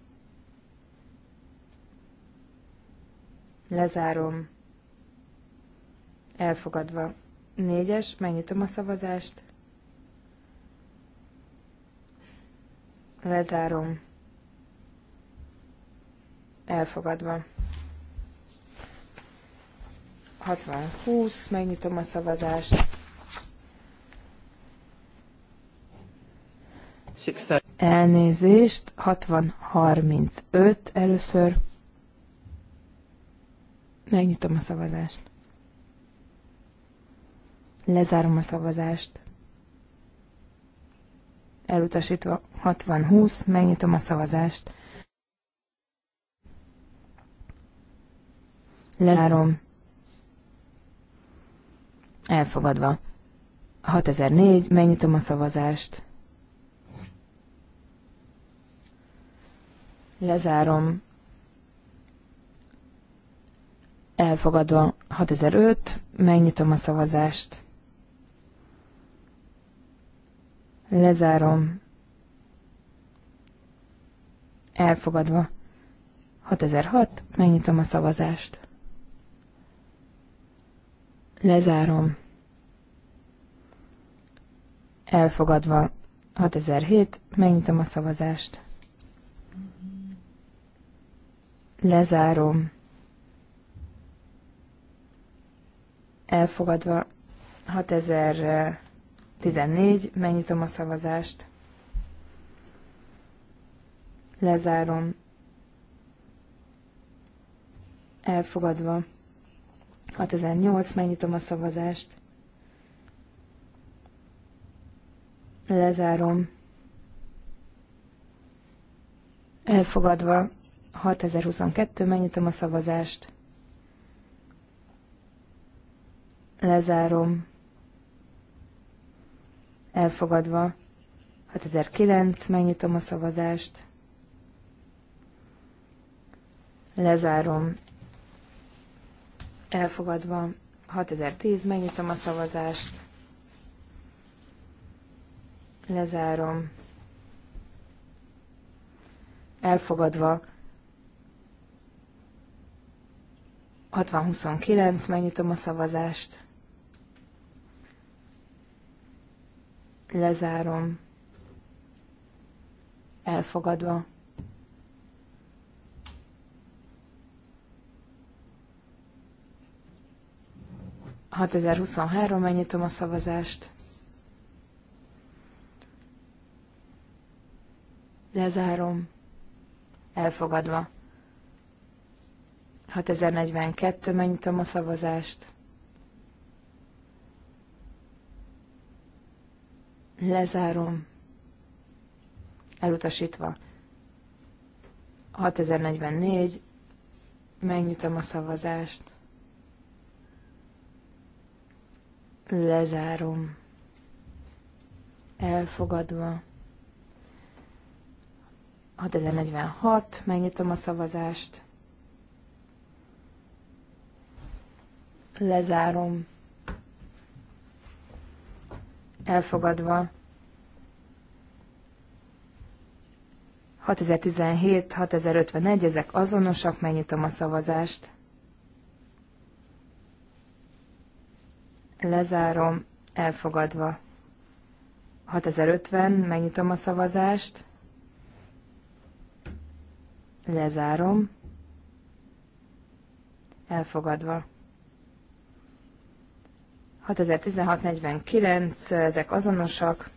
Lezárom. Elfogadva. Négyes, megnyitom a szavazást. Lezárom. Elfogadva. 60-20, megnyitom a szavazást. Elnézést, 60-35 először. Megnyitom a szavazást. Lezárom a szavazást. Elutasítva 60-20, megnyitom a szavazást. Lezárom. Elfogadva. 6004, megnyitom a szavazást. Lezárom. Elfogadva 6005, megnyitom a szavazást. Lezárom. Elfogadva. 6006, megnyitom a szavazást. Lezárom. Elfogadva. 6007, megnyitom a szavazást. Lezárom. Elfogadva 6014, megnyitom a szavazást. Lezárom. Elfogadva 6008, megnyitom a szavazást. Lezárom. Elfogadva 6022, megnyitom a szavazást. Lezárom. Elfogadva. 6009, megnyitom a szavazást. Lezárom. Elfogadva. 6010, megnyitom a szavazást. Lezárom. Elfogadva. 6029, megnyitom a szavazást. Lezárom. Elfogadva. ...6023, megnyitom a szavazást. Lezárom. Elfogadva. 6042, megnyitom a szavazást. Lezárom. Elutasítva. 6044, megnyitom a szavazást. Lezárom. Elfogadva. 6046, megnyitom a szavazást. Lezárom. Elfogadva. 6017, 6051, ezek azonosak, megnyitom a szavazást. Lezárom, elfogadva. 6050, megnyitom a szavazást. Lezárom. Elfogadva. 6016-49, ezek azonosak.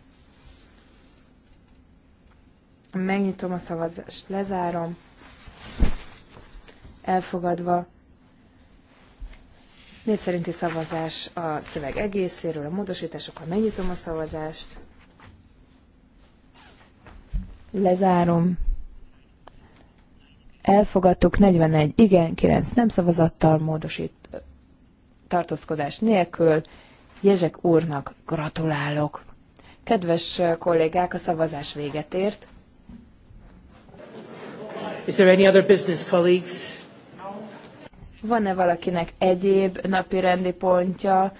Megnyitom a szavazást, lezárom. Elfogadva. Név szerinti szavazás a szöveg egészéről, a módosításokkal megnyitom a szavazást. Lezárom. Elfogadtuk 41 igen, 9 nem szavazattal módosít tartózkodás nélkül. Jezsek úrnak gratulálok. Kedves eh, kollégák, a szavazás véget ért. Is there any other business, colleagues? Van-e valakinek egyéb napi rendi pontja?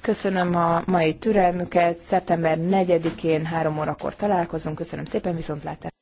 Köszönöm a mai türelmüket. Szeptember 4-én 3 órakor találkozunk. Köszönöm szépen, viszontlátásra.